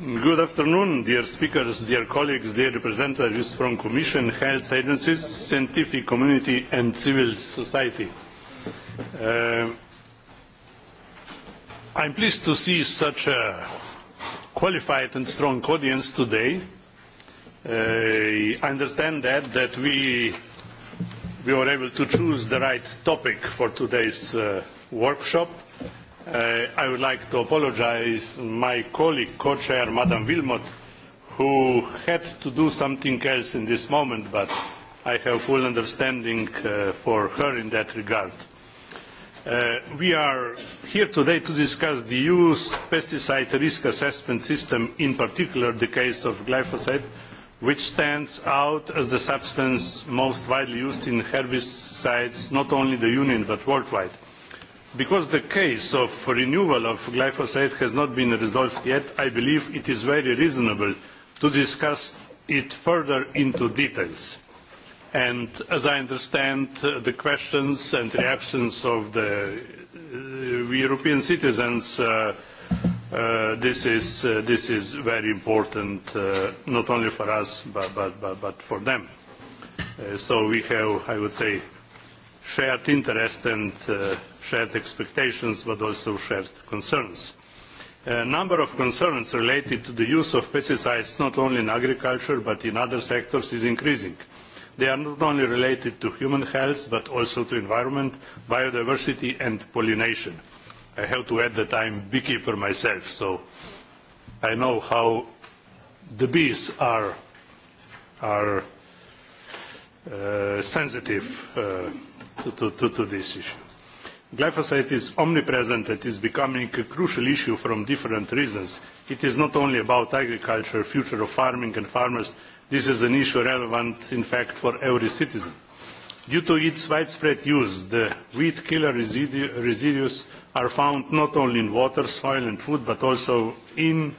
good afternoon dear speakers dear colleagues dear representatives from commission health agencies scientific community and civil society uh, i'm pleased to see such a qualified and strong audience today uh, i understand that that we we were able to choose the right topic for today's uh, workshop Uh, I would like to apologize to my colleague, co-chair, Madam Wilmot, who had to do something else in this moment, but I have full understanding uh, for her in that regard. Uh, we are here today to discuss the EU's pesticide risk assessment system, in particular the case of glyphosate, which stands out as the substance most widely used in herbicides, not only in the Union, but worldwide because the case of renewal of glyphosate has not been resolved yet i believe it is very reasonable to discuss it further in detail and as i understand uh, the questions and reactions of the uh, european citizens uh, uh, this is uh, this is very important uh, not only for us but but but, but for them uh, so we have i would say shared interest and uh, shared expectations but also shared concerns. A number of concerns related to the use of pesticides not only in agriculture but in other sectors is increasing. They are not only related to human health but also to environment, biodiversity and pollination. I have to add that I am beekeeper myself, so I know how the bees are, are uh, sensitive uh, to, to, to this issue glyphosate is omnipresent it is becoming a crucial issue for different reasons. it is not only about agriculture the future of farming and farmers this is an issue relevant in fact for every citizen. due to its widespread use the weed killer residues are found not only in water soil and food but also in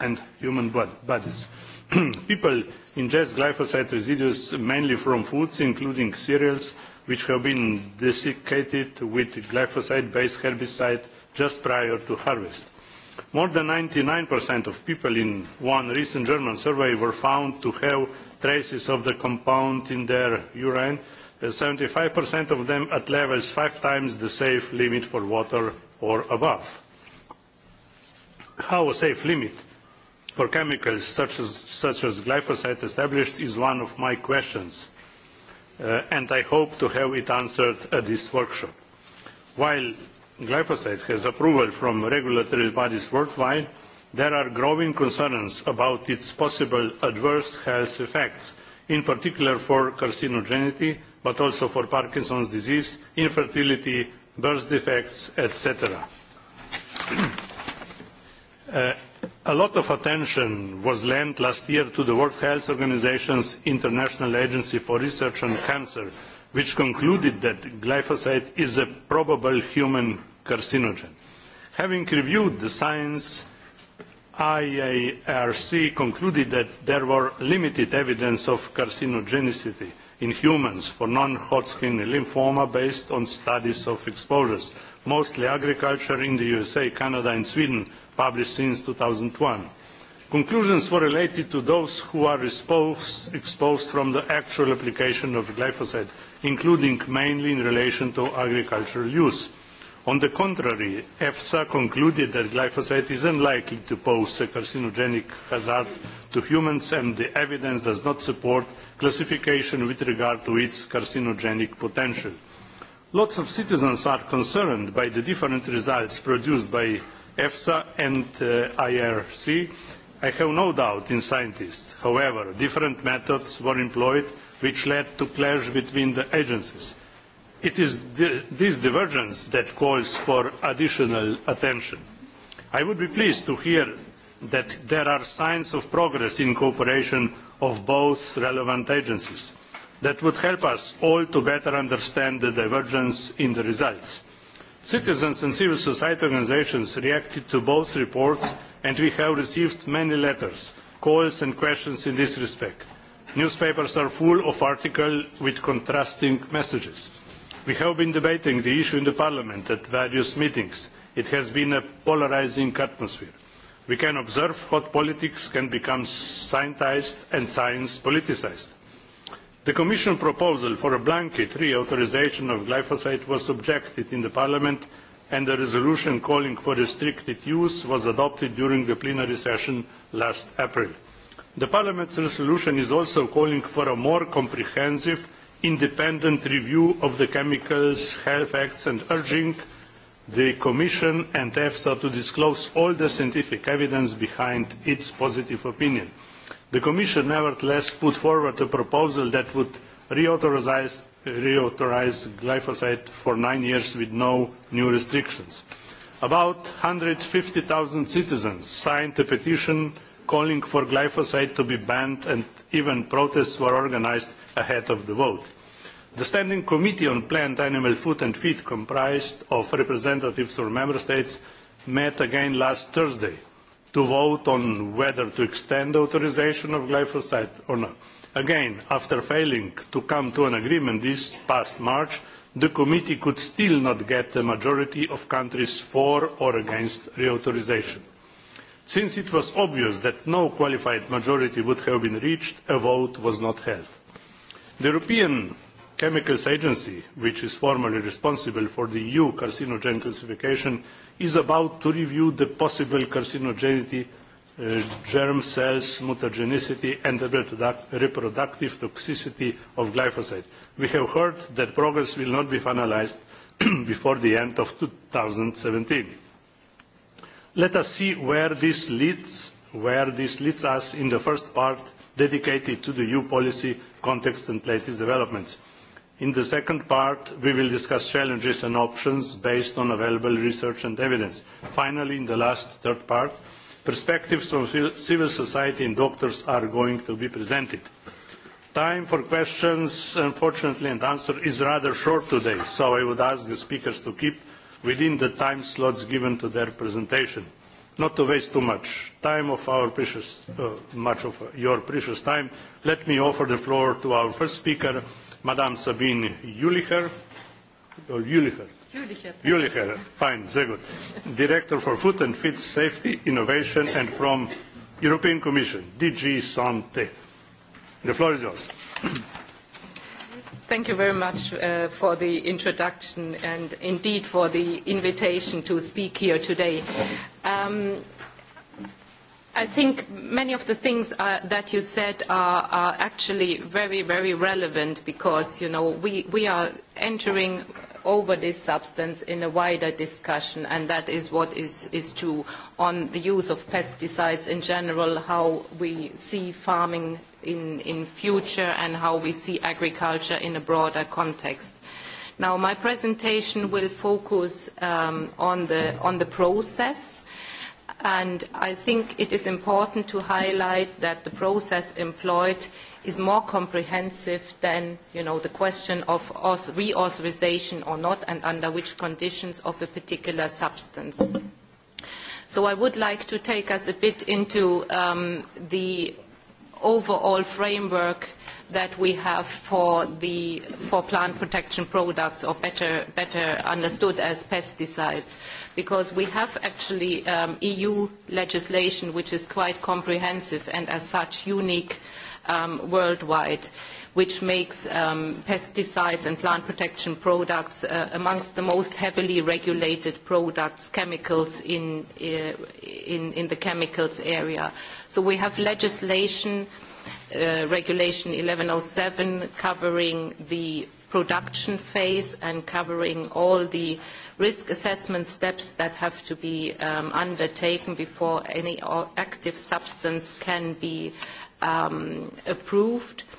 and human bodies. people ingest glyphosate residues mainly from foods including cereals which have been desiccated with glyphosate based herbicide just prior to harvest. More than 99% of people in one recent German survey were found to have traces of the compound in their urine, 75% uh, of them at levels five times the safe limit for water or above. How a safe limit for chemicals such as, such as glyphosate established is one of my questions. Uh, and i hope to have it answered at this workshop. while glyphosate has approval from regulatory bodies worldwide there are growing concerns about its possible adverse health effects in particular for carcinogenicity but also for parkinson's disease infertility birth defects etc. a lot of attention was paid last year to the world health organisation's international agency for research on cancer which concluded that glyphosate is a probable human carcinogen. having reviewed the science iarc concluded that there were limited evidence of carcinogenicity in humans for non-hodgkin lymphoma based on studies of exposures mostly agriculture in the usa canada and sweden published since 2001. Conclusions were related to those who are exposed, exposed from the actual application of glyphosate, including mainly in relation to agricultural use. On the contrary, EFSA concluded that glyphosate is unlikely to pose a carcinogenic hazard to humans and the evidence does not support classification with regard to its carcinogenic potential. Lots of citizens are concerned by the different results produced by efsa and uh, irc. i have no doubt in scientists. however different methods were employed which led to clash between the agencies. it is this divergence that calls for additional attention. i would be pleased to hear that there are signs of progress in cooperation of both relevant agencies. that would help us all to better understand the divergence in the results. Citizens and civil society organizations reacted to both reports, and we have received many letters, calls, and questions in this respect. Newspapers are full of articles with contrasting messages. We have been debating the issue in the Parliament at various meetings. It has been a polarizing atmosphere. We can observe how politics can become scientized and science politicized the commission proposal for a blanket reauthorisation of glyphosate was subjected in the parliament and a resolution calling for restricted use was adopted during the plenary session last april. the parliament's resolution is also calling for a more comprehensive independent review of the chemicals health effects and urging the commission and efsa to disclose all the scientific evidence behind its positive opinion. The Commission nevertheless put forward a proposal that would reauthorise reauthorize glyphosate for nine years with no new restrictions. About 150,000 citizens signed a petition calling for glyphosate to be banned and even protests were organised ahead of the vote. The Standing Committee on Plant Animal Food and Feed, comprised of representatives from Member States, met again last Thursday to vote on whether to extend the authorization of glyphosate or not. Again, after failing to come to an agreement this past March, the committee could still not get a majority of countries for or against reauthorization. Since it was obvious that no qualified majority would have been reached, a vote was not held. The European Chemicals Agency, which is formally responsible for the EU carcinogen classification, is about to review the possible carcinogenity, uh, germ cells, mutagenicity, and the reproductive toxicity of glyphosate. We have heard that progress will not be finalized before the end of 2017. Let us see where this leads, where this leads us in the first part dedicated to the EU policy context and latest developments. In the second part, we will discuss challenges and options based on available research and evidence. Finally, in the last third part, perspectives from civil society and doctors are going to be presented. Time for questions, unfortunately, and answer is rather short today, so I would ask the speakers to keep within the time slots given to their presentation. Not to waste too much time of our precious, uh, much of your precious time, let me offer the floor to our first speaker. Madame Sabine Juliher, or oh, Juliher. Juliher, fine, very good. Director for Food and Feed Safety, Innovation and from European Commission, DG Sante. The floor is yours. Thank you very much uh, for the introduction and indeed for the invitation to speak here today. Um, I think many of the things uh, that you said are, are actually very, very relevant because, you know, we, we are entering over this substance in a wider discussion and that is what is, is true on the use of pesticides in general, how we see farming in, in future and how we see agriculture in a broader context. Now, my presentation will focus um, on, the, on the process and I think it is important to highlight that the process employed is more comprehensive than, you know, the question of reauthorization or not, and under which conditions of a particular substance. So I would like to take us a bit into um, the overall framework that we have for the for plant protection products or better better understood as pesticides because we have actually um, EU legislation which is quite comprehensive and as such unique um, worldwide which makes um, pesticides and plant protection products uh, amongst the most heavily regulated products, chemicals in, uh, in, in the chemicals area. So we have legislation uh, Uh, regulation 1107 covering the production phase and covering all the risk assessment steps that have to be um, undertaken before any active substance can be um, approved. Uh,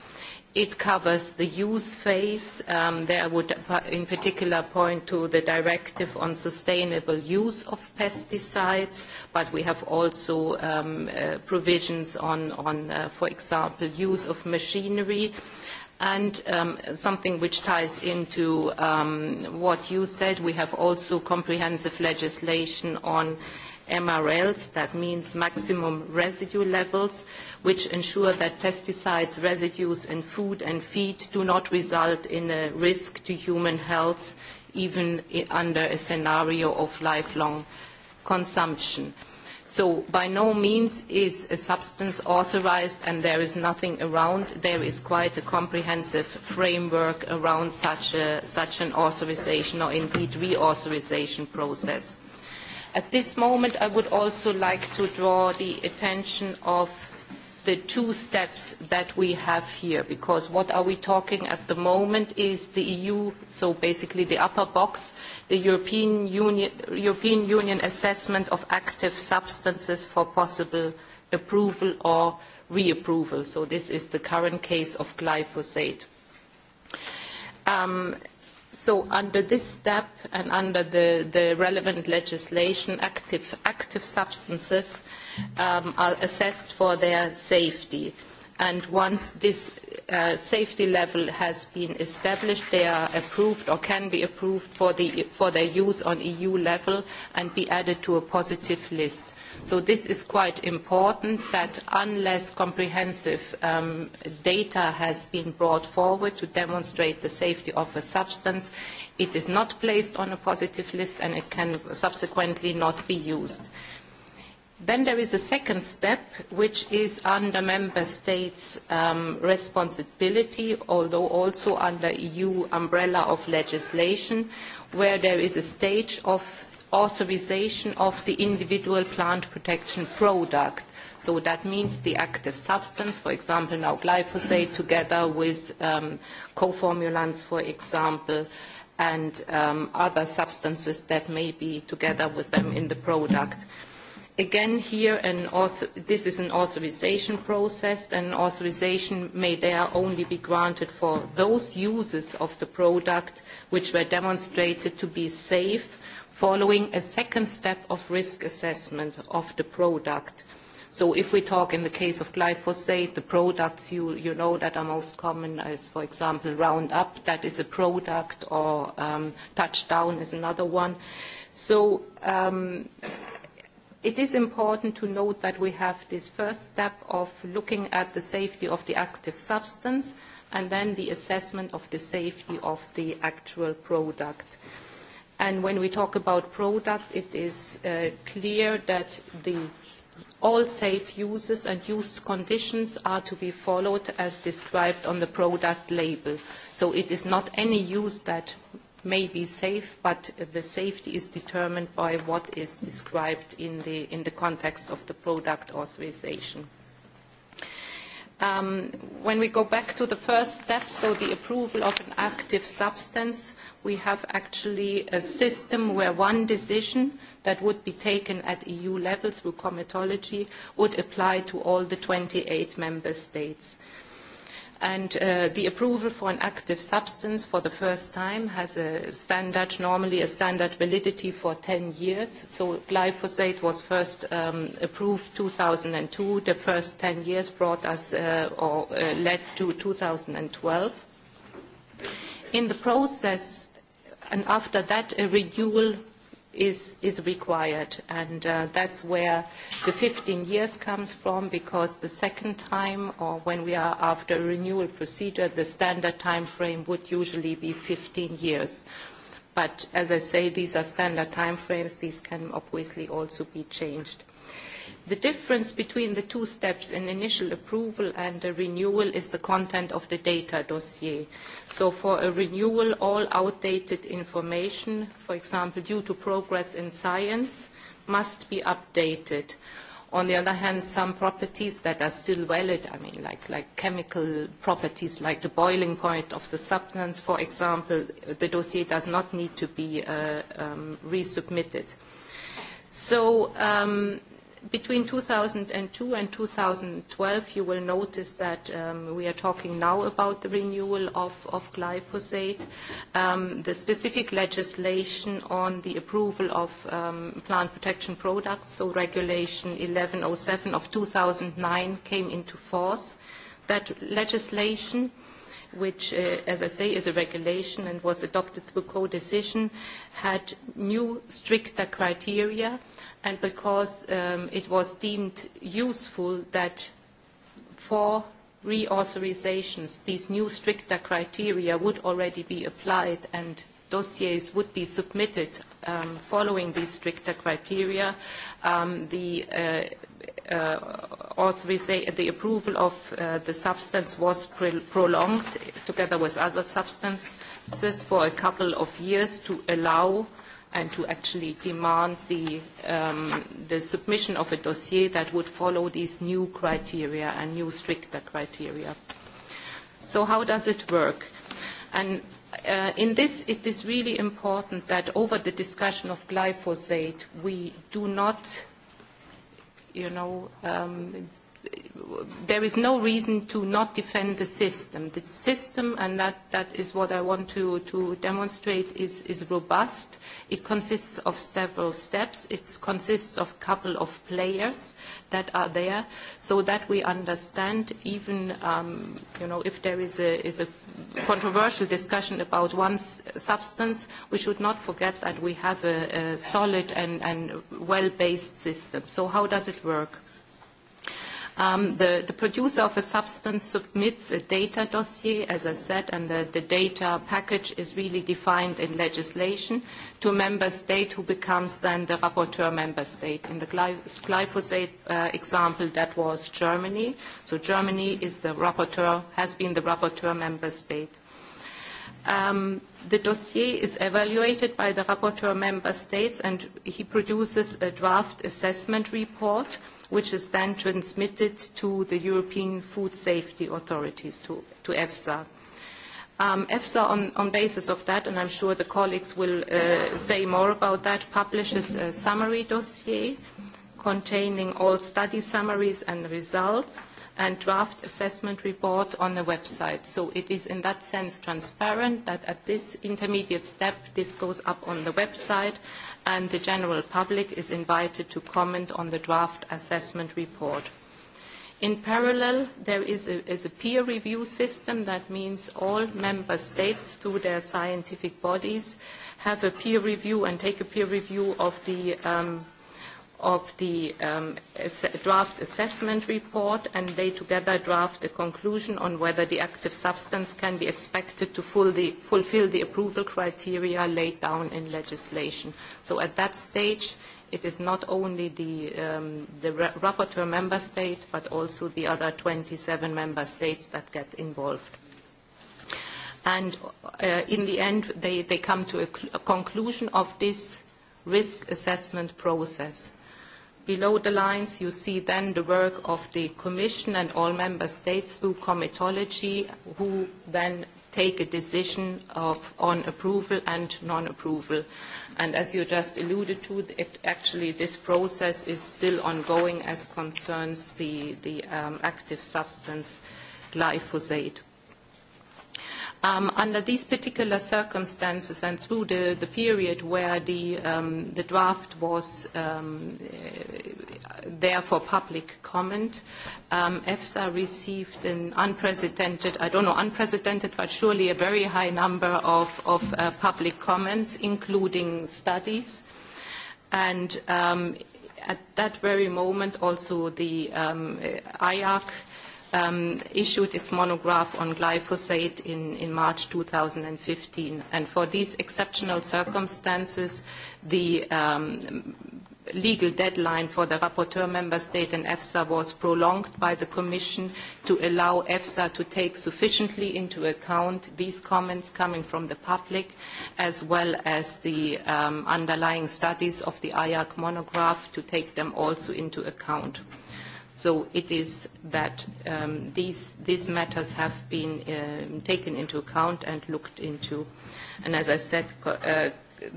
It covers the use phase. Um, there I would in particular point to the directive on sustainable use of pesticides, but we have also um, uh, provisions on, uh, for example, use of machinery. Um, something which ties into what you said, we have also comprehensive legislation on MRLs, that means maximum residue levels, which ensure that pesticides residues in food and feed do not result in a risk to human health, even under a scenario of lifelong consumption. So by no means is a substance authorized and there is nothing around. There is quite a comprehensive framework around such, a, such an authorization or indeed reauthorization process. At this moment, I would also like to draw the attention of the two steps that we have here, because what are we talking at the moment is the EU, so basically the upper box, the European Union, European Union assessment of active substances for possible approval or reapproval. So this is the current case of glyphosate. Um, So under this step and under the, the relevant legislation, active, active substances um, are assessed for their safety. And once this uh, safety level has been established, they are approved or can be approved for, the, for their use on EU level and be added to a positive list. So this is quite important that unless comprehensive um, data has been brought forward to demonstrate the safety of a substance, it is not placed on a positive list and it can subsequently not be used. Then there is a second step, which is under member states' um, responsibility, although also under EU umbrella of legislation, where there is a stage of authorisation of the individual plant protection product. So that means the active substance, for example, now glyphosate together with um, coformulants, for example, and um, other substances that may be together with them in the product. Again, here, an author, this is an authorization process. An authorization may there only be granted for those uses of the product which were demonstrated to be safe following a second step of risk assessment of the product. So if we talk in the case of glyphosate, the products you, you know that are most common is, for example, Roundup, that is a product, or um, Touchdown is another one. So um, it is important to note that we have this first step of looking at the safety of the active substance and then the assessment of the safety of the actual product. When we talk about product, it is uh, clear that all safe uses and use conditions are to be followed as described on the product label. It is not any use that may be safe, but the safety is determined by what is described in the context of the product authorization um, when we go back to the first step, so the approval of an active substance, we have actually a system where one decision that would be taken at EU level through comitology would apply to all the 28 member states. And uh, the approval for an active substance for the first time has a standard, normally a standard validity for 10 years. So glyphosate was first um, approved 2002. The first 10 years brought us uh, or uh, led to 2012. In the process, and after that, a renewal is required. Uh, that's where the 15 years comes from, because the second time or when we are after renewal procedure, the standard timeframe would usually be 15 years. As I say, these are standard timeframes. These can obviously also be changed. The difference between the two steps in initial approval and a renewal is the content of the data dossier. So for a renewal, all outdated information, for example, due to progress in science, must be updated. On the other hand, some properties that are still valid, I mean, like, like chemical properties, like the boiling point of the substance, for example, the dossier does not need to be uh, um, resubmitted. So um, between 2002 and 2012, you will notice that um, we are talking now about the renewal of, of glyphosate. Um, the specific legislation on the approval of um, plant protection products, so Regulation 1107 of 2009, came into force. That legislation which, uh, as I say, is a regulation and was adopted through co-decision, had new stricter criteria and because um, it was deemed useful that for reauthorizations these new stricter criteria would already be applied and dossiers would be submitted um, following these stricter criteria, um, the, uh, uh, the approval of uh, the substance was pr prolonged together with other substances for a couple of years to allow uh, and to actually demand the, um, the submission of a dossier that would follow these new criteria and new stricter criteria. So how does it work? And uh, in this, it is really important that over the discussion of glyphosate, we do not, you know, um, there is no reason to not defend the system. The system, and that, that is what I want to, to demonstrate, is, is robust. It consists of several steps. It consists of a couple of players that are there so that we understand even, um, you know, if there is a, is a controversial discussion about one s substance, we should not forget that we have a, a solid and, and well-based system. So how does it work? Um, the, the producer of a substance submits a data dossier, as I said, and the, the data package is really defined in legislation to a member state who becomes then the rapporteur member state. In the glyphosate uh, example, that was Germany. So Germany is the rapporteur, has been the rapporteur member state. Um, the dossier is evaluated by the rapporteur member states and he produces a draft assessment report which is then transmitted to the European Food Safety Authorities, to, to EFSA. Um, EFSA, on, on basis of that, and I'm sure the colleagues will uh, say more about that, publishes a summary dossier containing all study summaries and results and draft assessment report on the website. So it is in that sense transparent that at this intermediate step this goes up on the website and the general public is invited to comment on the draft assessment report. In parallel, there is a, is a peer review system that means all member states through their scientific bodies have a peer review and take a peer review of the um, of the um, draft assessment report and they together draft a conclusion on whether the active substance can be expected to fully fulfill the approval criteria laid down in legislation. So at that stage, it is not only the, um, the rapporteur member state, but also the other 27 member states that get involved. And uh, in the end, they, they come to a, cl a conclusion of this risk assessment process below the lines. You see then the work of the Commission and all Member States through comitology who then take a decision of, on approval and non-approval. And as you just alluded to, it, actually this process is still ongoing as concerns the, the um, active substance glyphosate. Um, under these particular circumstances and through the, the period where the, um, the draft was um, uh, there for public comment, um, EFSA received an unprecedented, I don't know, unprecedented, but surely a very high number of, of uh, public comments, including studies. And um, at that very moment, also the um, IARC, um, issued its monograph on glyphosate in, in March 2015. And for these exceptional circumstances, the um, legal deadline for the rapporteur member state and EFSA was prolonged by the Commission to allow EFSA to take sufficiently into account these comments coming from the public as well as the um, underlying studies of the IARC monograph to take them also into account. So it is that um, these, these matters have been uh, taken into account and looked into. And as I said, co- uh,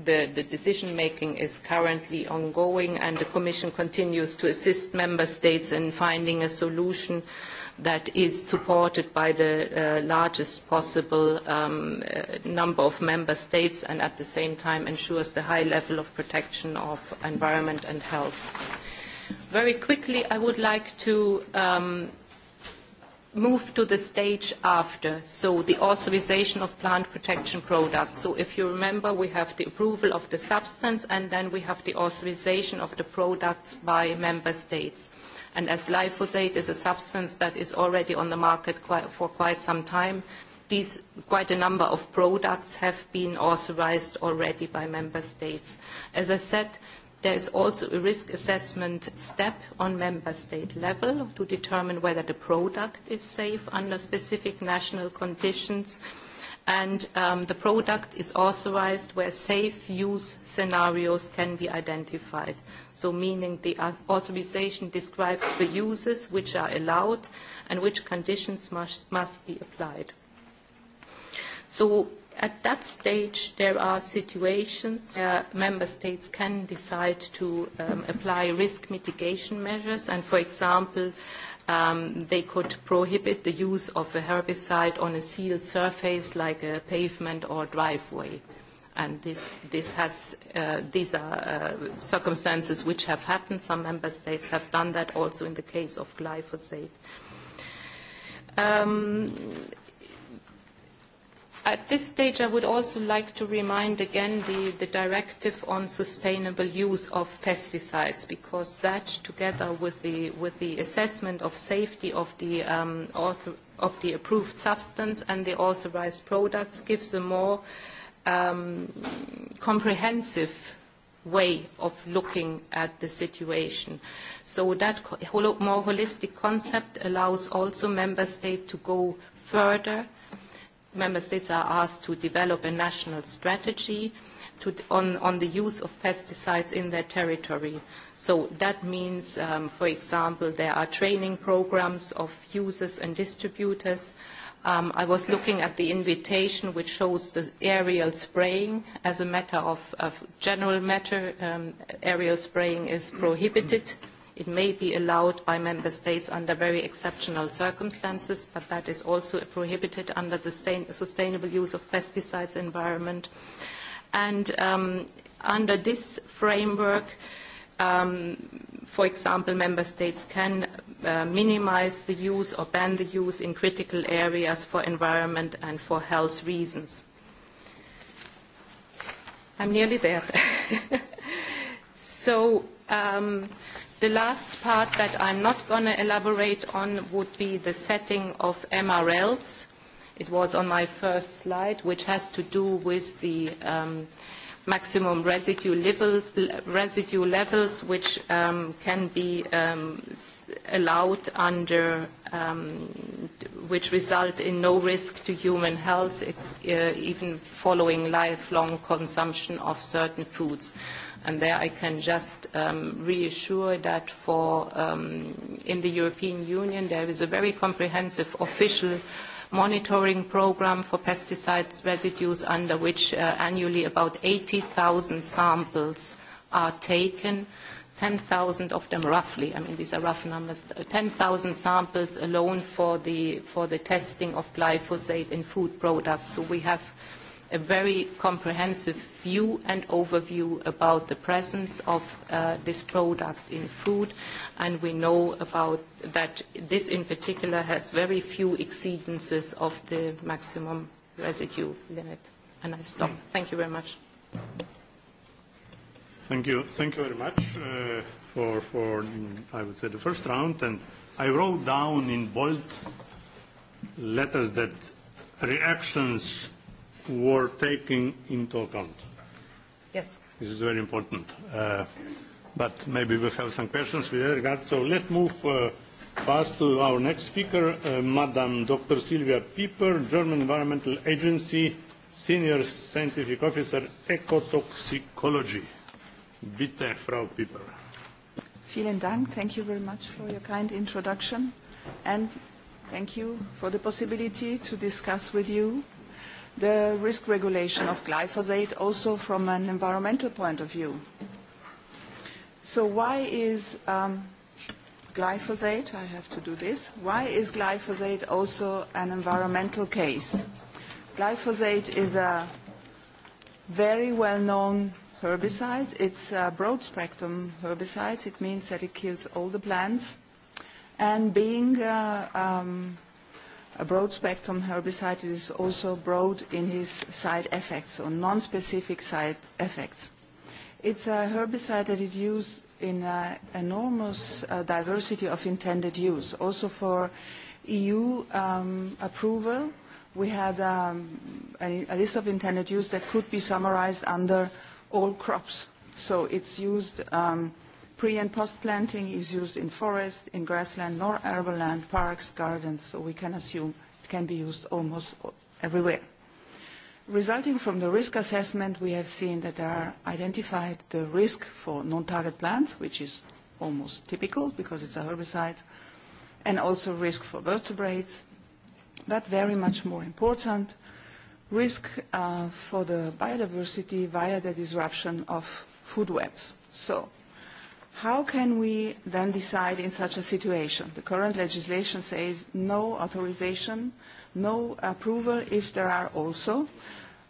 the, the decision making is currently ongoing, and the Commission continues to assist Member States in finding a solution that is supported by the uh, largest possible um, uh, number of Member States and at the same time ensures the high level of protection of environment and health. Very quickly, I would like to um, move to the stage after, so the authorization of plant protection products. So if you remember, we have the approval of the substance and then we have the authorization of the products by member states. And as glyphosate is a substance that is already on the market quite, for quite some time, these, quite a number of products have been authorized already by member states. As I said, There is also a risk assessment step on member state level to determine whether the product is safe under specific national conditions. And um, the product is authorized where safe use scenarios can be identified. So meaning the authorization describes the uses which are allowed and which conditions must, must be applied. So at that stage, there are situations where member states can decide to um, apply risk mitigation measures. And for example, um, they could prohibit the use of a herbicide on a sealed surface like a pavement or driveway. And this, this has, uh, these are uh, circumstances which have happened. Some member states have done that also in the case of glyphosate. Um, at this stage, I would also like to remind again the, the directive on sustainable use of pesticides, because that, together with the, with the assessment of safety of the, um, author, of the approved substance and the authorized products, gives a more um, comprehensive way of looking at the situation. So that holo more holistic concept allows also member states to go further. Yeah member states are asked to develop a national strategy to, on, on the use of pesticides in their territory. So that means, um, for example, there are training programs of users and distributors. Um, I was looking at the invitation which shows the aerial spraying as a matter of, of general matter. Um, aerial spraying is prohibited. Mm -hmm. It may be allowed by member states under very exceptional circumstances, but that is also prohibited under the sustainable use of pesticides environment. And um, under this framework, um, for example, member states can uh, minimize the use or ban the use in critical areas for environment and for health reasons. I'm nearly there. so um, The last part that I'm not going to elaborate on would be the setting of MRLs. It was on my first slide, which has to do with the um, maximum residue levels, which um, can be um, allowed under which result in no risk to human health, uh, even following lifelong consumption of certain foods. And there I can just um, reassure that for um, in the European Union there is a very comprehensive official monitoring program for pesticides residues under which uh, annually about 80,000 samples are taken. 10,000 of them roughly, I mean these are rough numbers, 10,000 uh, samples alone for the, for the testing of glyphosate in food products. So we have uh, a very comprehensive view and overview about the presence of uh, this product in food and we know about that this in particular has very few exceedances of the maximum residue limit and I stop. Thank you very much. Thank you. Thank you very much uh, for, for, I would say, the first round. And I wrote down in bold letters that reactions were taken into account. Yes. This is very important. Uh, but maybe we have some questions with regard. So let's move uh, fast to our next speaker, uh, Madam Dr. Sylvia Pieper, German Environmental Agency, Senior Scientific Officer, Ecotoxicology. Bitte, Frau Pieper. Vielen Dank. Thank you very much for your kind introduction. And thank you for the possibility to discuss with you the risk regulation of glyphosate also from an environmental point of view. So why is um, glyphosate, I have to do this, why is glyphosate also an environmental case? Glyphosate is a very well-known herbicide. It's a broad-spectrum herbicide. It means that it kills all the plants. And being uh, um, a broad spectrum herbicide is also broad in his side effects or non-specific side effects. It's a herbicide that is used in an uh, enormous uh, diversity of intended use. Also for EU um, approval, we had um, a, a list of intended use that could be summarized under all crops. So it's used um, Pre- and post-planting is used in forest, in grassland, nor arable land, parks, gardens, so we can assume it can be used almost everywhere. Resulting from the risk assessment, we have seen that there are identified the risk for non-target plants, which is almost typical because it's a herbicide, and also risk for vertebrates, but very much more important, risk uh, for the biodiversity via the disruption of food webs. So How can we then decide in such a situation? The current legislation says no authorization, no approval if there are also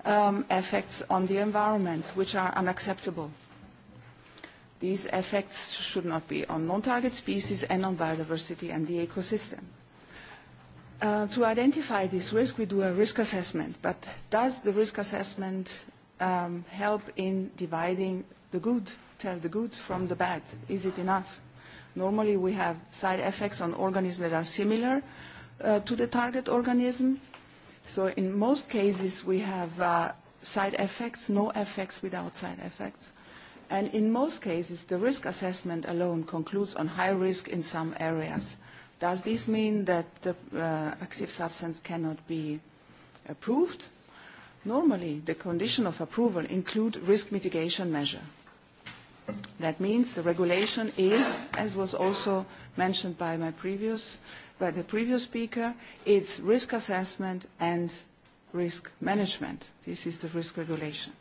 um, effects on the environment which are unacceptable. These effects should not be on non-target species and on biodiversity and the ecosystem. Uh, to identify this risk, we do a risk assessment, but does the risk assessment um, help in dividing the good tell the good from the bad. Is it enough? Normally, we have side effects on organisms that are similar uh, to the target organism. So in most cases, we have uh, side effects, no effects without side effects. And in most cases, the risk assessment alone concludes on high risk in some areas. Does this mean that the uh, active substance cannot be approved? Normally, the condition of approval include risk mitigation measure. That means the regulation is, as was also mentioned by my previous, by the previous speaker, it's risk assessment and risk management. This is the risk regulation.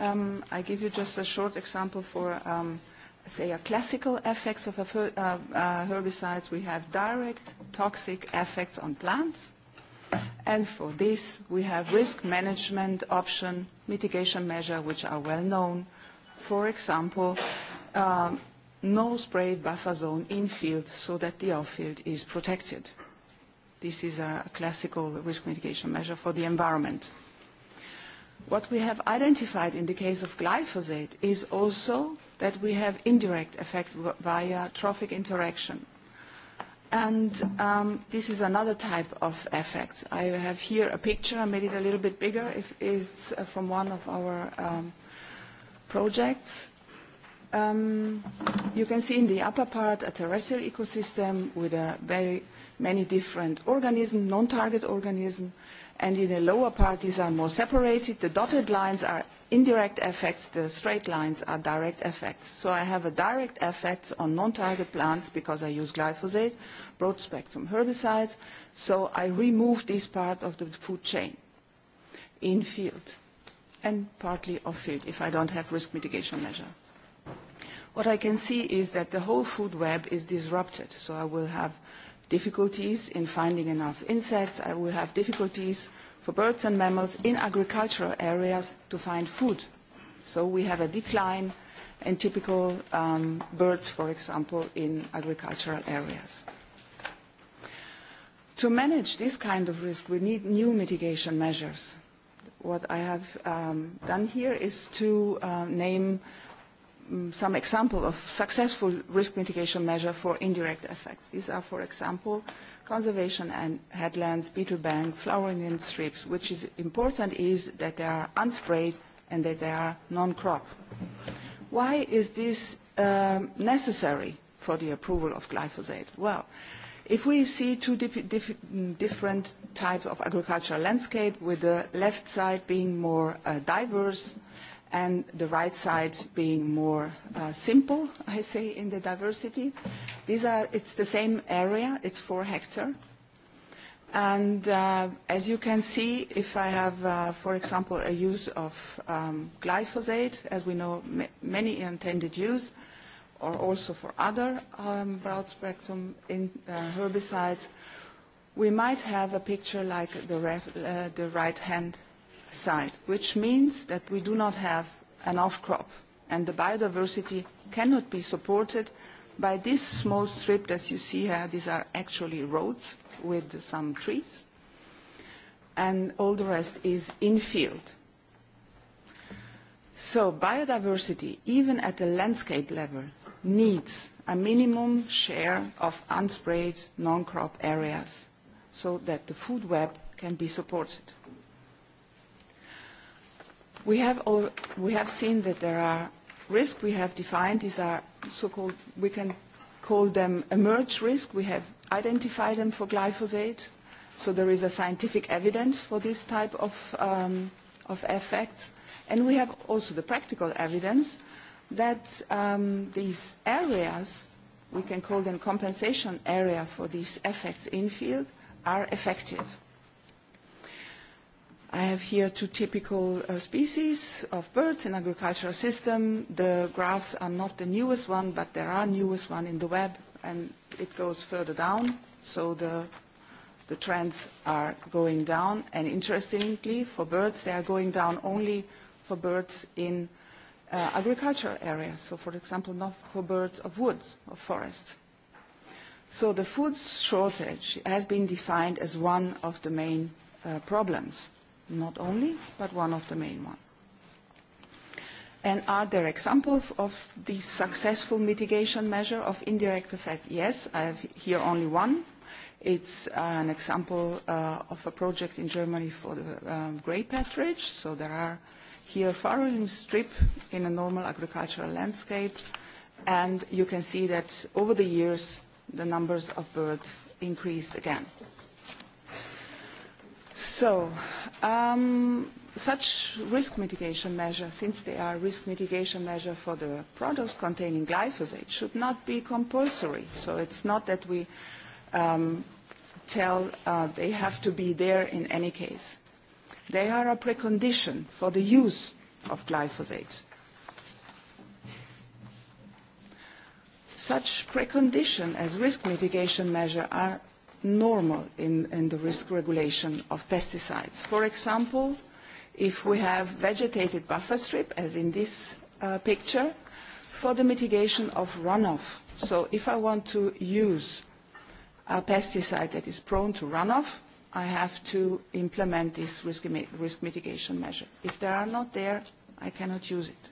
Um, I give you just a short example for, um, say, a classical effects of a uh, uh, herbicides. We have direct toxic effects on plants. And for this, we have risk management option, mitigation measure, which are well known for example, um, no spray buffer zone in field so that the outfield is protected. This is a classical risk mitigation measure for the environment. What we have identified in the case of glyphosate is also that we have indirect effect via trophic interaction. And um, this is another type of effect. I have here a picture. I made it a little bit bigger. If it's uh, from one of our um, projects. Um, you can see in the upper part a terrestrial ecosystem with very many different organism, non-target organism, and in the lower part, these are more separated. The dotted lines are indirect effects. The straight lines are direct effects. I have a direct effect on non-target plants because I use glyphosate, broad-spectrum herbicides. I remove this part of the food chain in field and partly off-field if I don't have risk mitigation measure. What I can see is that the whole food web is disrupted, so I will have difficulties in finding enough insects. I will have difficulties for birds and mammals in agricultural areas to find food. So we have a decline in typical um, birds, for example, in agricultural areas. To manage this kind of risk, we need new mitigation measures what I have um, done here is to uh, name mm, some example of successful risk mitigation measure for indirect effects. These are, for example, conservation and headlands, beetle bank, flowering and strips, which is important is that they are unsprayed and that they are non-crop. Why is this um, necessary for the approval of glyphosate? Well, uh, If we see two dif dif different types of agricultural landscape, with the left side being more uh, diverse and the right side being more uh, simple, I say, in the diversity, these are, it's the same area, it's four hectare. And uh, as you can see, if I have, uh, for example, a use of um, glyphosate, as we know, m many intended use, uh, or also for other um, broad-spectrum uh, herbicides, we might have a picture like the, ref, uh, the right-hand side, which means that we do not have an off-crop, and the biodiversity cannot be supported by this small strip that you see here. These are actually roads with some trees, and all the rest is in-field. So biodiversity, even at the landscape level, needs a minimum share of unsprayed non-crop areas so that the food web can be supported. We have, all, we have seen that there are risks we have defined. These are so-called, we can call them emerge risk. We have identified them for glyphosate. So there is a scientific evidence for this type of, um, of effects. And we have also the practical evidence that um, these areas, we can call them compensation area for these effects in field, are effective. I have here two typical uh, species of birds in agricultural system. The graphs are not the newest one, but there are newest one in the web, and it goes further down, so the, the trends are going down. And interestingly, for birds, they are going down only for birds in agriculture uh, agricultural area, so for example, not for birds of woods or forests. So the food shortage has been defined as one of the main uh, problems, not only, but one of the main ones. And are there examples of, of the successful mitigation measure of indirect effect? Yes, I have here only one. It's uh, an example uh, of a project in Germany for the um, grey pasturage. So there are here furrowing strip in a normal agricultural landscape. And you can see that over the years, the numbers of birds increased again. So um, such risk mitigation measure, since they are risk mitigation measure for the products containing glyphosate, should not be compulsory. So it's not that we um, tell uh, they have to be there in any case. They are a precondition for the use of glyphosate. Such precondition as risk mitigation measure are normal in, in the risk regulation of pesticides. For example, if we have vegetated buffer strip, as in this uh, picture, for the mitigation of runoff. So if I want to use a pesticide that is prone to runoff, I have to implement this risk, risk mitigation measure. If they are not there, I cannot use it.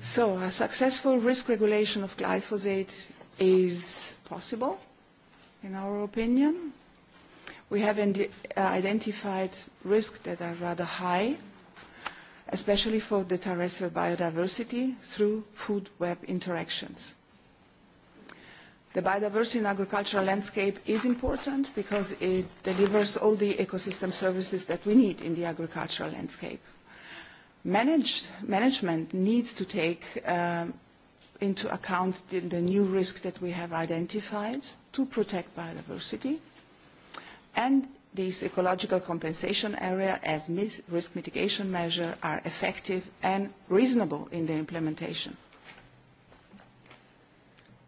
So a successful risk regulation of glyphosate is possible, in our opinion. We have uh, identified risks that are rather high, especially for the terrestrial biodiversity through food-web interactions. The biodiversity in agricultural landscape is important because it delivers all the ecosystem services that we need in the agricultural landscape. Managed, management needs to take um, into account the, the new risk that we have identified to protect biodiversity and these ecological compensation area as risk mitigation measure are effective and reasonable in the implementation.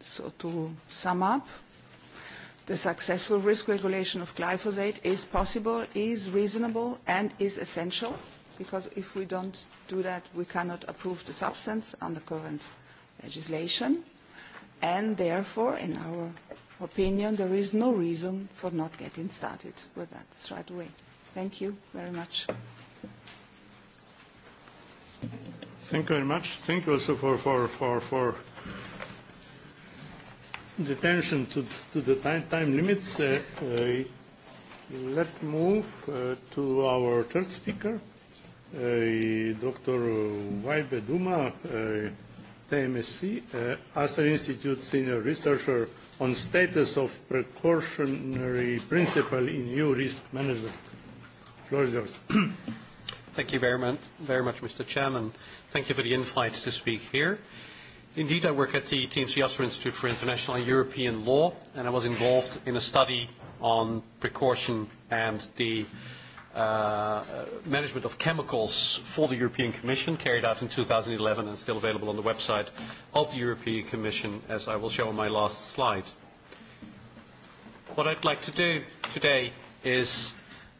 So to sum up, the successful risk regulation of glyphosate is possible, is reasonable, and is essential, because if we don't do that, we cannot approve the substance under current legislation. And therefore, in our opinion, there is no reason for not getting started with that straight away. Thank you very much. Thank you very much. Thank you also for detention to, to the time, time limits, uh, uh, let's move uh, to our third speaker, uh, Dr. Waibe Duma, uh, TMSC, uh, Asser Institute senior researcher on status of precautionary principle in EU risk management. Floor is yours. Thank you very much, very much, Mr. Chairman. Thank you for the invite to speak here. Uh, Indeed, I work at the TMC Usher Institute for International and European Law, and I was involved in a study on precaution and the uh, management of chemicals for the European Commission, carried out in 2011 and still available on the website of the European Commission, as I will show on my last slide. What I'd like to do today is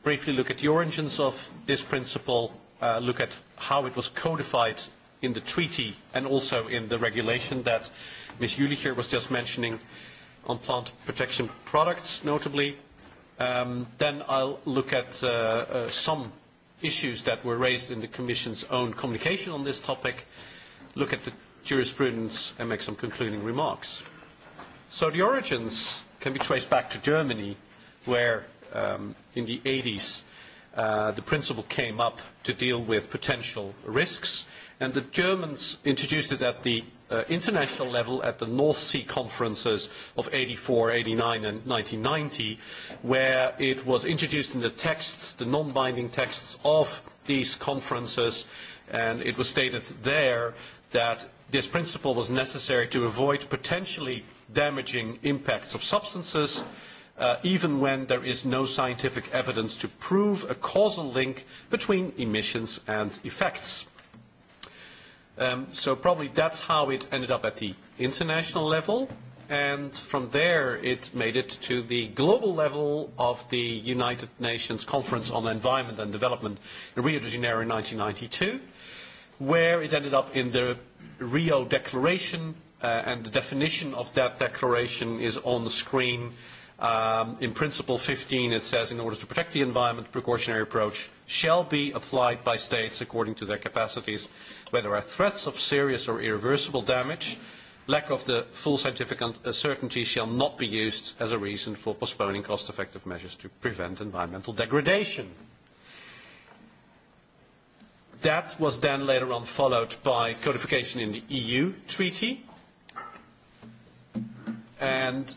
briefly look at the origins of this principle, uh, look at how it was codified in the treaty and also in the regulation that Ms. Jülicher was just mentioning on plant protection products, notably. Um, then I'll look at uh, uh, some issues that were raised in the Commission's own communication on this topic, look at the jurisprudence and make some concluding remarks. So the origins can be traced back to Germany, where um, in the 80s uh, the principle came up to deal with potential risks. And the Germans introduced it at the uh, international level at the North Sea conferences of 84, 89, and 1990, where it was introduced in the texts, the non binding texts of these conferences, and it was stated there that this principle was necessary to avoid potentially damaging impacts of substances. Uh, even when there is no scientific evidence to prove a causal link between emissions and effects. Um, so probably that's how it ended up at the international level. And from there, it made it to the global level of the United Nations Conference on Environment and Development in Rio de Janeiro in 1992, where it ended up in the Rio Declaration. Uh, and the definition of that declaration is on the screen um, in principle 15 it says in order to protect the environment precautionary approach shall be applied by states according to their capacities where there are threats of serious or irreversible damage lack of the full scientific uh, certainty shall not be used as a reason for postponing cost effective measures to prevent environmental degradation that was then later on followed by codification in the EU treaty and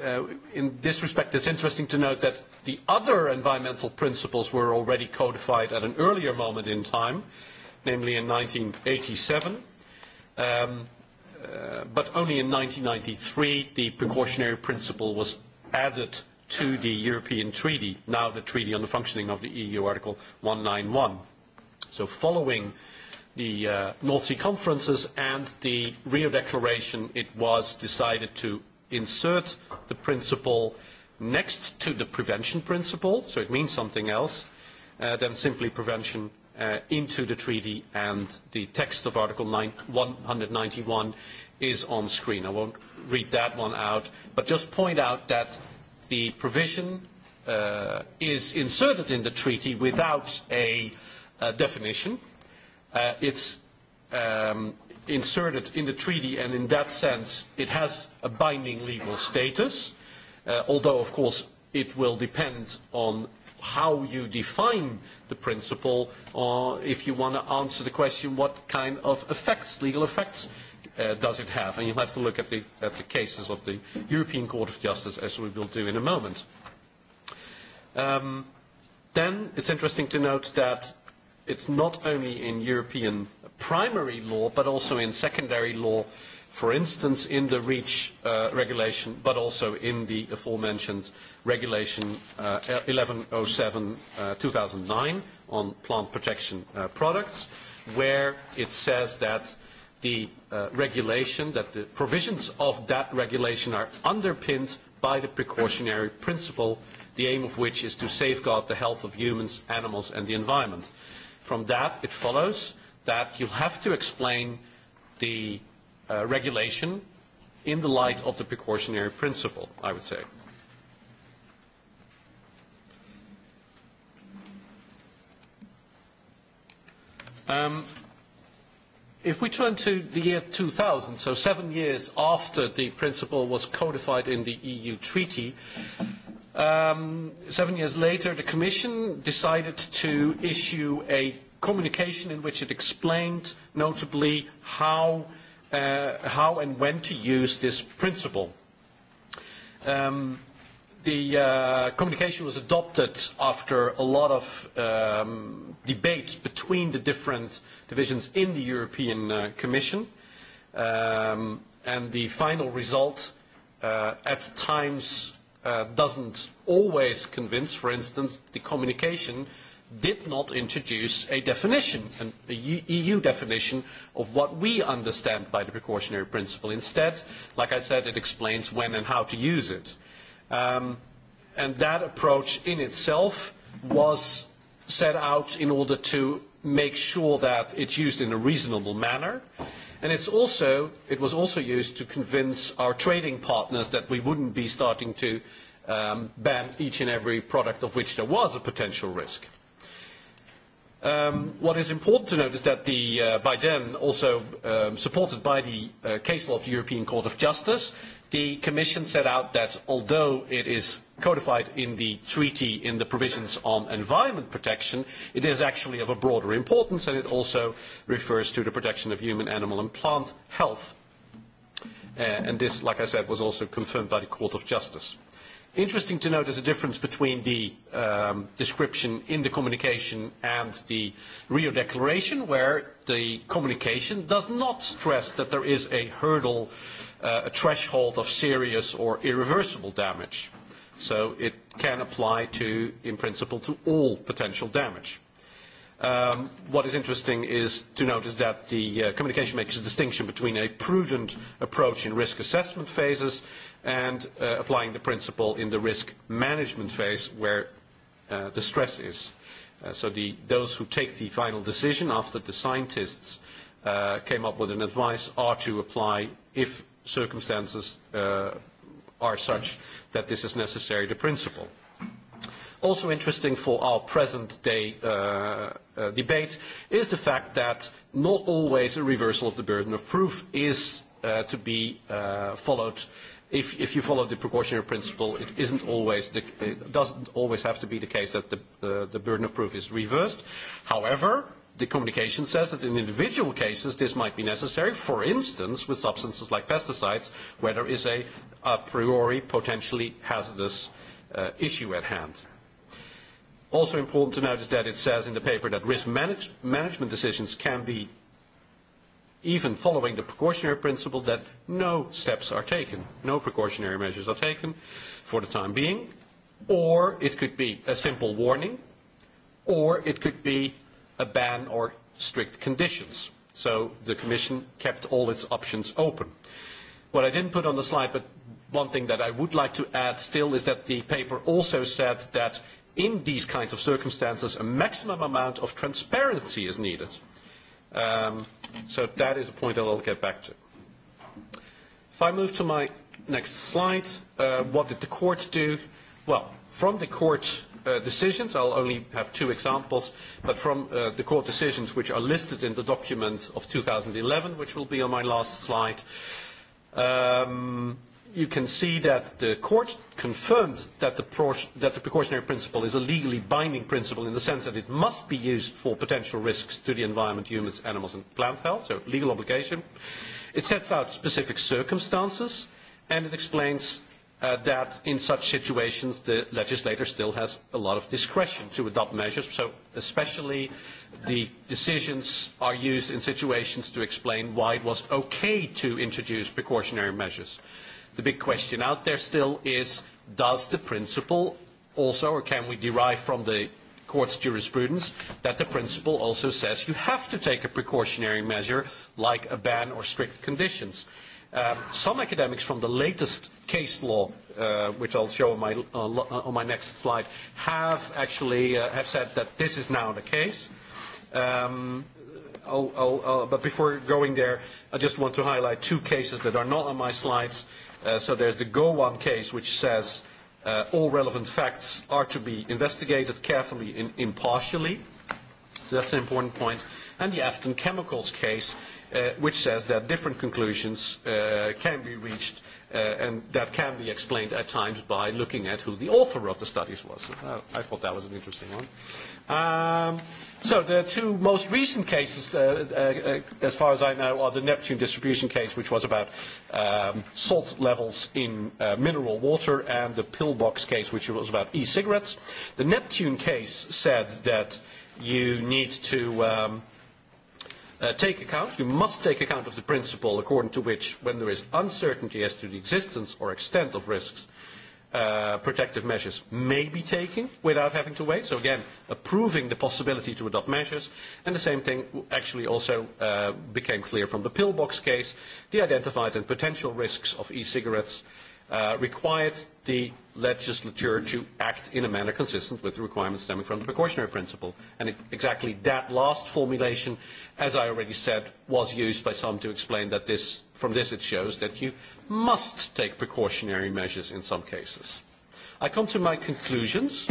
uh, in this respect, it's interesting to note that the other environmental principles were already codified at an earlier moment in time, namely in 1987. Um, uh, but only in 1993, the precautionary principle was added to the European Treaty, now the Treaty on the Functioning of the EU, Article 191. So following the uh, North Sea conferences and the Rio Declaration, it was decided to insert the principle next to the prevention principle, so it means something else, uh, than simply prevention uh, into the treaty and the text of Article 191 is on screen. I won't read that one out, but just point out that the provision uh, is inserted in the treaty without a, a definition. Uh, it's um, inserted in the treaty, and in that sense, it has a binding legal status, uh, although, of course, it will depend on how you define the principle, or uh, if you want to answer the question, what kind of effects, legal effects, uh, does it have? And you'll have to look at the, at the cases of the European Court of Justice, as we will do in a moment. Um, then, it's interesting to note that it's not only in European primary law, but also in secondary law, for instance, in the REACH uh, regulation, but also in the aforementioned regulation uh, 1107 uh, 2009 on plant protection uh, products, where it says that the uh, regulation, that the provisions of that regulation are underpinned by the precautionary principle, the aim of which is to safeguard the health of humans, animals, and the environment. From that, it follows that you have to explain the uh, regulation in the light of the precautionary principle, I would say. Um, if we turn to the year 2000, so seven years after the principle was codified in the EU treaty, um, seven years later, the Commission decided to issue a communication in which it explained notably how, uh, how and when to use this principle. Um, the uh, communication was adopted after a lot of um, debates between the different divisions in the European uh, Commission. Um, and the final result uh, at times uh, doesn't always convince, for instance, the communication uh, did not introduce a definition, an a EU e definition of what we understand by the precautionary principle. Instead, like I said, it explains when and how to use it. Um, and that approach in itself was set out in order to make sure that it's used in a reasonable manner. And it's also, it was also used to convince our trading partners that we wouldn't be starting to um, ban each and every product of which there was a potential risk. Um, what is important to note is that the uh, Biden, also um, supported by the uh, case law of the European Court of Justice, the Commission set out that although it is codified in the treaty in the provisions on environment protection, it is actually of a broader importance and it also refers to the protection of human, animal and plant health. Uh, and this, like I said, was also confirmed by the Court of Justice interesting to know there's a difference between the um, description in the communication and the Rio Declaration, where the communication does not stress that there is a hurdle, uh, a threshold of serious or irreversible damage. So it can apply to, in principle, to all potential damage. Um, what is interesting is to notice that the uh, communication makes a distinction between a prudent approach in risk assessment phases and uh, applying the principle in the risk management phase where uh, the stress is. Uh, so the, those who take the final decision after the scientists uh, came up with an advice are to apply if circumstances uh, are such that this is necessary the principle. Also interesting for our present day uh, uh, debate is the fact that not always a reversal of the burden of proof is uh, to be uh, followed uh, if, if you follow the precautionary principle, it, isn't always the, it doesn't always have to be the case that the, uh, the burden of proof is reversed. However, the communication says that in individual cases this might be necessary, for instance, with substances like pesticides, where there is a a priori potentially hazardous uh, issue at hand. Also important to note is that it says in the paper that risk manage- management decisions can be even following the precautionary principle that no steps are taken, no precautionary measures are taken for the time being, or it could be a simple warning, or it could be a ban or strict conditions. So the Commission kept all its options open. What I didn't put on the slide, but one thing that I would like to add still, is that the paper also said that in these kinds of circumstances, a maximum amount of transparency is needed. Um, So that is a point that I'll get back to. If I move to my next slide, uh, what did the court do? Well, from the court uh, decisions, I'll only have two examples, but from uh, the court decisions which are listed in the document of 2011, which will be on my last slide, um, you can see that the court confirms that the, pro- that the precautionary principle is a legally binding principle in the sense that it must be used for potential risks to the environment, humans, animals, and plant health, so legal obligation. It sets out specific circumstances and it explains uh, that in such situations the legislator still has a lot of discretion to adopt measures, so especially the decisions are used in situations to explain why it was okay to introduce precautionary measures. The big question out there still is does the principle also, or can we derive from the court's jurisprudence, that the principle also says you have to take a precautionary measure like a ban or strict conditions? Um, some academics from the latest case law, uh, which I'll show on my, uh, on my next slide, have actually uh, have said that this is now the case. Um, I'll, I'll, uh, but before going there, I just want to highlight two cases that are not on my slides. Uh, so there's the Go One case, which says uh, all relevant facts are to be investigated carefully and impartially. So that's an important point. And the Afton Chemicals case, uh, which says that different conclusions uh, can be reached uh, and that can be explained at times by looking at who the author of the studies was. So, uh, I thought that was an interesting one. Um, So the two most recent cases, uh, uh, uh, as far as I know, are the Neptune distribution case, which was about um, salt levels in uh, mineral water, and the pillbox case, which was about e-cigarettes. The Neptune case said that you need to um, uh, take account, you must take account of the principle according to which when there is uncertainty as to the existence or extent of risks, Uh, protective measures may be taken without having to wait. So again, approving the possibility to adopt measures. And the same thing actually also uh, became clear from the pillbox case. The identified and potential risks of e-cigarettes uh, required the legislature to act in a manner consistent with the requirements stemming from the precautionary principle. And it, exactly that last formulation, as I already said, was used by some to explain that this from this it shows that you must take precautionary measures in some cases. I come to my conclusions.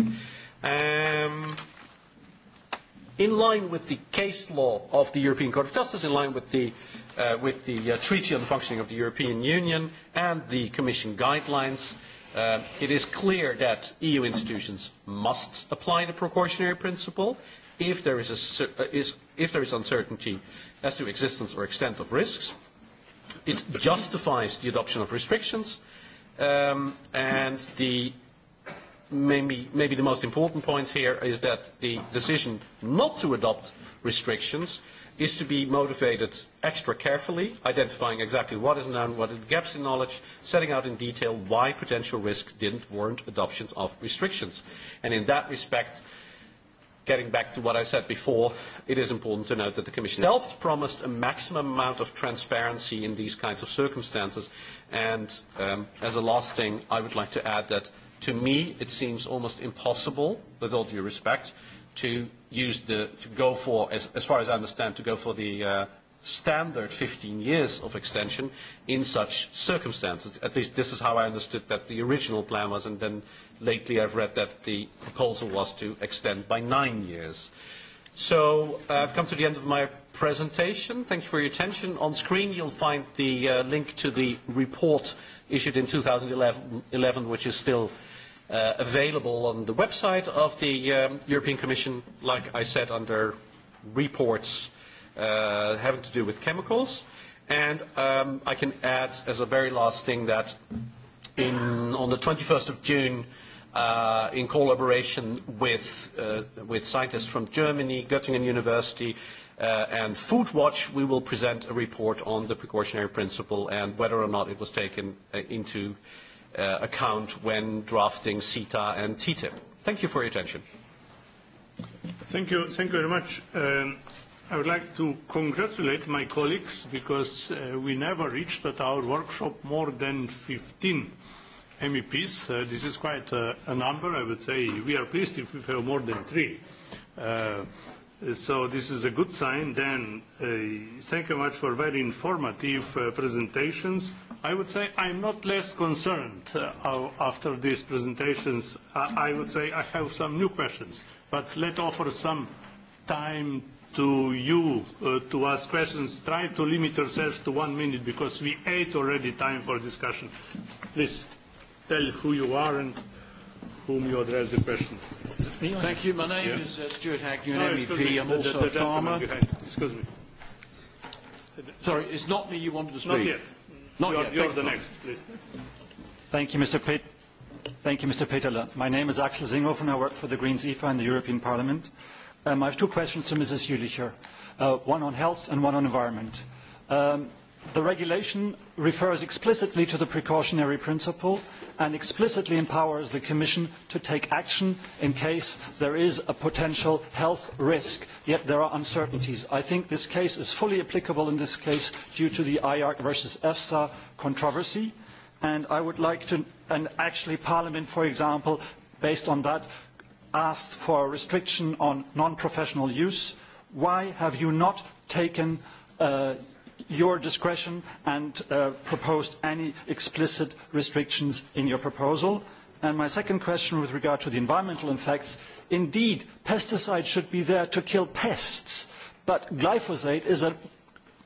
Um, in line with the case law of the European Court of Justice, in line with the, uh, with the uh, Treaty on the Functioning of the European Union and the Commission guidelines, uh, it is clear that EU institutions must apply the precautionary principle if there is, a, uh, is, if there is uncertainty as to existence or extent of risks. Uh, it justifies the adoption of restrictions. Um, and the maybe, maybe the most important point here is that the decision not to adopt restrictions is to be motivated extra carefully, identifying exactly what is known, what are the gaps in knowledge, setting out in detail why potential risk didn't warrant adoptions of restrictions. And in that respect, getting back to what I said before, it is important to note that the Commission itself promised a maximum amount of transparency in these kinds of circumstances. And um, as a last thing, I would like to add that to me, it seems almost impossible, with all due respect, to use the, to go for, as, as far as I understand, to go for the uh, standard 15 years of extension in such circumstances. At least this is how I understood that the original plan was, and then lately I've read that the proposal was to extend by nine years. So uh, I've come to the end of my presentation. Thank you for your attention. On screen you'll find the uh, link to the report issued in 2011, which is still uh, available on the website of the um, European Commission, like I said, under reports uh, having to do with chemicals. And um, I can add as a very last thing that in, on the 21st of June, uh, in collaboration with, uh, with scientists from Germany, Göttingen University, uh, and Food Watch, we will present a report on the precautionary principle and whether or not it was taken uh, into uh, account when drafting CETA and TTIP. Thank you for your attention. Thank you. Thank you very much. Um, I would like to congratulate my colleagues because uh, we never reached at our workshop more than 15 MEPs. Uh, this is quite uh, a number. I would say we are pleased if we have more than three. Uh, so this is a good sign. Then uh, thank you much for very informative uh, presentations. I would say I'm not less concerned uh, after these presentations. I, I would say I have some new questions, but let offer some time to you uh, to ask questions. Try to limit yourself to one minute because we ate already time for discussion. Please tell who you are and whom you address the question. Thank you. My name yeah. is uh, Stuart Hackney, no, an no, MEP. Me. I'm also the, the a farmer. Excuse me. Sorry, it's not me you wanted to speak. Not yet. Not you're yet. you're the next, please. Thank you, Mr. Pet Thank you, Mr. Peterle. My name is Axel Zinghofen. I work for the Greens EFA in the European Parliament. Um, I have two questions to Mrs. Jülicher, uh, one on health and one on environment. Um, the regulation refers explicitly to the precautionary principle and explicitly empowers the Commission to take action in case there is a potential health risk, yet there are uncertainties. I think this case is fully applicable in this case due to the IARC versus EFSA controversy. And I would like to, and actually Parliament, for example, based on that, asked for a restriction on non-professional use. Why have you not taken uh, your discretion and uh, proposed any explicit restrictions in your proposal? And my second question with regard to the environmental effects, indeed, pesticides should be there to kill pests, but glyphosate is a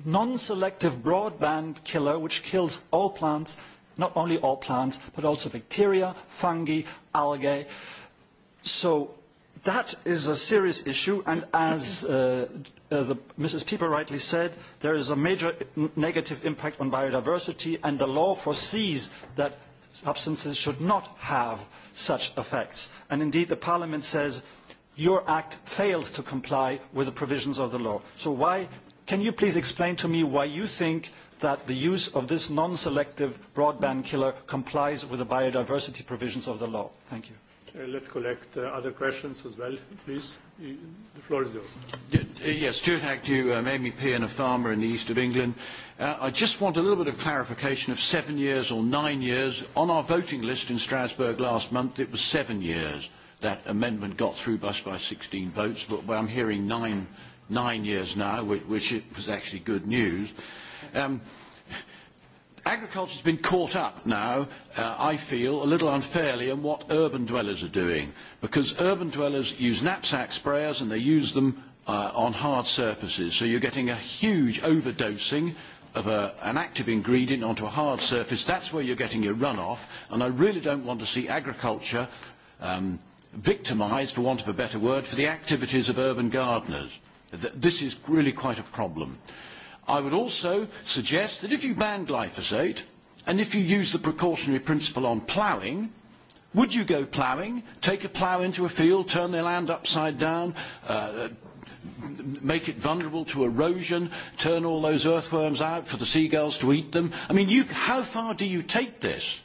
non-selective broadband killer which kills all plants, not only all plants, but also bacteria, fungi, algae. So that is a serious issue, and as uh, uh, the, Mrs. Pieper rightly said, there is a major negative impact on biodiversity, and the law foresees that substances should not have such effects. And indeed, the Parliament says your act fails to comply with the provisions of the law. So why, can you please explain to me why you think that the use of this non-selective broadband killer complies with the biodiversity provisions of the law? Thank you. Uh, let collect uh, other questions as well, please. The floor is yours. Uh, yes, Stuart Act, you uh, made me pee in a farmer in the east of England. Uh, I just want a little bit of clarification of seven years or nine years. On our voting list in Strasbourg last month, it was seven years that amendment got through by, by 16 votes, but I'm hearing nine, nine years now, which, which it was actually good news. Um, agriculture has been caught up now, uh, I feel, a little unfairly in what urban dwellers are doing, because urban dwellers use knapsack sprayers and they use them uh, on hard surfaces, so you're getting a huge overdosing of a, an active ingredient onto a hard surface. That's where you're getting your runoff, and I really don't want to see agriculture um, victimized, for want of a better word, for the activities of urban gardeners. Th this is really quite a problem. I would also suggest that if you banned glyphosate and if you use the precautionary principle on ploughing, would you go ploughing, take a plough into a field, turn the land upside down, uh, make it vulnerable to erosion, turn all those earthworms out for the seagulls to eat them? I mean, you, how far do you take this?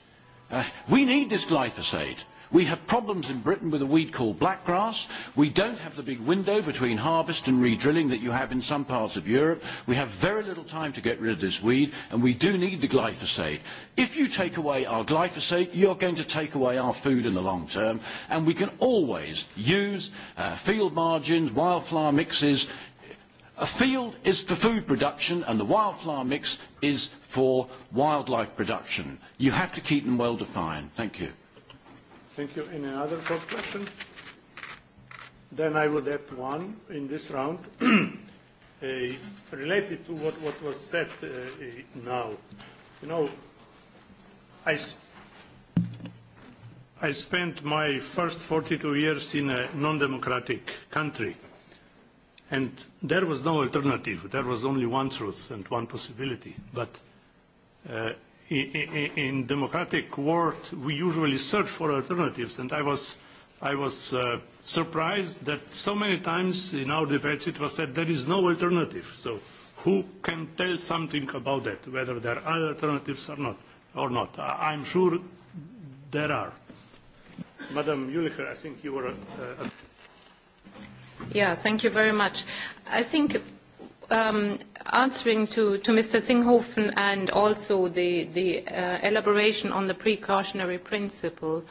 Uh, we need this glyphosate. We have problems in Britain with a weed called blackgrass. We don't have the big window between harvest and re-drilling that you have in some parts of Europe. We have very little time to get rid of this weed, and we do need the glyphosate. If you take away our glyphosate, you're going to take away our food in the long term, and we can always use uh, field margins, wildflower mixes. A field is for food production, and the wildflower mix is for wildlife production. You have to keep them well defined. Thank you. Thank you. Any other short question? Then I would add one in this round. uh, related to what, what was said uh, now. You know, I, sp- I spent my first 42 years in a non-democratic country. And there was no alternative. There was only one truth and one possibility. But... Uh, in democratic world we usually search for alternatives and I was I was uh, surprised that so many times in our debates it was said there is no alternative. So who can tell something about that, whether there are alternatives or not? Or not? I I'm sure there are. Madam Ulicher, I think you were. Uh, yeah, thank you very much. I think um, answering to, to Mr. Singhofen and also the, the uh, elaboration on the precautionary principle,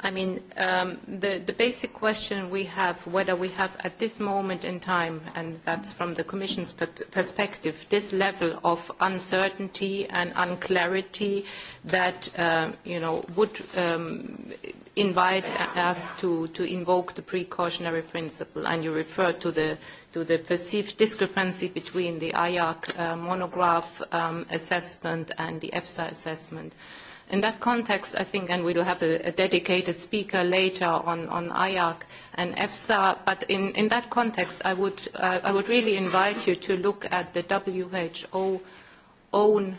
I mean, um, the, the basic question we have, whether we have at this moment in time, and that's from the Commission's per perspective, this level of uncertainty and unclarity that, uh, you know, would... Um, invite us to, to invoke the precautionary principle, and you refer to the, to the perceived discrepancy between the IARC uh, monograph um, assessment and the EFSA assessment. In that context, I think, and we'll have a, a dedicated speaker later on, on IARC and EFSA, but in, in that context, I would, uh, I would really invite you to look at the WHO own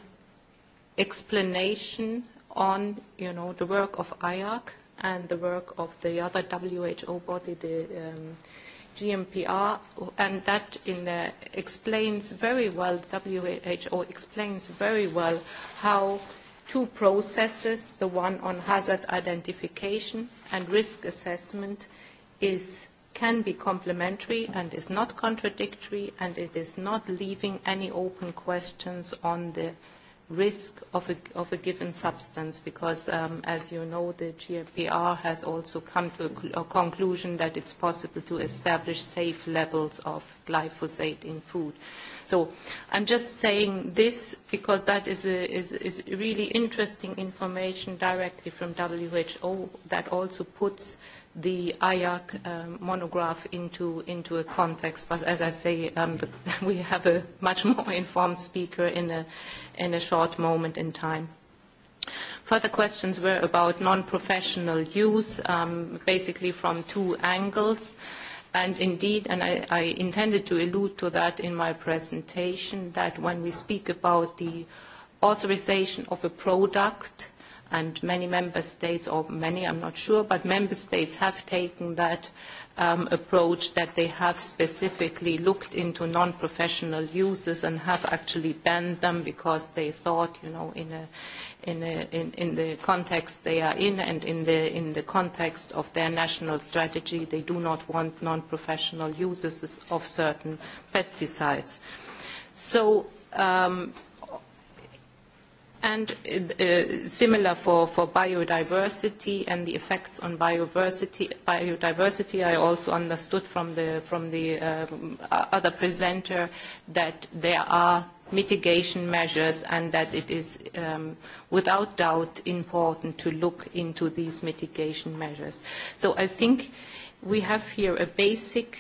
explanation on you know, the work of IARC and the work of the other WHO body, the um, GMPR, and that in the explains very well, WHO explains very well how two processes, the one on hazard identification and risk assessment, is, can be complementary and is not contradictory and it is not leaving any open questions on the risk of a, of a given substance because, um, as you know, the GMPR has also come to a, cl- a conclusion that it's possible to establish safe levels of glyphosate in food. So I'm just saying this because that is, a, is, is really interesting information directly from WHO that also puts the IAC um, uh, monograph into, into a context. But as I say, um, the, we have a much more informed speaker in a, in a short moment in time. Further questions were about non-professional use, um, basically from two angles. And indeed, and I, I intended to allude to that in my presentation, that when we speak about the authorization of a product, and many member states, or many, I'm not sure, but member states have taken that um, approach that they have specifically looked into non-professional users and have actually banned them because they thought, you know, in, a, in, a, in, in the context they are in and in the, in the context of their national strategy, they do not want non-professional users of certain pesticides. So um, and uh, similar for, for biodiversity and the effects on biodiversity. Biodiversity, I also understood from the, from the um, other presenter that there are mitigation measures and that it is um, without doubt important to look into these mitigation measures. So I think we have here a basic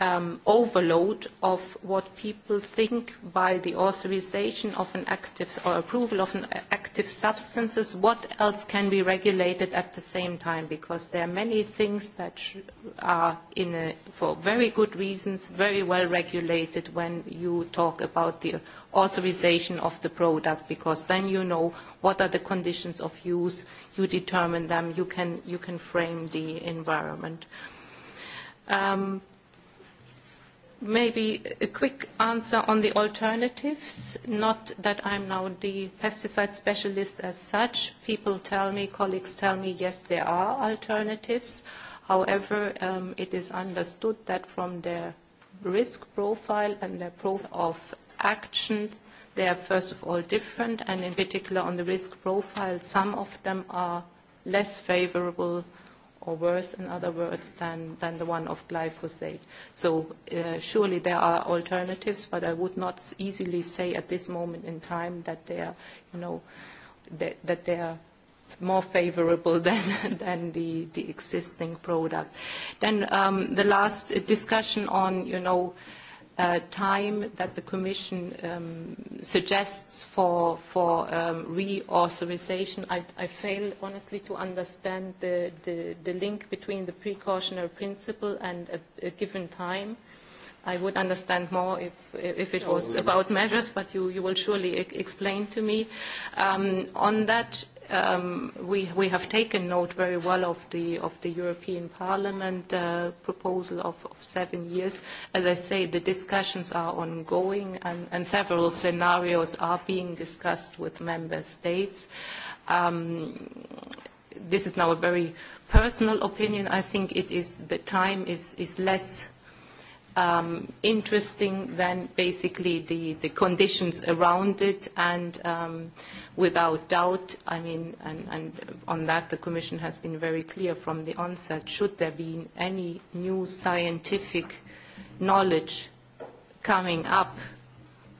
um, overload of what people think by the authorization of an active or approval of an active substances, what else can be regulated at the same time? Because there are many things that sh are, in a, for very good reasons, very well regulated when you talk about the authorization of the product, because then you know what are the conditions of use, you determine them, you can, you can frame the environment. Um, Maybe a quick answer on the alternatives. Not that I'm now the pesticide specialist as such. People tell me, colleagues tell me, yes, there are alternatives. However, um, it is understood that from their risk profile and their profile of action, they are first of all different, and in particular on the risk profile, some of them are less favorable or worse, in other words, than, than the one of glyphosate. So uh, surely there are alternatives, but I would not easily say at this moment in time that they are, you know, that, that they are more favorable than, than the, the existing product. Then um, the last discussion on, you know, uh, uh, time that the Commission um, suggests for, for um, reauthorization. I, I fail, honestly, to understand the, the, the link between the precautionary principle and a, a given time. I would understand more if, if it was oh, about measures, but you, you will surely e-, explain to me. Um, on that um, we, we have taken note very well of the, of the European Parliament uh, proposal of, of seven years. As I say, the discussions are ongoing and, and several scenarios are being discussed with member states. Um, this is now a very personal opinion. I think it is, the time is, is less um, interesting than basically the, the conditions around it. And, um, without doubt, I mean, and, and on that the Commission has been very clear from the onset, should there be any new scientific knowledge coming up,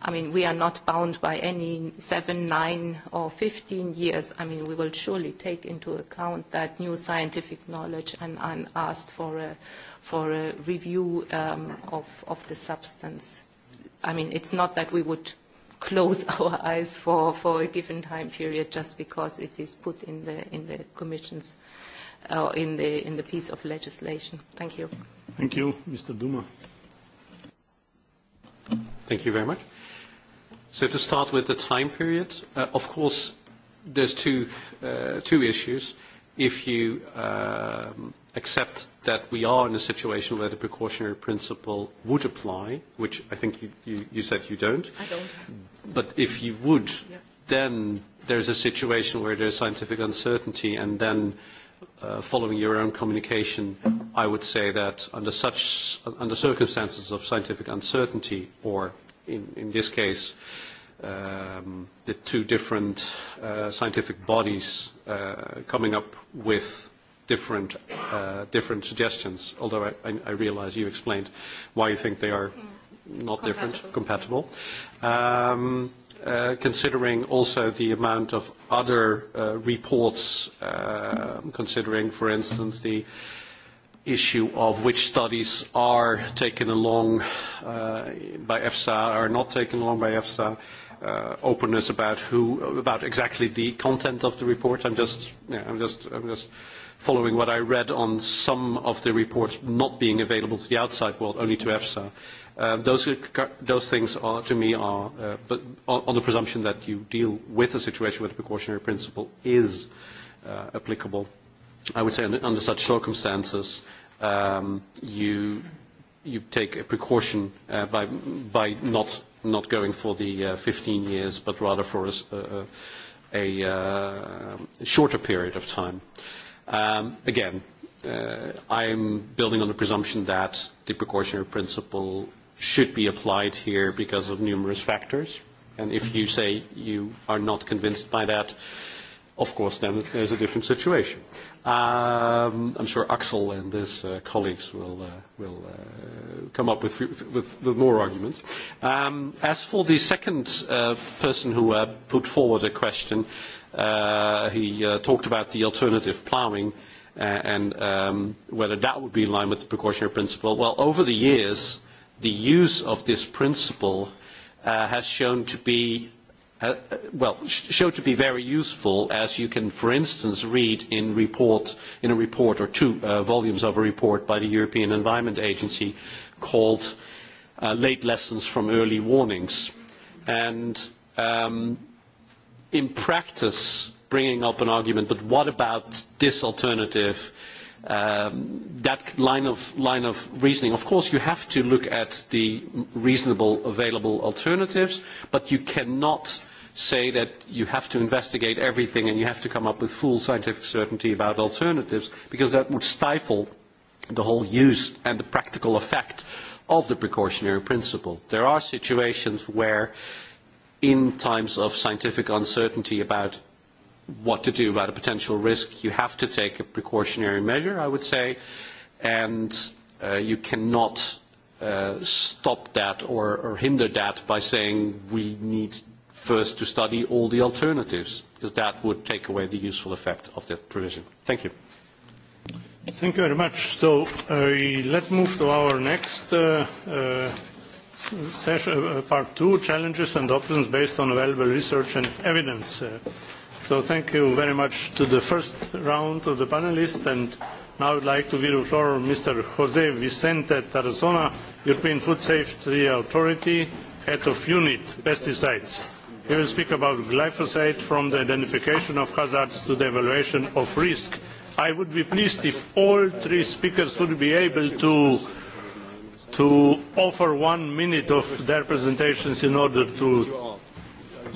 I mean, we are not bound by any 7, 9 or 15 years. I mean, we will surely take into account that new scientific knowledge and, and ask for a, for a review um, of, of the substance. I mean, it's not that we would close our eyes for, for a given time period just because it is put in the, in the commission's uh, in, the, in the piece of legislation. Thank you. Thank you, Mr. Duma. Thank you very much. So to start with the time period, uh, of course, there's two, uh, two issues. If you uh, accept that we are in a situation where the precautionary principle would apply, which I think you, you, you said you don't. I don't. But if you would, yeah. then there's a situation where there's scientific uncertainty, and then uh, following your own communication, I would say that under such under circumstances of scientific uncertainty, or in, in this case, um, the two different uh, scientific bodies uh, coming up with different uh, different suggestions. Although I, I realize you explained why you think they are not compatible. different, compatible. Um, uh, considering also the amount of other uh, reports, uh, considering, for instance, the issue of which studies are taken along uh, by EFSA are not taken along by EFSA, uh, openness about who, about exactly the content of the report. I'm just, yeah, I'm just, I'm just following what I read on some of the reports not being available to the outside world, only to EFSA. Uh, those, are, uh, those things are, to me are, uh, but on, on the presumption that you deal with a situation where the precautionary principle is uh, applicable, I would say under, under such circumstances, um, you, you take a precaution uh, by, by not, not going for the uh, 15 years, but rather for a, a, a, a uh, shorter period of time. Uh, Um, again, uh, I'm building on the presumption that the precautionary principle should be applied here because of numerous factors. And if you say you are not convinced by that, of course, then there's a different situation. Um, I'm sure Axel and his uh, colleagues will, uh, will uh, come up with, with, with more arguments. Um, as for the second uh, person who uh, put forward a question, uh, uh, he uh, talked about the alternative ploughing uh, and um, whether that would be in line with the precautionary principle. Well, over the years, the use of this principle uh, has shown to be uh, uh, well, sh- showed to be very useful, as you can, for instance, read in report in a report or two uh, volumes of a report by the European Environment Agency called uh, "Late Lessons from Early Warnings," and. Um, in practice bringing up an argument, but what about this alternative? Um, that line of, line of reasoning, of course, you have to look at the reasonable available alternatives, but you cannot say that you have to investigate everything and you have to come up with full scientific certainty about alternatives, because that would stifle the whole use and the practical effect of the precautionary principle. There are situations where uh, in times of scientific uncertainty about what to do about a potential risk, you have to take a precautionary measure, I would say, and uh, you cannot uh, stop that or, or hinder that by saying we need first to study all the alternatives, because that would take away the useful effect of that provision. Thank you. Thank you very much. So uh, let's move to our next uh, uh, session uh, part two challenges and options based on available research and evidence. Uh, so thank you very much to the first round of the panelists and now I'd like to give the floor to Mr. Jose Vicente Tarazona, European Food Safety Authority, head of unit, pesticides. He will speak about glyphosate from the identification of hazards to the evaluation of risk. I would be pleased if all three speakers would be able to to offer one minute of their presentations in order to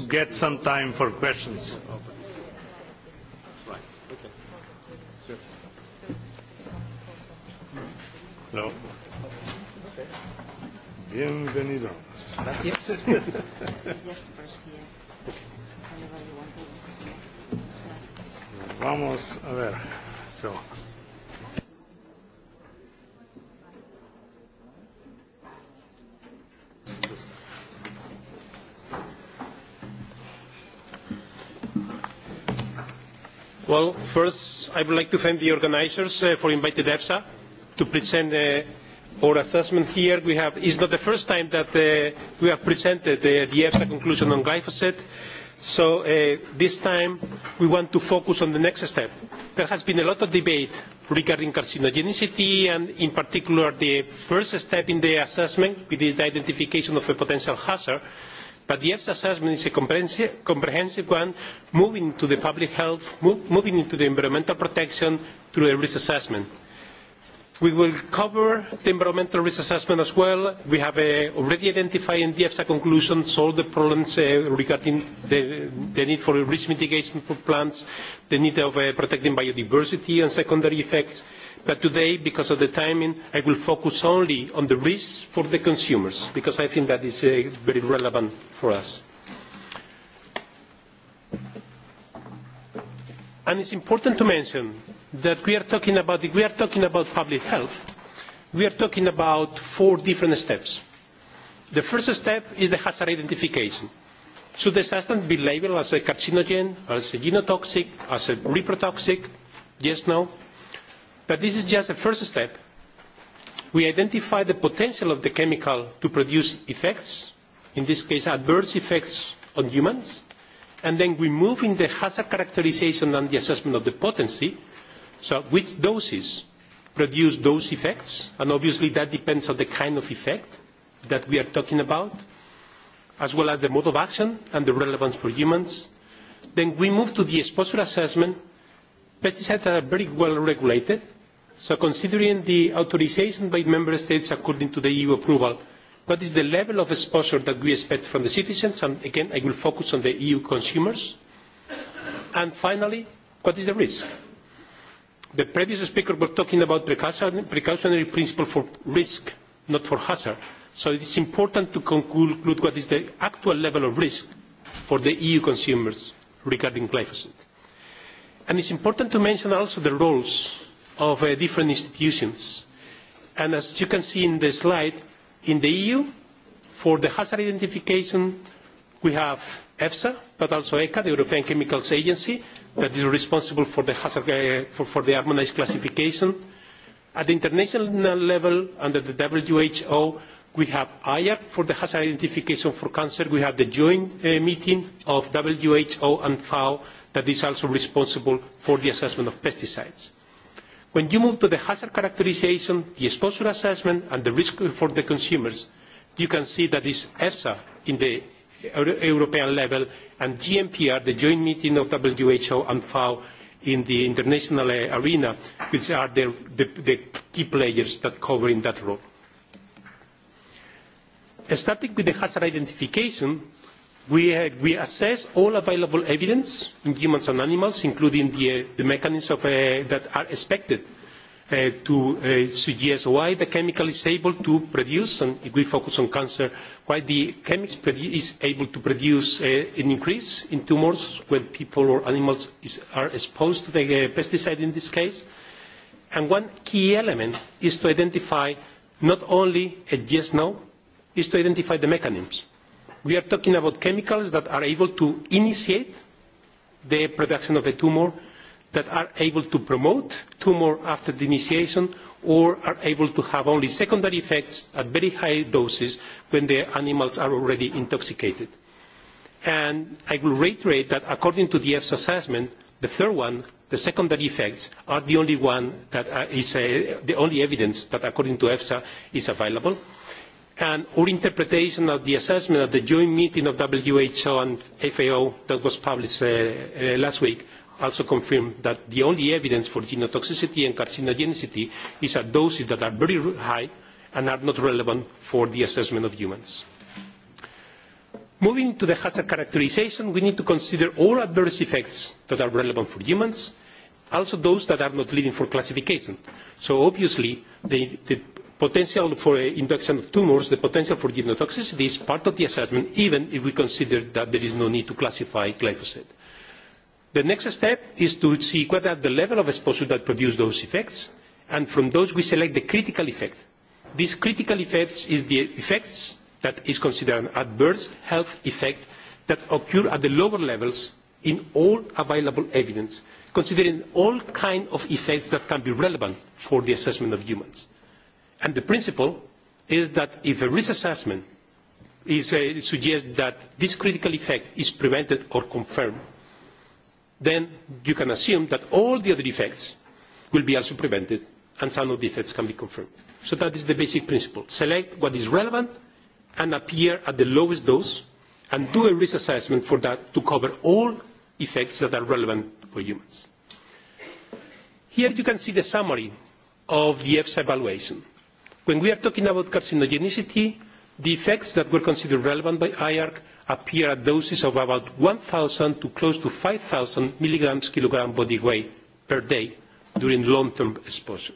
get some time for questions. Hello. Bienvenido. Vamos a ver. So. Well, first, I would like to thank the organizers uh, for inviting EFSA to present uh, our assessment here. We have, it's not the first time that uh, we have presented uh, the EFSA conclusion on glyphosate. So uh, this time we want to focus on the next step. There has been a lot of debate regarding carcinogenicity and in particular the first step in the assessment which is the identification of a potential hazard. But the EFSA assessment is a comprehensive one moving to the public health, mo moving into the environmental protection through a risk assessment. We will cover the environmental risk assessment as well. We have uh, already identified in DFSA conclusions all the problems uh, regarding the, the need for risk mitigation for plants, the need of uh, protecting biodiversity and secondary effects. But today, because of the timing, I will focus only on the risks for the consumers, because I think that is uh, very relevant for us. And it's important to mention that we are talking about, we are talking about public health, we are talking about four different steps. The first step is the hazard identification. Should the substance be labeled as a carcinogen, as a genotoxic, as a reprotoxic? Yes, no. But this is just the first step. We identify the potential of the chemical to produce effects, in this case, adverse effects on humans, and then we move in the hazard characterization and the assessment of the potency, So which doses produce those effects? And obviously that depends on the kind of effect that we are talking about, as well as the mode of action and the relevance for humans. Then we move to the exposure assessment. Pesticides are very well regulated. So considering the authorization by member states according to the EU approval, what is the level of exposure that we expect from the citizens? And again, I will focus on the EU consumers. And finally, what is the risk? the previous speaker was talking about precautionary principle for risk, not for hazard. So it is important to conclude what is the actual level of risk for the EU consumers regarding glyphosate. And it's important to mention also the roles of uh, different institutions. And as you can see in the slide, in the EU, for the hazard identification, we have EFSA, but also ECA, the European Chemicals Agency, that is responsible for the, hazard, uh, for, for the harmonized classification. At the international level, under the WHO, we have IAC for the hazard identification for cancer. We have the joint uh, meeting of WHO and FAO that is also responsible for the assessment of pesticides. When you move to the hazard characterization, the exposure assessment, and the risk for the consumers, you can see that this EFSA in the European level and GMPR, the joint meeting of WHO and FAO in the international arena, which are the, the, the key players that cover in that role. Starting with the hazard identification, we, uh, we assess all available evidence in humans and animals, including the, uh, the mechanisms of, uh, that are expected Uh, to uh, suggest why the chemical is able to produce, and if we focus on cancer, why the chemical is able to produce uh, an increase in tumors when people or animals is, are exposed to the uh, pesticide in this case. And one key element is to identify not only a yes no, is to identify the mechanisms. We are talking about chemicals that are able to initiate the production of a tumor that are able to promote tumour after the initiation or are able to have only secondary effects at very high doses when the animals are already intoxicated. And I will reiterate that according to the EFS assessment, the third one, the secondary effects, are the only one that uh, is uh, the only evidence that, according to EFSA, is available. And our interpretation of the assessment at the joint meeting of WHO and FAO that was published uh, uh, last week also confirmed that the only evidence for genotoxicity and carcinogenicity is at doses that are very high and are not relevant for the assessment of humans. Moving to the hazard characterization, we need to consider all adverse effects that are relevant for humans, also those that are not leading for classification. So obviously, the, the potential for uh, induction of tumors, the potential for genotoxicity is part of the assessment, even if we consider that there is no need to classify glyphosate the next step is to see whether the level of exposure that produced those effects and from those we select the critical effect. This critical effect is the effect that is considered an adverse health effect that occur at the lower levels in all available evidence, considering all kinds of effects that can be relevant for the assessment of humans. And the principle is that if a risk assessment is, uh, suggests that this critical effect is prevented or confirmed, then you can assume that all the other effects will be also prevented and some of the effects can be confirmed. So that is the basic principle. Select what is relevant and appear at the lowest dose and do a risk assessment for that to cover all effects that are relevant for humans. Here you can see the summary of the EFSA evaluation. When we are talking about carcinogenicity, The effects that were considered relevant by IARC appear at doses of about 1,000 to close to 5,000 milligrams kilogram body weight per day during long-term exposure.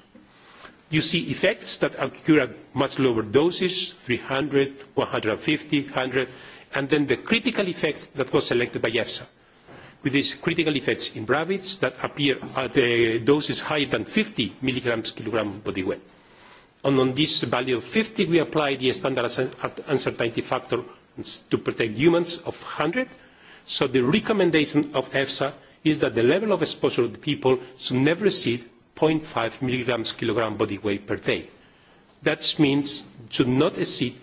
You see effects that occur at much lower doses, 300, 150, 100, and then the critical effect that was selected by EFSA. With these critical effects in rabbits that appear at uh, doses higher than 50 milligrams kilogram body weight. On this value of 50, we apply the standard uncertainty factor to protect humans of 100. The recommendation of EFSA is that the level of exposure of the people should never exceed 0.5 milligrams kilogram body weight per day. That means should not exceed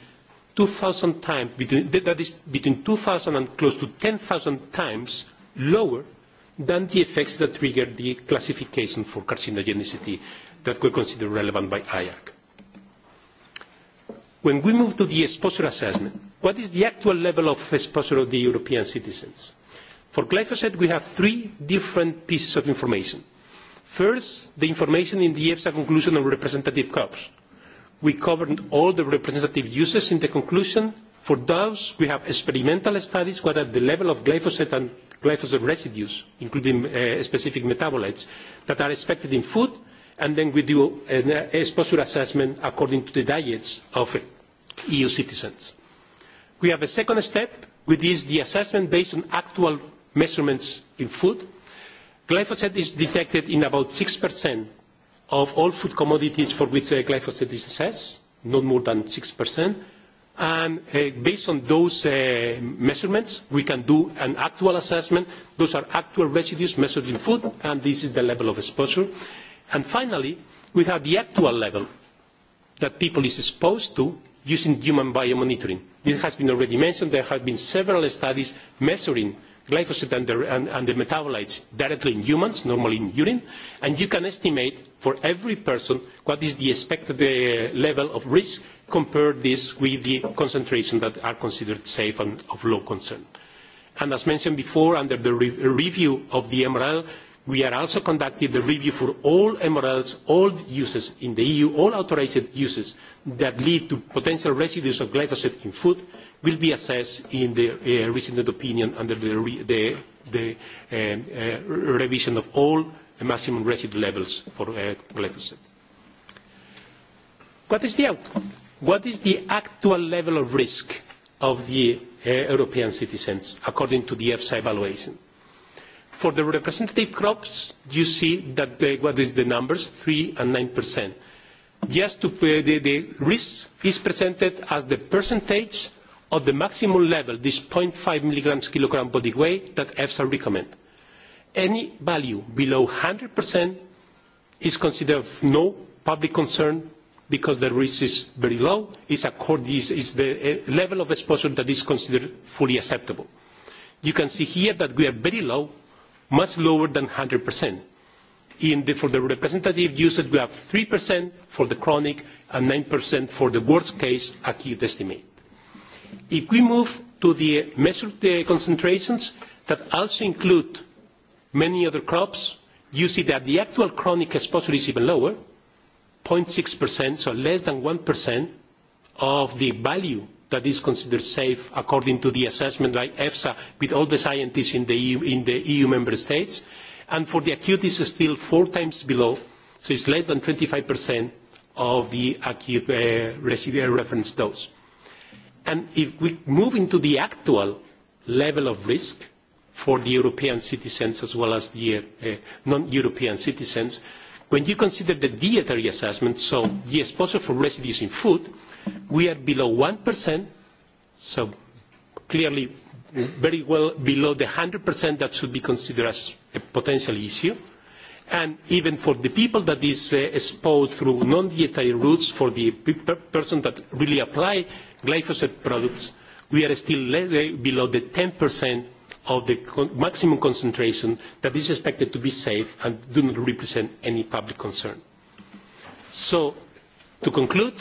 2,000 times between... That is between 2,000 and close to 10,000 times lower than the effects that trigger the classification for carcinogenicity that we consider relevant by IARC. When we move to the exposure assessment, what is the actual level of exposure of the European citizens? For glyphosate, we have three different pieces of information. First, the information in the EFSA conclusion on representative crops. We covered all the representative uses in the conclusion. For those, we have experimental studies, what are the level of glyphosate and glyphosate residues, including uh, specific metabolites, that are expected in food, and then we do an uh, exposure assessment according to the diets of it eu citizens. we have a second step, which is the assessment based on actual measurements in food. glyphosate is detected in about 6% of all food commodities for which uh, glyphosate is assessed, not more than 6%. and uh, based on those uh, measurements, we can do an actual assessment. those are actual residues measured in food, and this is the level of exposure. and finally, we have the actual level that people is exposed to using human biomonitoring. This has been already mentioned. There have been several studies measuring glyphosate and the, and, and the metabolites directly in humans, normally in urine, and you can estimate for every person what is the expected uh, level of risk compared this with the concentration that are considered safe and of low concern. And as mentioned before, under the re- review of the MRL, We are also conducting the review for all MRLs, all uses in the EU, all authorized uses that lead to potential residues of glyphosate in food will be assessed in the uh, reasoned opinion under the uh, uh, revision of all maximum residue levels for glyphosate. What is the outcome? What is the actual level of risk of the European citizens according to the EFSA evaluation? For the representative crops, you see that the, what is the numbers, 3 and 9%. Just to put the, the risk is presented as the percentage of the maximum level, this 0.5 milligrams kilogram body weight that EFSA recommend. Any value below 100% is considered no public concern because the risk is very low, is, accord, is, is the uh, level of exposure that is considered fully acceptable. You can see here that we are very low, much lower than 100%. In the, for the representative usage, we have 3% for the chronic and 9% for the worst case acute estimate. If we move to the measured uh, concentrations that also include many other crops, you see that the actual chronic exposure is even lower, 0.6%, so less than 1% of the value that is considered safe according to the assessment by EFSA with all the scientists in the EU, in the EU member states. And for the acute, it's still four times below, so it's less than 25% of the acute uh, residual uh, reference dose. And if we move into the actual level of risk for the European citizens as well as the uh, uh, non-European citizens, uh, When you consider the dietary assessment, so the exposure for residues in food, we are below 1%, so clearly very well below the 100% that should be considered as a potential issue. And even for the people that is uh, exposed through non-dietary routes, for the per person that really apply glyphosate products, we are still less, uh, below the of the con maximum concentration that is expected to be safe and do not represent any public concern. So, to conclude,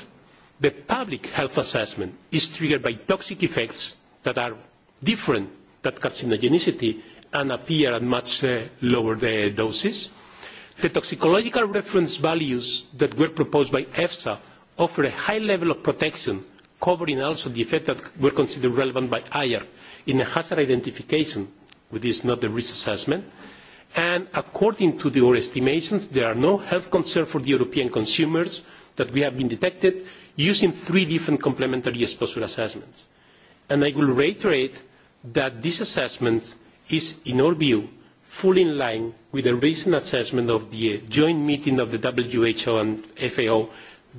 the public health assessment is triggered by toxic effects that are different than carcinogenicity and appear at much uh, lower uh, doses. The toxicological reference values that were proposed by EFSA offer a high level of protection, covering also the effects that were considered relevant by IARC, in a hazard identification, which is not the risk assessment. And according to our estimations, there are no health concerns for the European consumers that we have been detected using three different complementary exposure assessments. And I will reiterate that this assessment is, in our view, fully in line with the recent assessment of the uh, joint meeting of the WHO and FAO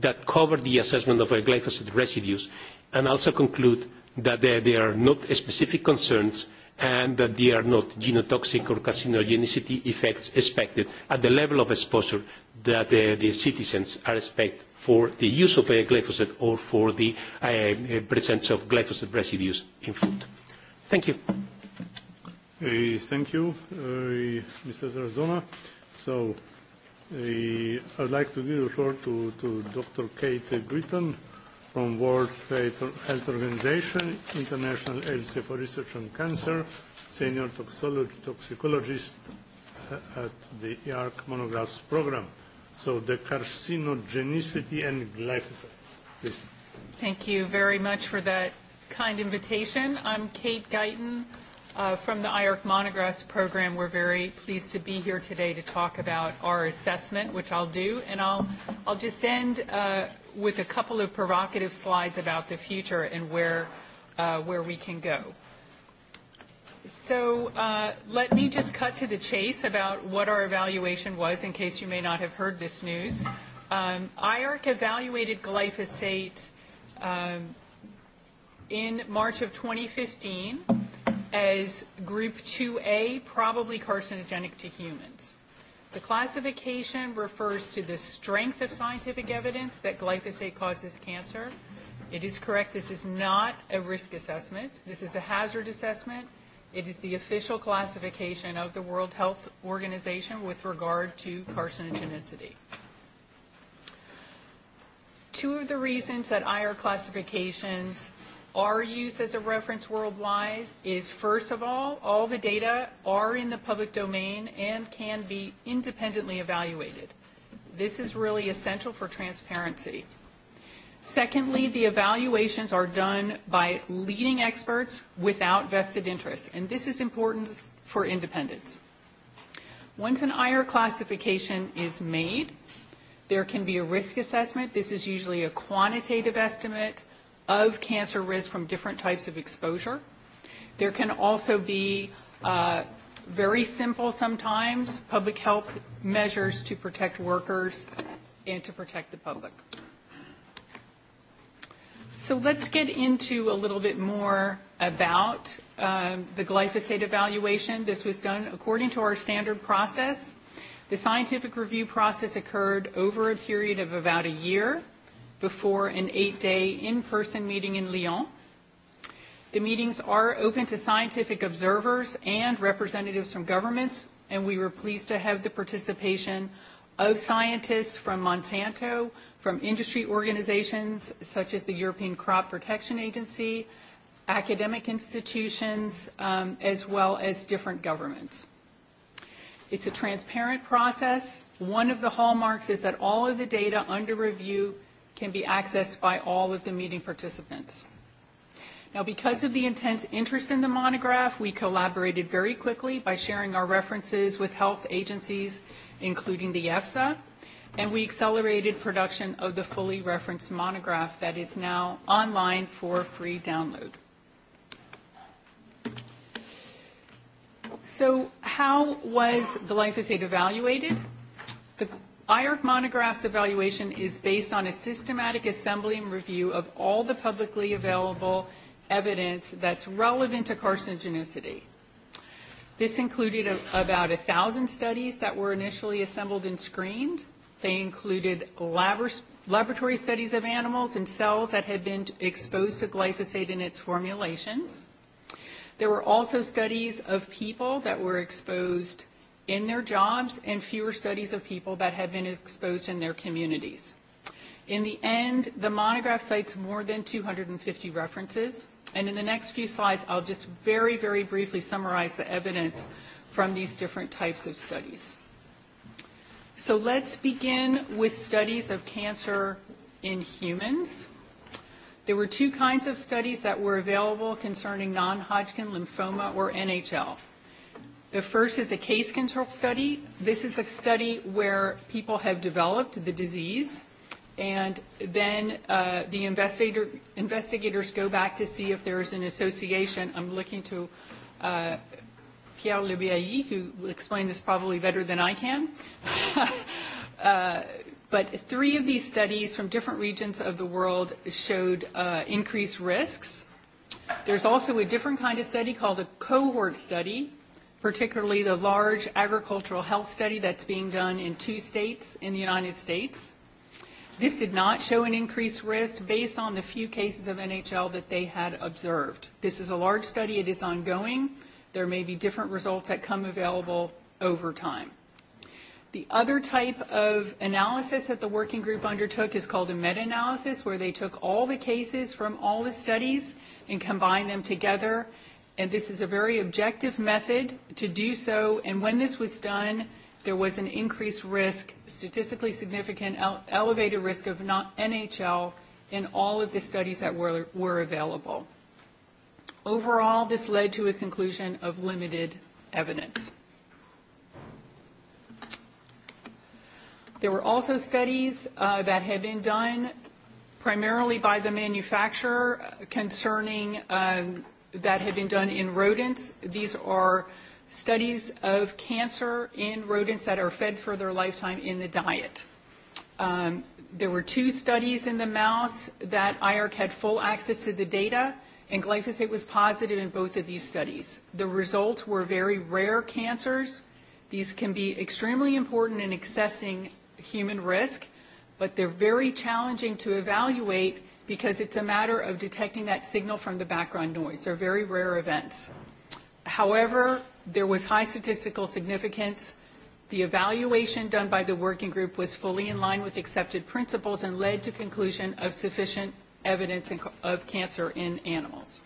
that covered the assessment of glyphosate residues and also conclude that they, they are not specific concerns and that they are not genotoxic or carcinogenicity effects expected at the level of exposure that uh, the citizens are expect for the use of uh, glyphosate or for the uh, uh presence of glyphosate residues in food. Thank you. Uh, thank you, uh, Mr. Zarzona. So uh, I'd like to give the floor to, to Dr. Kate Britton from World Health Organization, International Agency for Research on Cancer, senior toxicologist uh, at the e ARC Monographs program. So the carcinogenicity and glyphosate, please. Thank you very much for that kind invitation. I'm Kate Guyton. Uh, from the IARC Monographs Program. We're very pleased to be here today to talk about our assessment, which I'll do. And I'll, I'll just end uh, with a couple of provocative slides about the future and where, uh, where we can go. So uh, let me just cut to the chase about what our evaluation was in case you may not have heard this news. Um, IARC evaluated glyphosate um, in March of 2015 as group 2A, probably carcinogenic to humans. The classification refers to the strength of scientific evidence that glyphosate causes cancer. It is correct, this is not a risk assessment. This is a hazard assessment. It is the official classification of the World Health Organization with regard to carcinogenicity. Two of the reasons that IR classifications are used as a reference worldwide is first of all, all the data are in the public domain and can be independently evaluated. This is really essential for transparency. Secondly, the evaluations are done by leading experts without vested interests, and this is important for independence. Once an IR classification is made, there can be a risk assessment. This is usually a quantitative estimate of cancer risk from different types of exposure. There can also be uh, very simple sometimes public health measures to protect workers and to protect the public. So let's get into a little bit more about um, the glyphosate evaluation. This was done according to our standard process. The scientific review process occurred over a period of about a year before an eight-day in-person meeting in Lyon. The meetings are open to scientific observers and representatives from governments, and we were pleased to have the participation of scientists from Monsanto, from industry organizations such as the European Crop Protection Agency, academic institutions, um, as well as different governments. It's a transparent process. One of the hallmarks is that all of the data under review can be accessed by all of the meeting participants. Now, because of the intense interest in the monograph, we collaborated very quickly by sharing our references with health agencies, including the EFSA, and we accelerated production of the fully referenced monograph that is now online for free download. So, how was glyphosate evaluated? IARC Monographs evaluation is based on a systematic assembly and review of all the publicly available evidence that's relevant to carcinogenicity. This included a, about a thousand studies that were initially assembled and screened. They included labors, laboratory studies of animals and cells that had been exposed to glyphosate in its formulations. There were also studies of people that were exposed in their jobs and fewer studies of people that have been exposed in their communities. In the end, the monograph cites more than 250 references, and in the next few slides, I'll just very, very briefly summarize the evidence from these different types of studies. So let's begin with studies of cancer in humans. There were two kinds of studies that were available concerning non-Hodgkin lymphoma or NHL. The first is a case control study. This is a study where people have developed the disease, and then uh, the investigators go back to see if there is an association. I'm looking to uh, Pierre Labbé, who will explain this probably better than I can. Uh, but three of these studies from different regions of the world showed increased risks. There's also a different kind of study called a cohort study, particularly the large agricultural health study that's being done in two states in the United States. This did not show an increased risk based on the few cases of NHL that they had observed. This is a large study. It is ongoing. There may be different results that come available over time. The other type of analysis that the working group undertook is called a meta-analysis, where they took all the cases from all the studies and combined them together and this is a very objective method to do so. And when this was done, there was an increased risk, statistically significant, ele- elevated risk of not NHL in all of the studies that were, were available. Overall, this led to a conclusion of limited evidence. There were also studies uh, that had been done primarily by the manufacturer concerning. Uh, that have been done in rodents. These are studies of cancer in rodents that are fed for their lifetime in the diet. Um, there were two studies in the mouse that IARC had full access to the data, and glyphosate was positive in both of these studies. The results were very rare cancers. These can be extremely important in assessing human risk, but they're very challenging to evaluate because it's a matter of detecting that signal from the background noise. They're very rare events. However, there was high statistical significance. The evaluation done by the working group was fully in line with accepted principles and led to conclusion of sufficient evidence of cancer in animals.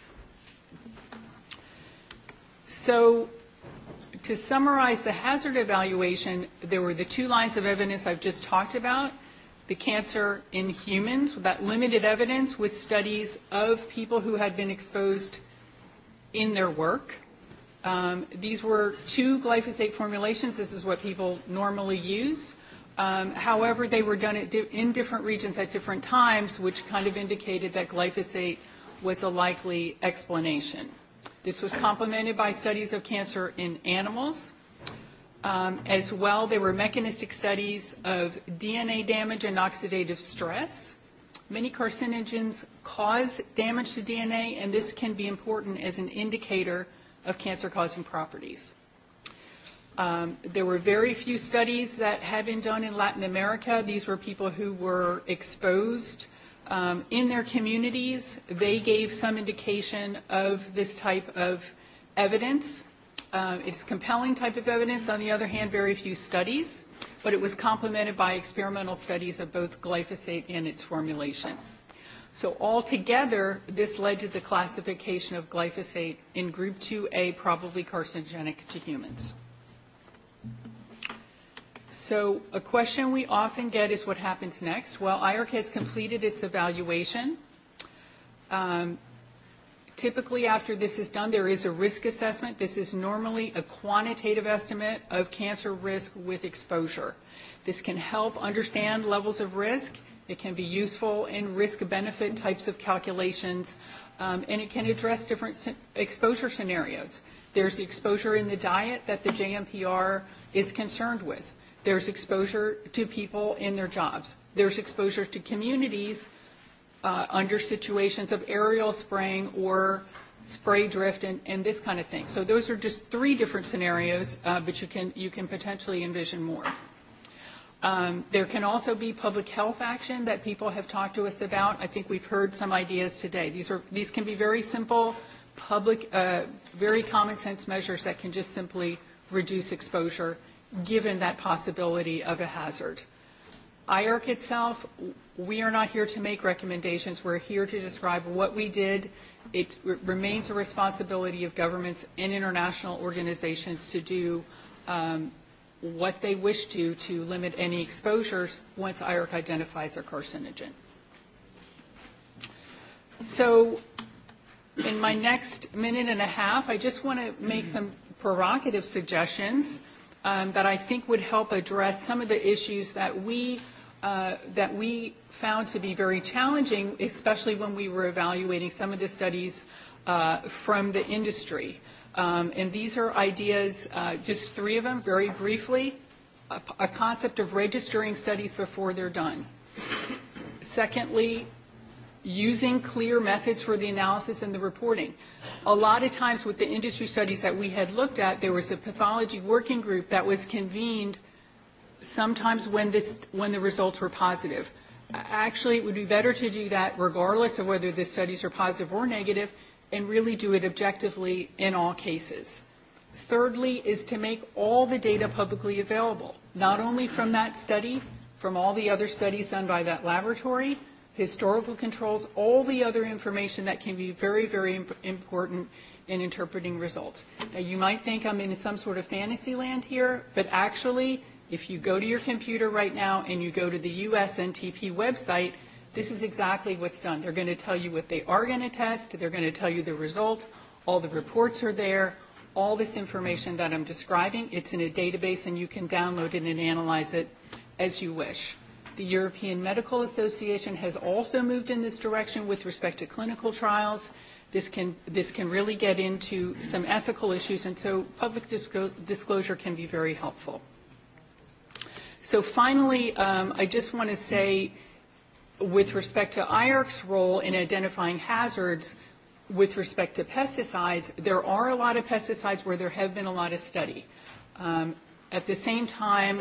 So to summarize the hazard evaluation, there were the two lines of evidence I've just talked about, the cancer in humans, that limited evidence with studies of people who had been exposed in their work. Um, these were two glyphosate formulations. This is what people normally use. Um, however, they were done in different regions at different times, which kind of indicated that glyphosate was a likely explanation. This was complemented by studies of cancer in animals, Um, as well, there were mechanistic studies of DNA damage and oxidative stress. Many carcinogens cause damage to DNA, and this can be important as an indicator of cancer-causing properties. Um, there were very few studies that had been done in Latin America. These were people who were exposed um, in their communities. They gave some indication of this type of evidence. Uh, it's compelling type of evidence. On the other hand, very few studies, but it was complemented by experimental studies of both glyphosate and its formulation. So altogether, this led to the classification of glyphosate in group 2A, probably carcinogenic to humans. So a question we often get is what happens next? Well, IRC has completed its evaluation. Um, Typically, after this is done, there is a risk assessment. This is normally a quantitative estimate of cancer risk with exposure. This can help understand levels of risk. It can be useful in risk benefit types of calculations. Um, and it can address different sc- exposure scenarios. There's exposure in the diet that the JMPR is concerned with. There's exposure to people in their jobs. There's exposure to communities uh, under situations of aerial spraying or spray drift and, and this kind of thing. So those are just three different scenarios, uh, but you can, you can potentially envision more. Um, there can also be public health action that people have talked to us about. I think we've heard some ideas today. These, are, these can be very simple, public, uh, very common sense measures that can just simply reduce exposure given that possibility of a hazard. IARC itself, We are not here to make recommendations. We're here to describe what we did. It re remains a responsibility of governments and international organizations to do um, what they wish to to limit any exposures once IRC identifies a carcinogen. So in my next minute and a half, I just want to make some provocative suggestions um, that I think would help address some of the issues that we Uh, that we found to be very challenging, especially when we were evaluating some of the studies uh, from the industry. Um, and these are ideas, uh, just three of them, very briefly a, a concept of registering studies before they're done. Secondly, using clear methods for the analysis and the reporting. A lot of times with the industry studies that we had looked at, there was a pathology working group that was convened sometimes when, this, when the results were positive. Actually, it would be better to do that regardless of whether the studies are positive or negative and really do it objectively in all cases. Thirdly, is to make all the data publicly available, not only from that study, from all the other studies done by that laboratory, historical controls, all the other information that can be very, very imp- important in interpreting results. Now, you might think I'm in some sort of fantasy land here, but actually, If you go to your computer right now and you go to the USNTP website, this is exactly what's done. They're going to tell you what they are going to test. They're going to tell you the results. All the reports are there. All this information that I'm describing, it's in a database and you can download it and analyze it as you wish. The European Medical Association has also moved in this direction with respect to clinical trials. This can, this can really get into some ethical issues and so public disco- disclosure can be very helpful. So finally, um, I just want to say, with respect to IARC's role in identifying hazards, with respect to pesticides, there are a lot of pesticides where there have been a lot of study. Um, at the same time,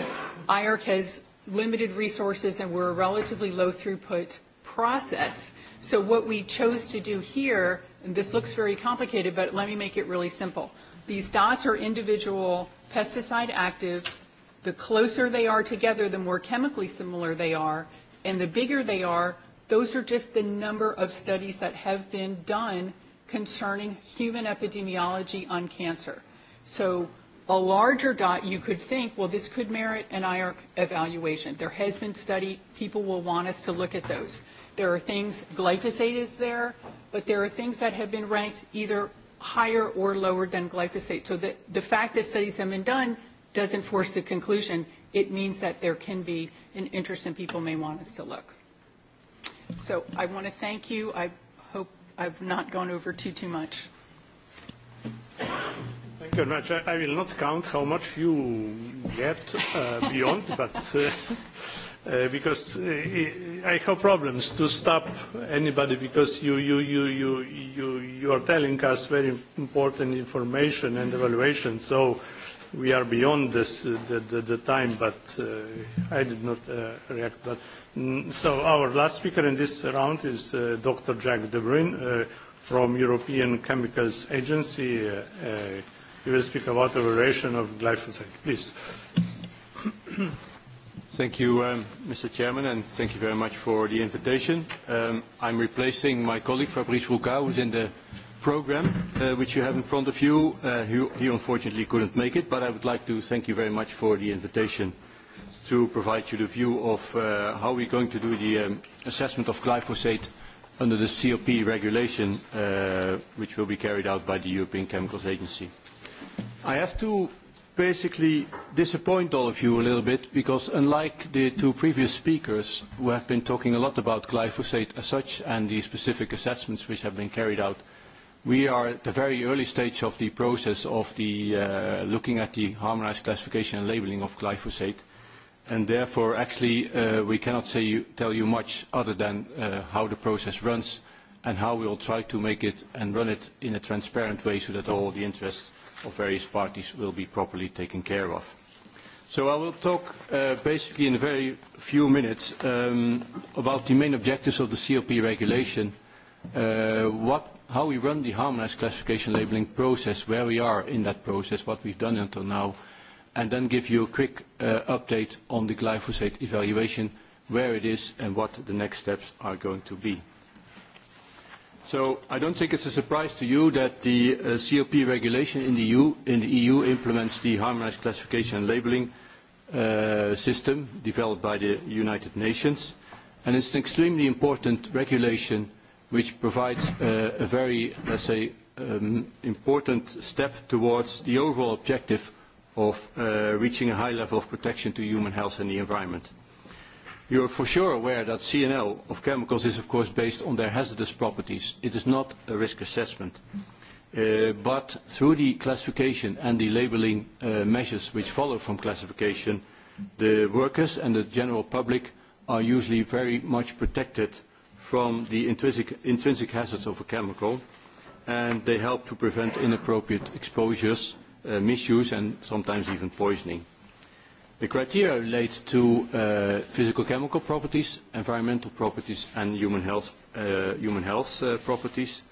IARC has limited resources and we're a relatively low throughput process. So what we chose to do here, and this looks very complicated, but let me make it really simple. These dots are individual pesticide actives the closer they are together, the more chemically similar they are, and the bigger they are, those are just the number of studies that have been done concerning human epidemiology on cancer. So a larger dot, you could think, well, this could merit an IARC evaluation. There has been study. People will want us to look at those. There are things, glyphosate is there, but there are things that have been ranked either higher or lower than glyphosate. So the, the fact that studies have been done doesn't force the conclusion. It means that there can be an interest and people may want us to look. So I want to thank you. I hope I've not gone over too, too much. Thank you very much. I, I will not count how much you get uh, beyond, but uh, uh, because uh, I have problems to stop anybody because you, you, you, you, you, you are telling us very important information and evaluation. So we are beyond this, uh, the, the, the time, but uh, I did not uh, react. But, mm, so our last speaker in this round is uh, Dr. Jack De Bruyne uh, from European Chemicals Agency. Uh, uh, he will speak about the variation of glyphosate. Please. Thank you, um, Mr. Chairman, and thank you very much for the invitation. Um, I'm replacing my colleague, Fabrice Roucault, who's in the program, uh, which you have in front of you. Uh, he unfortunately couldn't make it, but I would like to thank you very much for the invitation to provide you the view of uh, how we're going to do the um, assessment of glyphosate under the CLP regulation, which will be carried out by the European Chemicals Agency. I have to basically disappoint all of you a little bit because unlike the two previous speakers who have been talking a lot about glyphosate as such and the specific assessments which have been carried out, We are at the very early stage of the process of uh, looking at the harmonized classification and labeling of glyphosate, and therefore, actually, uh, we cannot tell you much other than uh, how the process runs and how we will try to make it and run it in a transparent way so that all the interests of various parties will be properly taken care of. I will talk basically in a very few minutes um, about the main objectives of the CLP regulation, what how we run the harmonized classification labeling process, where we are in that process, what we've done until now, and then give you a quick uh, update on the glyphosate evaluation, where it is, and what the next steps are going to be. I don't think it's a surprise to you that the uh, CLP regulation in the EU e implements the harmonized classification labeling uh, system developed by the United Nations. It's an extremely important regulation which provides uh, a very, let's say, um, important step towards the overall objective of uh, reaching a high level of protection to human health and the environment. You are for sure aware that CNL of chemicals is, of course, based on their hazardous properties. It is not a risk assessment. Uh, but through the classification and the labeling uh, measures which follow from classification, the workers and the general public are usually very much protected uh, from the intrinsic, intrinsic hazards of a chemical, and they help to prevent inappropriate exposures, uh, misuse, and sometimes even poisoning. The criteria relate to uh, physical chemical properties, environmental properties, and human health, uh, human health uh, properties.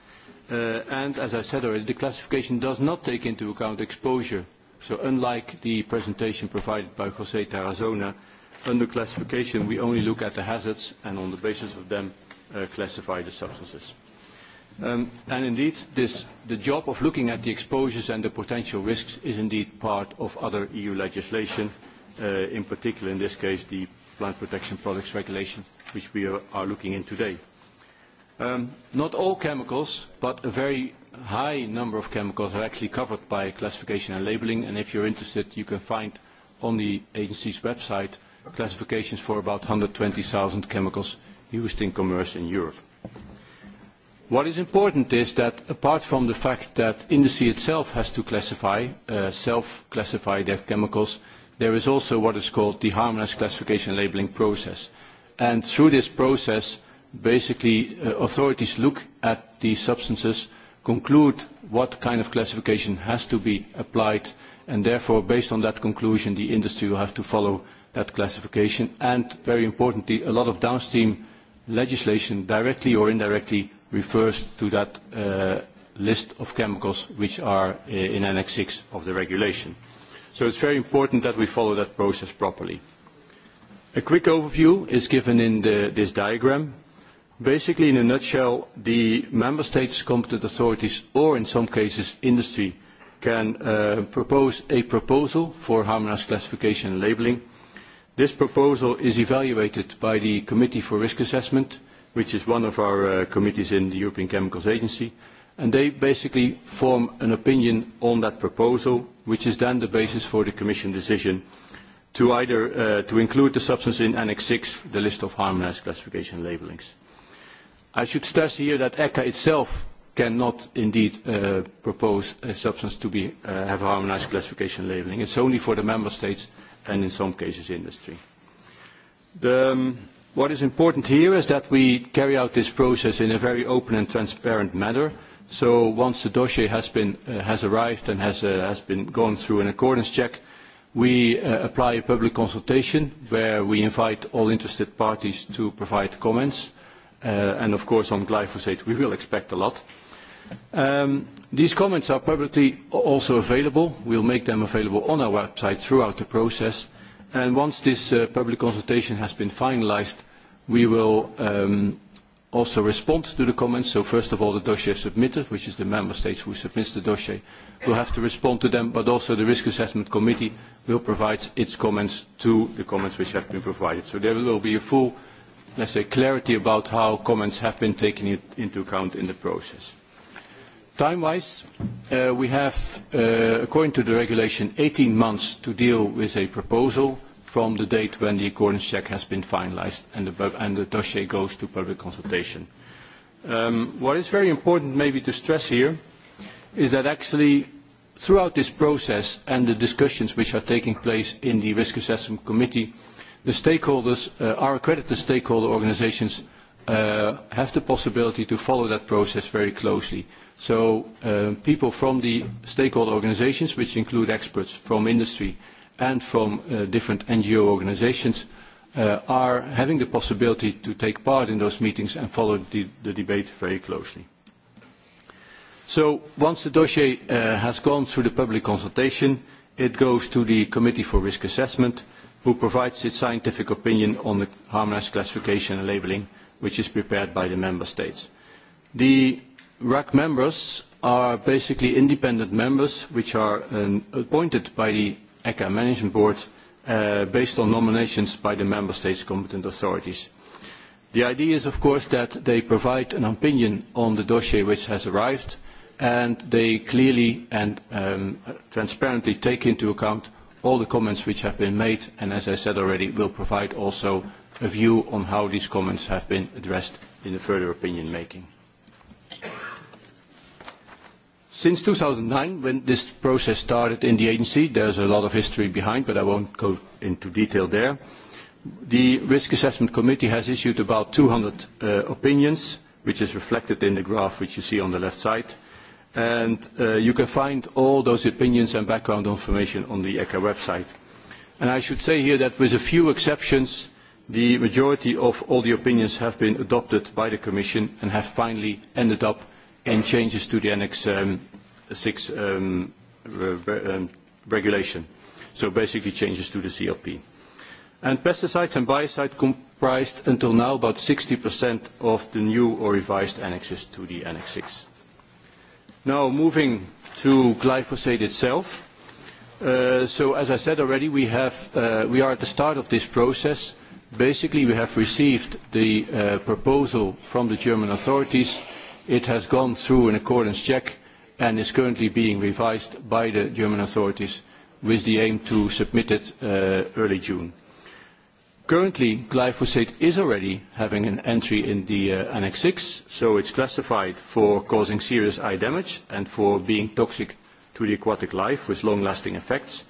Uh, and as I said already, the classification does not take into account exposure. So unlike the presentation provided by Jose Tarazona, under classification we only look at the hazards and on the basis of them Uh, classify the substances. Um, indeed, the job of looking at the exposures and the potential risks is indeed part of other EU legislation, uh, in particular, in this case, the Plant Protection Products Regulation, which we are looking in today. Um, not all chemicals, but a very high number of chemicals are actually covered by classification and labeling. If you're interested, you can find on the agency's website classifications for about 120,000 chemicals used in commerce in Europe. What is important is that apart from the fact that industry itself has to classify, uh, self-classify their chemicals, there is also what is called the harmonized classification labeling process. And through this process, basically, uh, authorities look at the substances, conclude what kind of classification has to be applied, and therefore, based on that conclusion, the industry will have to follow that classification. And very importantly, a lot of downstream legislation directly or indirectly refers to that uh, list of chemicals which are uh, in Annex 6 of the regulation. So it's very important that we follow that process properly. A quick overview is given in the, this diagram. Basically, in a nutshell, the member states' competent authorities, or in some cases industry, can uh, propose a proposal for harmonized classification and labeling. This proposal is evaluated by the Committee for Risk Assessment, which is one of our uh, committees in the European Chemicals Agency, and they basically form an opinion on that proposal, which is then the basis for the Commission decision to either uh, to include the substance in Annex 6, the list of harmonized classification labelings. I should stress here that ECHA itself cannot indeed uh, propose a substance to be, uh, have a harmonized classification labeling. It's only for the member states and in some cases industry. The, um, what is important here is that we carry out this process in a very open and transparent manner. So once the dossier has, been, uh, has arrived and has, uh, has been gone through an accordance check, we uh, apply a public consultation where we invite all interested parties to provide comments. Uh, and of course on glyphosate we will expect a lot. Uh, Um, these comments are publicly also available. We'll make them available on our website throughout the process. And once this uh, public consultation has been finalized, we will um, also respond to the comments. So first of all, the dossier submitted, which is the member states who submits the dossier, will have to respond to them, but also the Risk Assessment Committee will provide its comments to the comments which have been provided. So there will be a full, let's say, clarity about how comments have been taken into account in the process. Time-wise, uh, we have, uh, according to the regulation, 18 months to deal with a proposal from the date when the accordance check has been finalized and the dossier goes to public consultation. Um, what is very important maybe to stress here is that actually throughout this process and the discussions which are taking place in the Risk Assessment Committee, the stakeholders, uh, our accredited stakeholder organizations, have the possibility to follow that process very closely. So um, people from the stakeholder organizations, which include experts from industry and from uh, different NGO organizations, uh, are having the possibility to take part in those meetings and follow the, the debate very closely. So once the dossier uh, has gone through the public consultation, it goes to the Committee for Risk Assessment, who provides its scientific opinion on the harmonized classification and labeling, which is prepared by the member states. The RAC members are basically independent members which are um, appointed by the ECA Management Board uh, based on nominations by the Member States competent authorities. The idea is, of course, that they provide an opinion on the dossier which has arrived and they clearly and um, transparently take into account all the comments which have been made and, as I said already, will provide also a view on how these comments have been addressed in the further opinion making. Since 2009, when this process started in the agency, there's a lot of history behind, but I won't go into detail there. The risk assessment committee has issued about 200 uh, opinions, which is reflected in the graph which you see on the left side. Uh, you can find all those opinions and background information on the EQHA website. I should say here that with a few exceptions, the majority of all the opinions have been adopted by the commission and have finally ended up in changes to the annex um, 6 um, re um, regulation. So basically changes to the CLP. And pesticides and biocides comprised until now about 60% of the new or revised annexes to the Annex 6. Now moving to glyphosate itself. Uh, so as I said already, we, have, uh, we are at the start of this process. Basically, we have received the uh, proposal from the German authorities. It has gone through an accordance check, and is currently being revised by the German authorities with the aim to submit it uh, early June. Currently, glyphosate is already having an entry in the uh, Annex 6, so it's classified for causing serious eye damage and for being toxic to the aquatic life with long-lasting effects.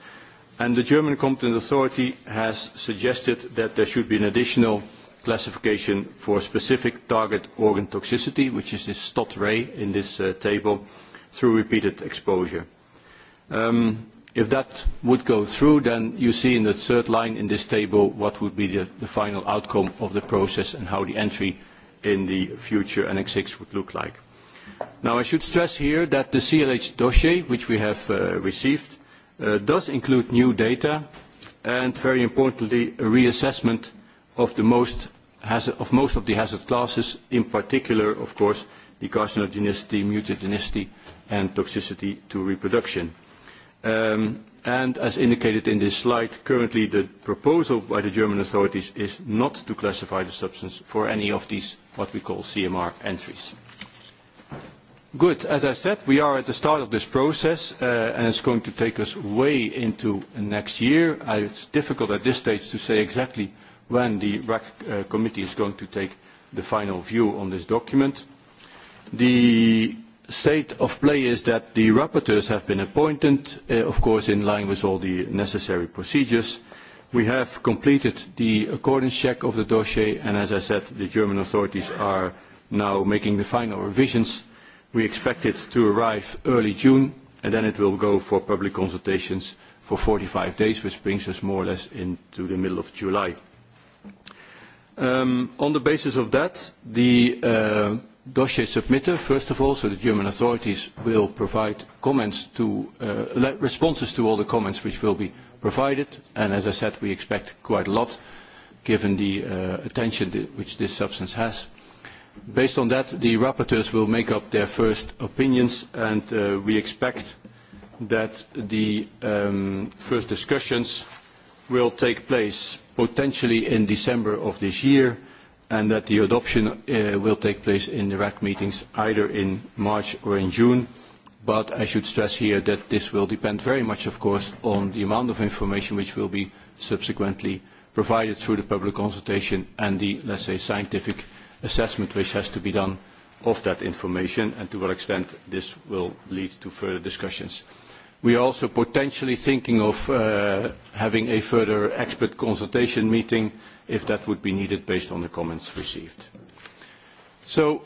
And the German competent authority has suggested that there should be an additional classification for specific target organ toxicity, which is this STOT-RAY in this uh, table, uh, through repeated exposure. Um, if that would go through, then you see in the third line in this table what would be the, the final outcome of the process and how the entry in the future Annex 6 would look like. Now, I should stress here that the CLH dossier, which we have uh, received, uh, does include new data and, very importantly, a reassessment of, the most hazard, of most of the hazard classes, in particular, of course, the carcinogenicity, mutagenicity, uh, and toxicity to reproduction. Um, and as indicated in this slide, currently the proposal by the German authorities is not to classify the substance for any of these what we call CMR entries. Good. As I said, we are at the start of this process uh, and it's going to take us way into next year. Uh, it's difficult at this stage to say exactly when the RAC uh, committee is going to take the final view on this document. The state of play is that the rapporteurs have been appointed, uh, of course, in line with all the necessary procedures. We have completed the accordance check of the dossier, and as I said, the German authorities are now making the final revisions. We expect it to arrive early June, and then it will go for public consultations for 45 days, which brings us more or less into the middle of July. Um, on the basis of that, the uh, dossier submitter, first of all, so the German authorities will provide comments to, uh, responses to all the comments which will be provided. And as I said, we expect quite a lot, given the uh, attention th which this substance has. Based on that, the rapporteurs will make up their first opinions, and uh, we expect that the um, first discussions will take place potentially in December of this year, and that the adoption uh, will take place in the RAC meetings either in March or in June. But I should stress here that this will depend very much, of course, on the amount of information which will be subsequently provided through the public consultation and the, let's say, scientific assessment which has to be done of that information and to what extent this will lead to further discussions. We are also potentially thinking of uh, having a further expert consultation meeting uh, if that would be needed based on the comments received.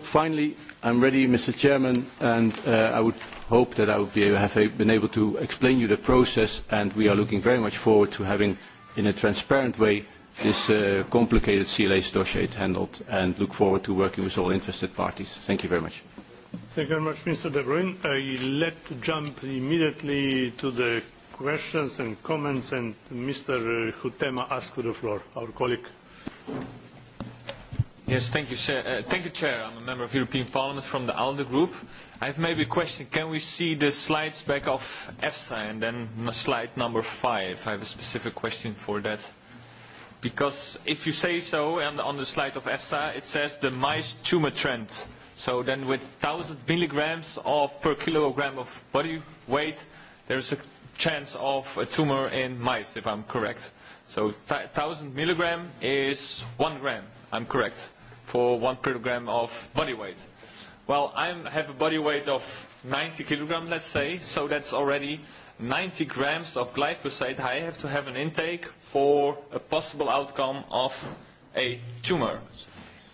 Finally, I'm ready, Mr. Chairman, and uh, I would hope that I would have been able to explain to you the process, and we are looking very much forward to having, in a transparent way, this uh, complicated CLA dossier handled and look forward to working with all interested parties. Thank you very much. Thank you very much, Mr. De Bruin. I let jump immediately to the questions and comments and mr hutema ask for the floor our colleague yes thank you chair uh, thank you chair i'm a member of european parliament from the alde group i have maybe a question can we see the slides back of efsa and then slide number five i have a specific question for that because if you say so and on the slide of efsa it says the mice tumor trend so then with 1000 milligrams of per kilogram of body weight there's a chance of a tumor in mice, if I'm correct. So 1,000 milligram is 1 gram, I'm correct, for 1 kilogram of body weight. Well, I have a body weight of 90 kilogram, let's say, so that's already 90 grams of glyphosate I have to have an intake for a possible outcome of a tumor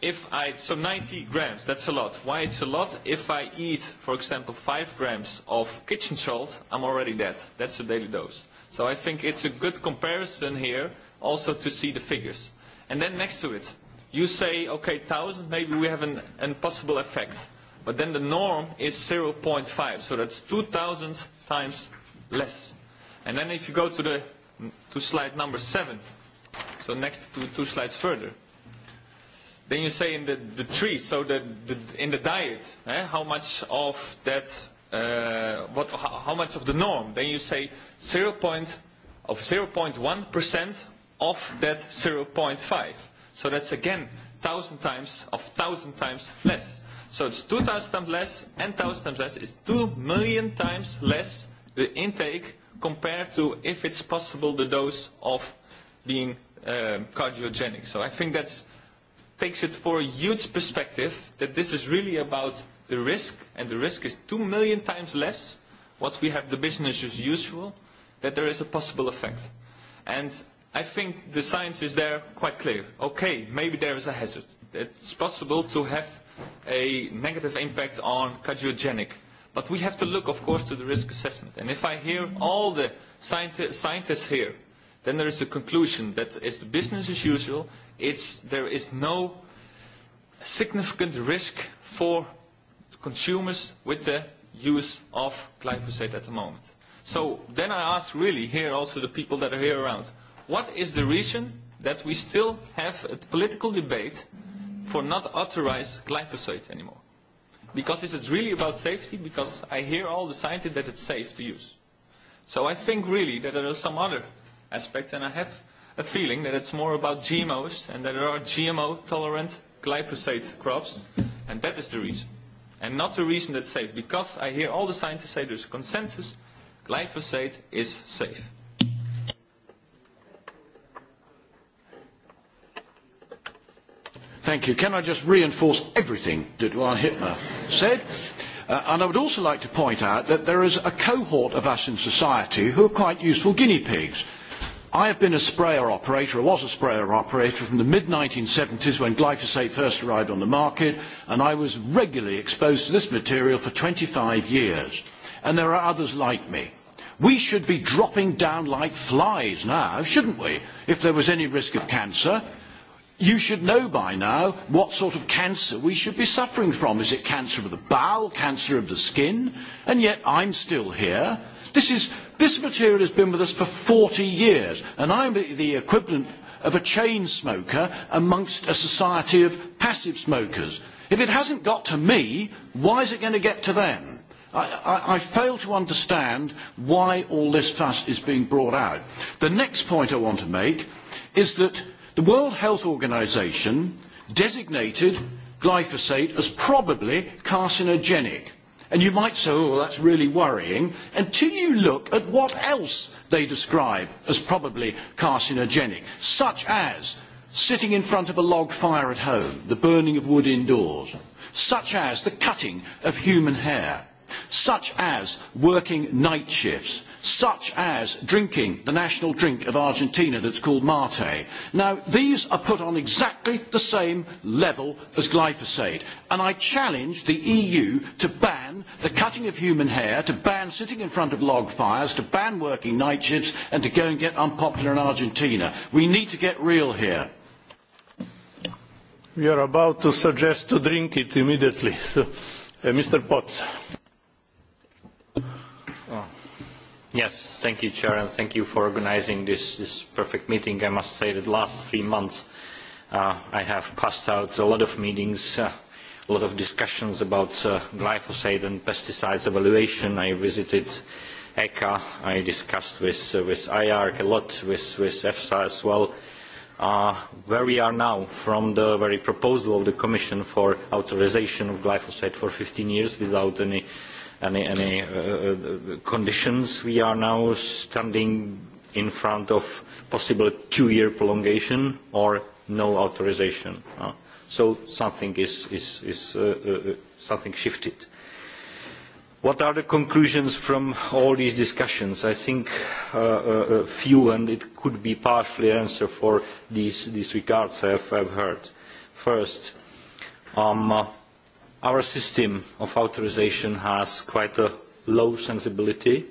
if I so 90 grams, that's a lot. Why it's a lot? If I eat, for example, five grams of kitchen salt, I'm already dead. That's a daily dose. So I think it's a good comparison here, also to see the figures. And then next to it, you say, okay, thousand, maybe we have an, an possible effect, but then the norm is 0.5, so that's 2,000 times less. And then if you go to the to slide number seven, so next to two slides further then you say in the, the tree, so the, the, in the diet, eh, how much of that, uh, what, how, how much of the norm, then you say 0 point of 0.1% of that 0.5. So that's again 1,000 times of 1,000 times less. So it's 2,000 times less and 1,000 times less. It's 2 million times less the intake compared to if it's possible the dose of being um, cardiogenic. So I think that's takes it for a huge perspective that this is really about the risk, and the risk is two million times less what we have the business as usual, that there is a possible effect. And I think the science is there quite clear. Okay, maybe there is a hazard. It's possible to have a negative impact on cardiogenic. But we have to look, of course, to the risk assessment. And if I hear all the scienti scientists here, then there is a conclusion that it's the business as usual, it's, there is no significant risk for consumers with the use of glyphosate at the moment. So then I ask really here also the people that are here around, what is the reason that we still have a political debate for not authorized glyphosate anymore? Because is it really about safety? Because I hear all the scientists that it's safe to use. So I think really that there are some other aspects and I have a feeling that it's more about GMOs and that there are GMO tolerant glyphosate crops and that is the reason and not the reason that's safe because I hear all the scientists say there's a consensus glyphosate is safe Thank you. Can I just reinforce everything that Juan Hitler said? Uh, and I would also like to point out that there is a cohort of us in society who are quite useful guinea pigs. I have been a sprayer operator, I was a sprayer operator from the mid 1970s when glyphosate first arrived on the market, and I was regularly exposed to this material for 25 years. And there are others like me. We should be dropping down like flies now, shouldn't we, if there was any risk of cancer? You should know by now what sort of cancer we should be suffering from. Is it cancer of the bowel, cancer of the skin? And yet I'm still here this is this material has been with us for 40 years and i'm the equivalent of a chain smoker amongst a society of passive smokers if it hasn't got to me why is it going to get to them I, I, I fail to understand why all this fuss is being brought out the next point i want to make is that the world health organization designated glyphosate as probably carcinogenic And you might say, oh, that's really worrying, until you look at what else they describe as probably carcinogenic, such as sitting in front of a log fire at home, the burning of wood indoors, such as the cutting of human hair, such as working night shifts, such as drinking the national drink of Argentina that's called mate. Now, these are put on exactly the same level as glyphosate. And I challenge the EU to ban the cutting of human hair, to ban sitting in front of log fires, to ban working night shifts, and to go and get unpopular in Argentina. We need to get real here. We are about to suggest to drink it immediately. So, uh, Mr. Potts. thank you chair and thank you for organising this perfect meeting. i must say that the last three months uh, i have passed out a lot of meetings uh, a lot of discussions about uh, glyphosate and pesticides evaluation. i visited echa i discussed this with iarc a lot with, with efsa as well. Uh, where we are now from the very proposal of the commission for authorization of glyphosate for 15 years without any uh, any, any uh, uh, conditions. We are now standing in front of possible two-year prolongation or no authorization. Uh, so something is, is, is uh, uh, uh something shifted. What are the conclusions from all these discussions? I think uh, uh a few, and it could be partially answer for these, these regards I have, I have heard. First, um, uh, our system of authorization has quite a low sensibility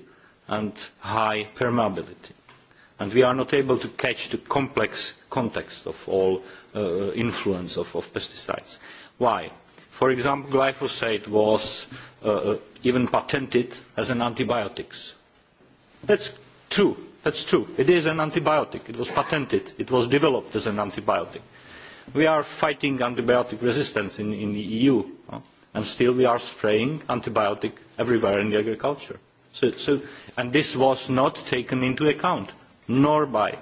and high permeability. And we are not able to catch the complex context of all uh, influence of, of pesticides. Why? For example, glyphosate was uh, uh even patented as an antibiotics. That's true. That's true. It is an antibiotic. It was patented. It was developed as an antibiotic we are fighting antibiotic resistance in, in the EU, and still we are spraying antibiotic everywhere in the agriculture. So, so, and this was not taken into account, nor by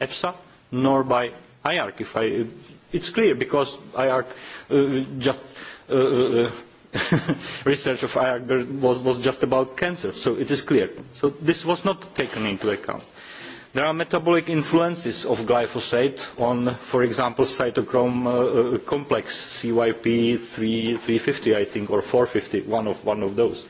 EFSA, nor by IARC. If I, it's clear because IARC uh, just uh, uh, uh research of IARC was, was just about cancer, so it is clear. So this was not taken into account there are metabolic influences of glyphosate on for example cytochrome uh, uh complex cyp 350 i think or 450 one of one of those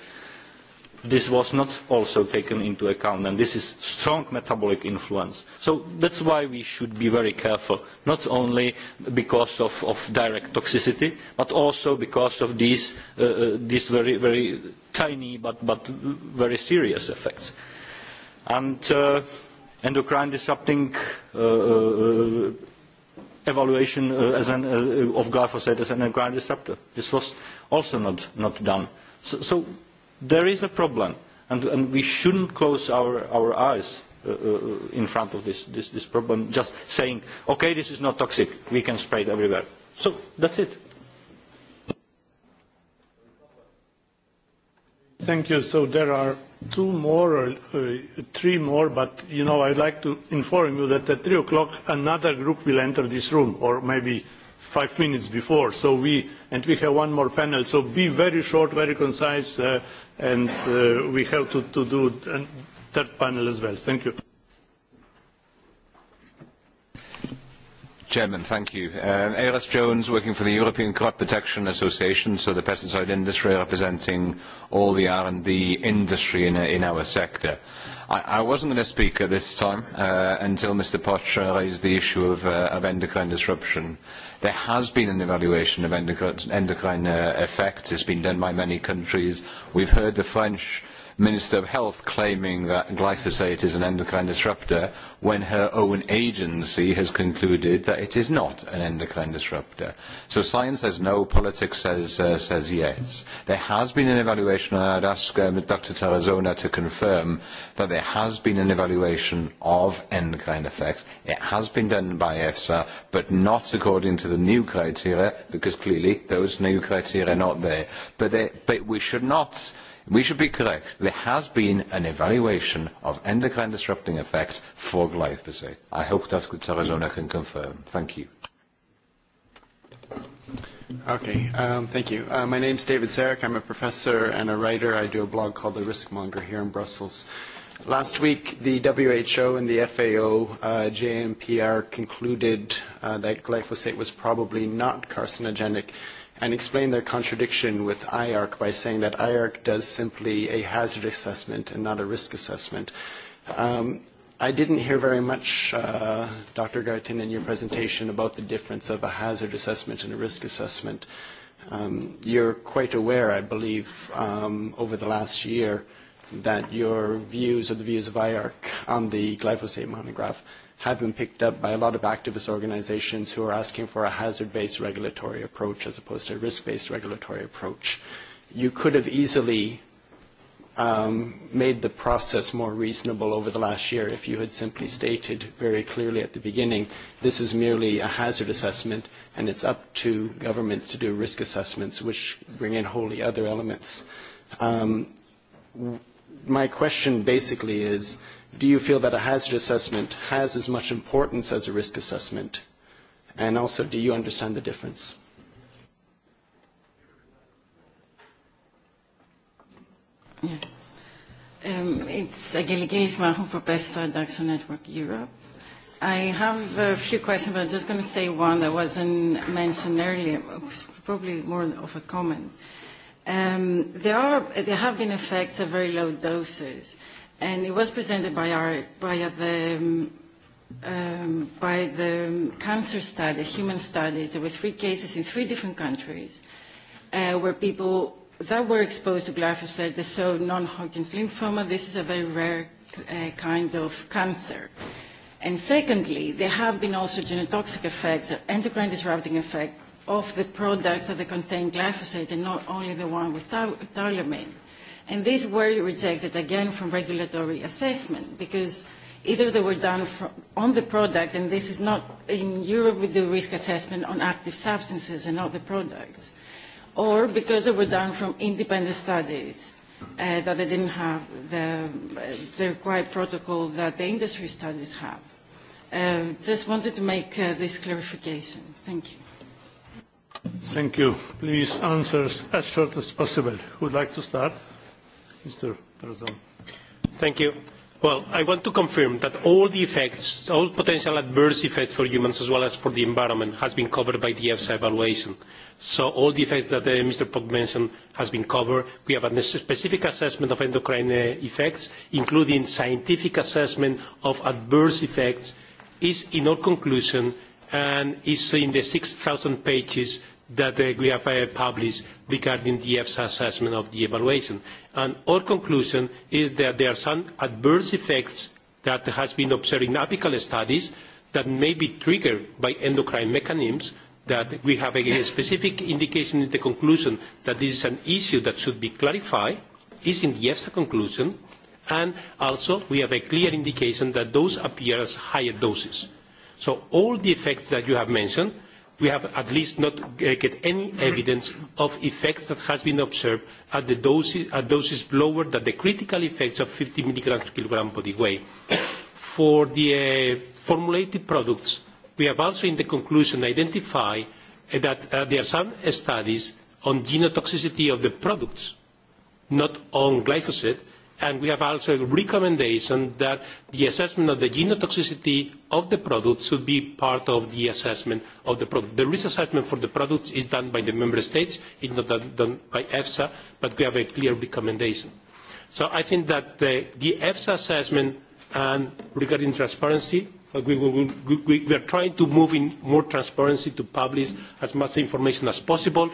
this was not also taken into account and this is strong metabolic influence so that's why we should be very careful not only because of, of direct toxicity but also because of these uh, uh these very very tiny but but very serious effects and uh, endocrine disrupting uh, uh, uh, evaluation uh, as an, uh, of glyphosate as an endocrine disruptor. This was also not, not done. So, so there is a problem, and, and we shouldn't close our, our eyes uh, uh in front of this, this, this problem, just saying, okay, this is not toxic, we can spray it everywhere. So that's it. Thank you. So there are two more or uh, three more, but you know, I'd like to inform you that at three o'clock another group will enter this room, or maybe five minutes before. So we and we have one more panel. So be very short, very concise, uh, and uh, we have to, to do a third panel as well. Thank you. Chairman, thank you. Uh, um, A.R.S. Jones, working for the European Crop Protection Association, so the pesticide industry representing all the R&D industry in, in our sector. I, I wasn't going to speak at this time uh, until Mr. Potch raised the issue of, uh, of endocrine disruption. There has been an evaluation of endocrine, endocrine uh, effects. It's been done by many countries. We've heard the French Minister of Health claiming that glyphosate is an endocrine disruptor when her own agency has concluded that it is not an endocrine disruptor. So science says no, politics says, uh, says yes. There has been an evaluation, and I'd ask um, Dr. Tarazona to confirm that there has been an evaluation of endocrine effects. It has been done by EFSA, but not according to the new criteria, because clearly those new criteria are not there. But, they, but we should not we should be correct. There has been an evaluation of endocrine disrupting effects for glyphosate. I hope that's good Sarazona can confirm. Thank you. Okay, um, thank you. Uh, my name is David Sarek. I'm a professor and a writer. I do a blog called The Riskmonger here in Brussels. Last week, the WHO and the FAO uh, JMPR concluded uh, that glyphosate was probably not carcinogenic and explain their contradiction with IARC by saying that IARC does simply a hazard assessment and not a risk assessment. Um, I didn't hear very much, uh, Dr. Garten, in your presentation about the difference of a hazard assessment and a risk assessment. Um, you're quite aware, I believe, um, over the last year that your views or the views of IARC on the glyphosate monograph have been picked up by a lot of activist organizations who are asking for a hazard-based regulatory approach as opposed to a risk-based regulatory approach. You could have easily um, made the process more reasonable over the last year if you had simply stated very clearly at the beginning, this is merely a hazard assessment and it's up to governments to do risk assessments which bring in wholly other elements. Um, my question basically is, uh, do you feel that a hazard assessment has as much importance as a risk assessment? And also, do you understand the difference? Yeah. Um, it's Agili Gaisma, who professor at Action Network Europe. I have a few questions, but I'm just going to say one that wasn't mentioned earlier, was probably more of a comment. Um, there, are, there have been effects at very low doses. Uh, and it was presented by our by the um, um, by the cancer study, human studies. There were three cases in three different countries uh, where people that were exposed to glyphosate they showed non-Hodgkin's lymphoma. This is a very rare uh, kind of cancer. And secondly, there have been also genotoxic effects, endocrine disrupting effects of the products that they contain glyphosate and not only the one with tau- tau- tau- tau- tau- tau- tau- tau- tau- and these were rejected again from regulatory assessment because either they were done on the product, and this is not in Europe, we do risk assessment on active substances and not the products, or because they were done from independent studies uh, that they didn't have uh, the required protocol that the industry studies have. Uh, just wanted to make this clarification. Thank you. Thank you. Please answer as short as possible. Who would like to start? Mr. Razon. Thank you. Well, I want to confirm that all the effects, all potential adverse effects for humans as well as for the environment has been covered by the EFSA evaluation. So all the effects that uh, Mr. Pog mentioned has been covered. We have a specific assessment of endocrine uh, effects, including scientific assessment of adverse effects, is in our conclusion and is in the 6,000 pages that uh, we have uh, published regarding the EFSA assessment of the evaluation. And our conclusion is that there are some adverse effects that has been observed in apical studies that may be triggered by endocrine mechanisms that we have a specific indication in the conclusion that this is an issue that should be clarified, is in the EFSA conclusion, and also we have a clear indication that those appear as higher doses. So all the effects that you have mentioned, we have at least not uh, get any evidence of effects that has been observed at the doses, at doses lower than the critical effects of 50 milligrams per kilogram body weight. For the uh, formulated products, we have also in the conclusion identified uh, that uh, there are some studies on genotoxicity of the products, not on glyphosate, and we have also a recommendation that the assessment of the genotoxicity of the product should be part of the assessment of the product. The risk assessment for the product is done by the member states, it's not done by EFSA, but we have a clear recommendation. So I think that the, the EFSA assessment and um, regarding transparency, uh, we, we, we, we are trying to move in more transparency to publish as much information as possible.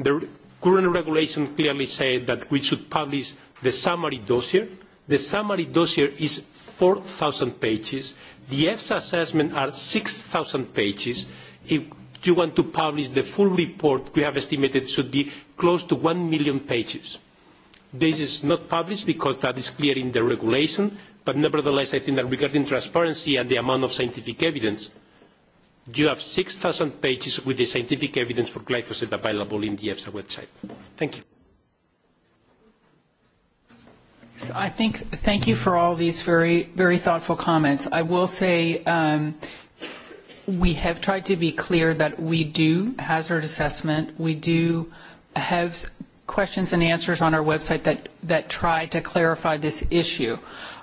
The current regulation clearly say that we should publish the summary dossier. The summary dossier is 4,000 pages. The EFSA assessment are 6,000 pages. If you want to publish the full report, we have estimated it should be close to 1 million pages. This is not published because that is clear in the regulation, but nevertheless, I think that regarding transparency and the amount of scientific evidence, you have 6,000 pages with the scientific evidence for glyphosate available in the EFSA website. Thank you. So I think thank you for all these very very thoughtful comments. I will say um, we have tried to be clear that we do hazard assessment. We do have questions and answers on our website that that try to clarify this issue.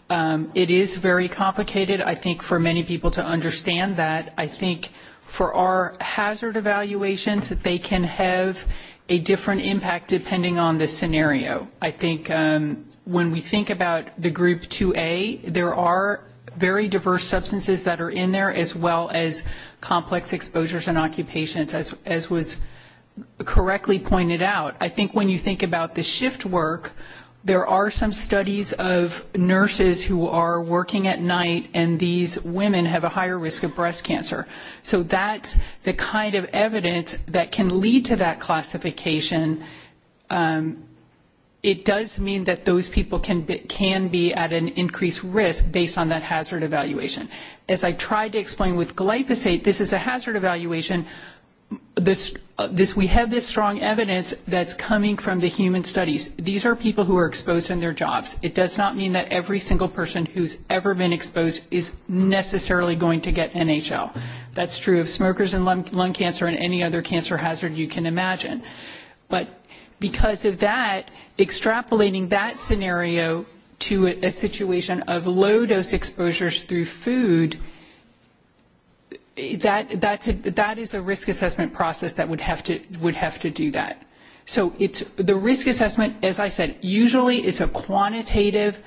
Um, it is very complicated, I think, for many people to understand that. I think for our hazard evaluations, they can have a different impact depending on the scenario. I think um, when we think about the group 2A, there are very diverse substances that are in there as well as complex exposures and occupations, as, as was correctly pointed out. I think when you think about the shift work, there are some studies of nurses who are working at night and these women have a higher risk of breast cancer. So that's the kind of evidence that can lead to that classification. Um, it does mean that those people can be, can be at an increased risk based on that hazard evaluation. As I tried to explain with glyphosate, this is a hazard evaluation, this uh, this we have this strong evidence that's coming from the human studies these are people who are exposed in their jobs it does not mean that every single person who's ever been exposed is necessarily going to get nhl that's true of smokers and lung, lung cancer and any other cancer hazard you can imagine but because of that extrapolating that scenario to a, a situation of low dose exposures through food that that's a that is a risk assessment process that would have to would have to do that so it's the risk assessment as i said usually it's a quantitative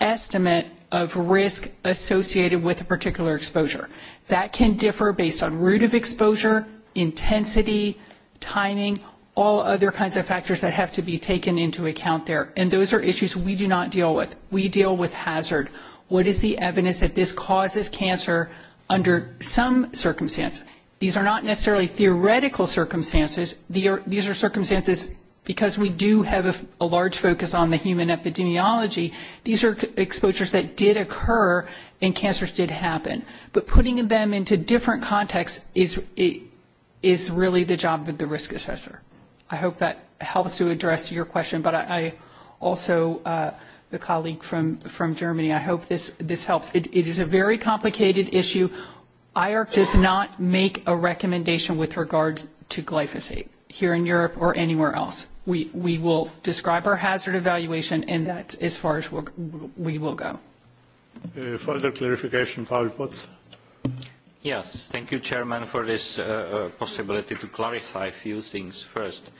estimate of risk associated with a particular exposure that can differ based on route of exposure intensity timing all other kinds of factors that have to be taken into account there and those are issues we do not deal with we deal with hazard what is the evidence that this causes cancer under some circumstance. These are not necessarily theoretical circumstances. These are circumstances because we do have a large focus on the human epidemiology. These are exposures that did occur and cancers did happen. But putting them into different contexts is really the job of the risk assessor. I hope that helps to address your question, but I also want to emphasize that the risk assessor is not the only person who can make these determinations. Thank you. Thank you the colleague from, from Germany. I hope this, this helps. It, it is a very complicated issue. IARC does not make a recommendation with regards to glyphosate here in Europe or anywhere else. We, we will describe our hazard evaluation, and that's as far as we'll, we will go. Uh, further clarification, Paul Potts. Yes, thank you, Chairman, for this uh, uh possibility to clarify a few things first.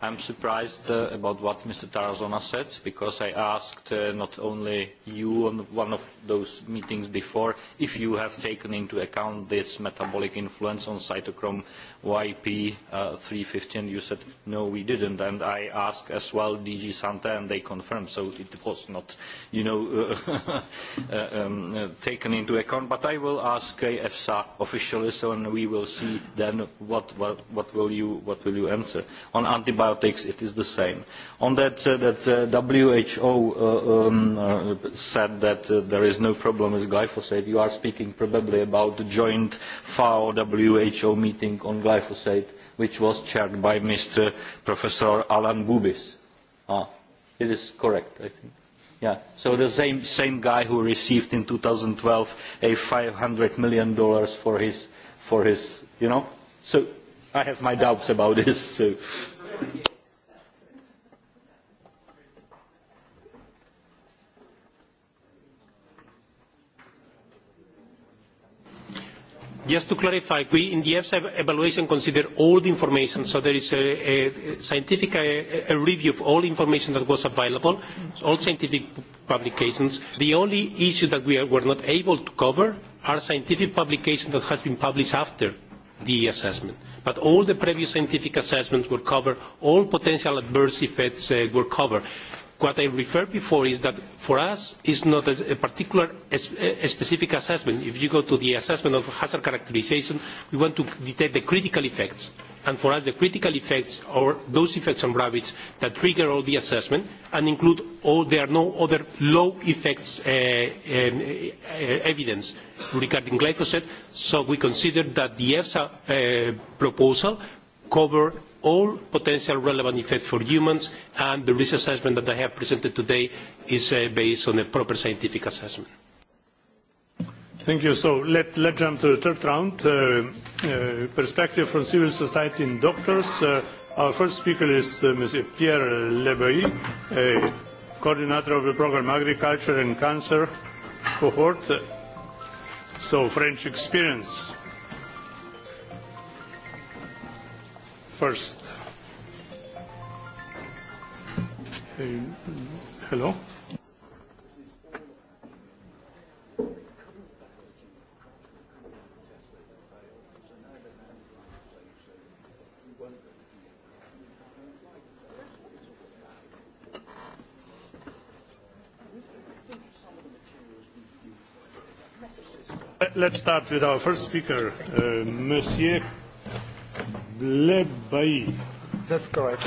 I'm surprised uh, about what Mr. Tarazona said, because I asked uh, not only you on one of those meetings before, if you have taken into account this metabolic influence on cytochrome YP uh, 315, you said, no, we didn't. And I asked as well DG Santa, and they confirmed, so it was not, you know, uh, uh, um, uh, taken into account. But I will ask EFSA officially, so and we will see then what, what, what, will you, what will you answer. On antibiotics, it is the same. On that, uh, that uh, WHO uh, um, uh, said that uh, there is no problem with glyphosate, you are speaking probably about the joint FAO-WHO meeting on glyphosate glyphosate, which was chaired by Mr. Professor Alan Bubis. Ah, it is correct, I think. Yeah. So the same, same guy who received in 2012 a 500 million dollars for his, for his, you know. So I have my doubts about this. So. Thank you. Just to clarify, we in the EFSA evaluation consider all the information, so there is a, a scientific a, a review of all information that was available, all scientific publications. The only issue that we are, were not able to cover are scientific publications that has been published after the assessment. But all the previous scientific assessments were covered, all potential adverse effects uh, were covered what I referred before is that for us it's not a, a particular a, a specific assessment. If you go to the assessment of hazard characterization, we want to detect the critical effects. And for us the critical effects are those effects on rabbits that trigger all the assessment and include all there are no other low effects uh, um, uh, evidence regarding glyphosate. So we consider that the EFSA uh, proposal cover all potential relevant effects for humans, and the risk assessment that I have presented today is uh, based on a proper scientific assessment. Thank you. So let, let jump to the third round. Uh, uh, perspective from civil society and doctors. Uh, our first speaker is uh, Mr. Pierre Lebeuil, uh, coordinator of the program Agriculture and Cancer Cohort. Uh, so French experience. first. Hello? Let's start with our first speaker, uh, Monsieur Lebaï. That's correct.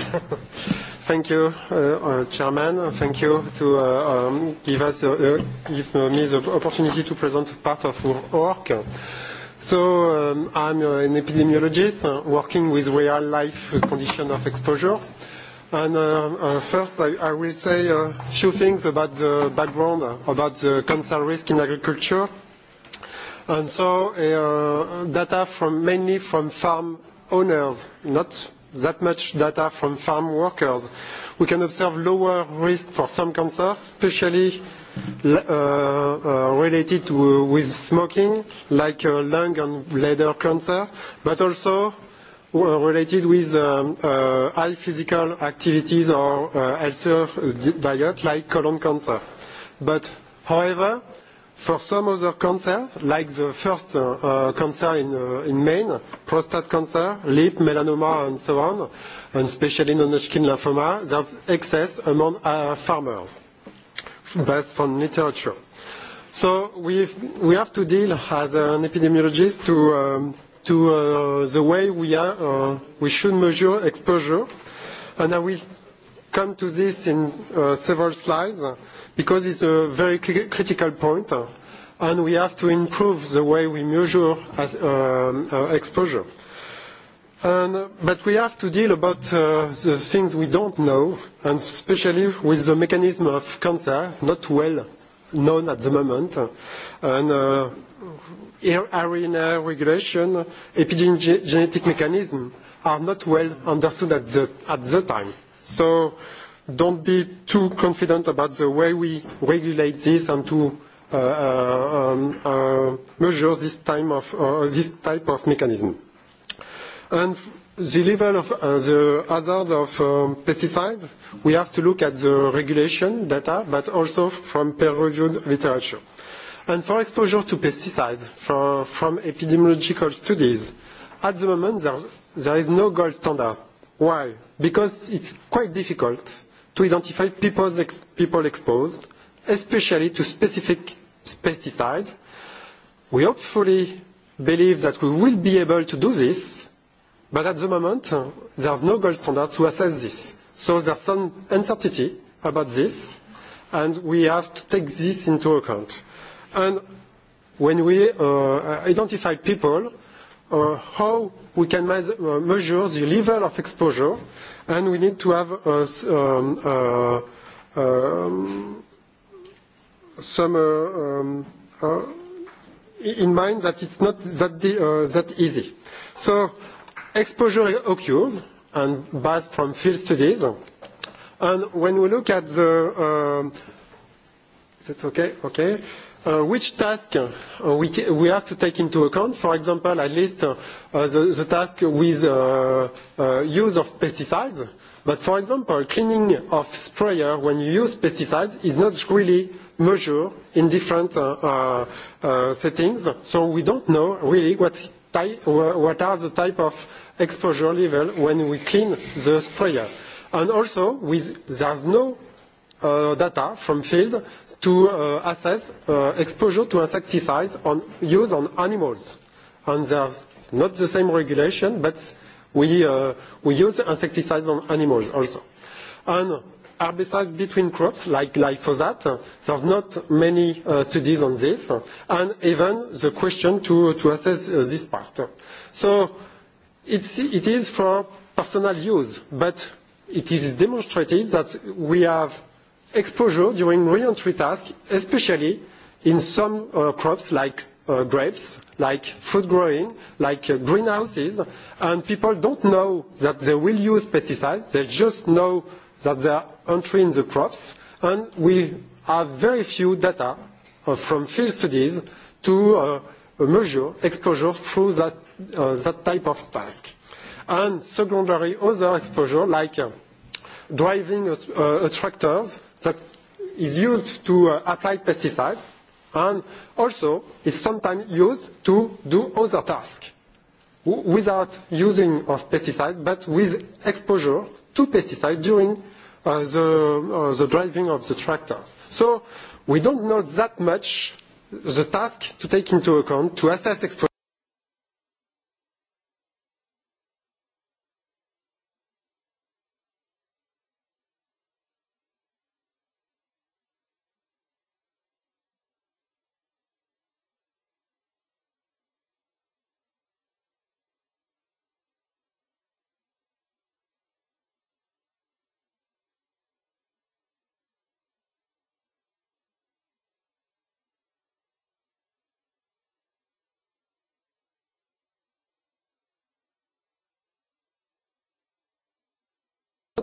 Thank you, uh, uh, Chairman. Thank you to uh, um, give me the opportunity to present part of our work. Um, I'm an epidemiologist working with real-life condition of exposure. First, I will say a few things about the background about the cancer risk in agriculture. Data mainly from farm owners, not that much data from farm workers. We can observe lower risk for some cancers, especially uh, uh, related with smoking, like uh, lung and bladder cancer, but also related with um, high physical activities or healthier diet, like colon cancer. However, For some other cancers, like the first uh, uh, cancer in, uh, in main, prostate cancer, lip, melanoma, and so on, and especially non-Hodgkin lymphoma, there's excess among uh, farmers, based from literature. So we've, we have to deal as an epidemiologist to, um, to uh, the way we, are, uh, we should measure exposure. And I will come to this in uh, several slides because it's a very critical point, uh, and we have to improve the way we measure as, um, uh, exposure. And, uh, but we have to deal about uh, the things we don't know, and especially with the mechanism of cancer, not well known at the moment, and uh, RNA regulation, epigenetic mechanism are not well understood at the, at the time. So don't be too confident about the way we regulate this and to uh, uh, um, uh, measure this time of uh, this type of mechanism. And the level of uh, the hazard of um, pesticides, we have to look at the regulation data, but also from peer-reviewed literature. And for exposure to pesticides for, from epidemiological studies, at the moment there's, there is no gold standard. Why? Because it's quite difficult to identify people's ex people exposed, especially to specific pesticides. We hopefully believe that we will be able to do this, but at the moment, uh, there's no gold standard to assess this. So there's some uncertainty about this, and we have to take this into account. And when we uh, identify people, uh, how we can uh, measure the level of exposure, and we need to have um, um, some uh, um, uh, in mind that it's not that uh, easy. Exposure occurs and based from field studies. When we look at the. Is it okay? Okay. Uh, which task uh, we have to take into account. For example, at least uh, the task with use of pesticides. For example, cleaning of sprayer when you use pesticides is not really measured in different settings. We don't know really what are the type of exposure level when we clean the sprayer. Also, there's no Uh, data from field to uh, assess uh, exposure to insecticides on use on animals. And there's not the same regulation, but we, uh, we use insecticides on animals also. And herbicides between crops, like glyphosate, there's not many uh, studies on this, and even the question to, to assess uh, this part. So it's, it is for personal use, but it is demonstrated that we have exposure during re-entry tasks, especially in some uh, crops like uh, grapes, like food growing, like uh, greenhouses. People don't know that they will use pesticides. They just know that they are entering the crops. We have very few data from field studies to measure exposure through that type of task. Secondary, other exposure like driving tractors that is used to uh, apply pesticides and also is sometimes used to do other tasks without using of pesticides but with exposure to pesticides during uh, the, uh, the driving of the tractors. So we don't know that much the task to take into account to assess exposure.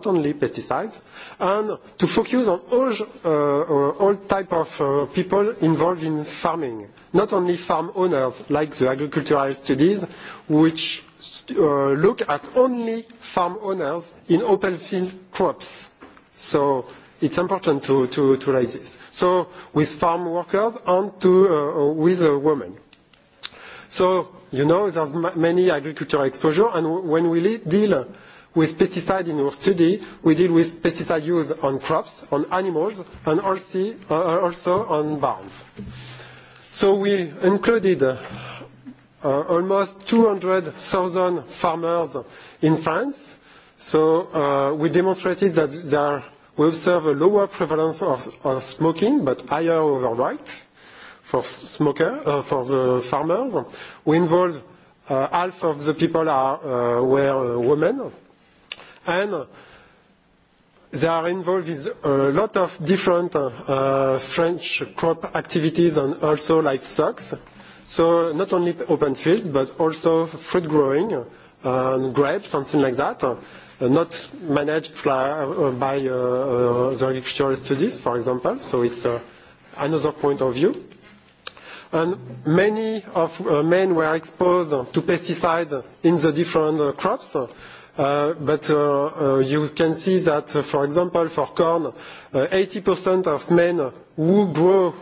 only pesticides, and to focus on all, uh, uh all types of uh, people involved in farming, not only farm owners like the agricultural studies, which uh, look at only farm owners in open field crops. So it's important to, to, to raise this. So with farm workers and to, uh, uh with a woman. So, you know, there's m many agricultural exposure, and w when we deal uh, with pesticide in our study, we deal with pesticide use on crops, on animals, and also uh, on barns. We included uh, almost 200,000 farmers in France. Uh, we demonstrated that there we observe a lower prevalence of smoking, but higher overweight for smoker for the farmers. We involve half of the people were women, and they are involved with a lot of different uh, French crop activities and also livestock. So not only open fields, but also fruit growing, uh, grapes, something like that, uh, not managed fly, uh, by uh, uh, the agricultural studies, for example. So it's uh, another point of view. And many of uh, men were exposed to pesticides in the different uh, crops. Uh, Uh, but uh, uh, you can see that, for example, for corn, 80% of men who grow,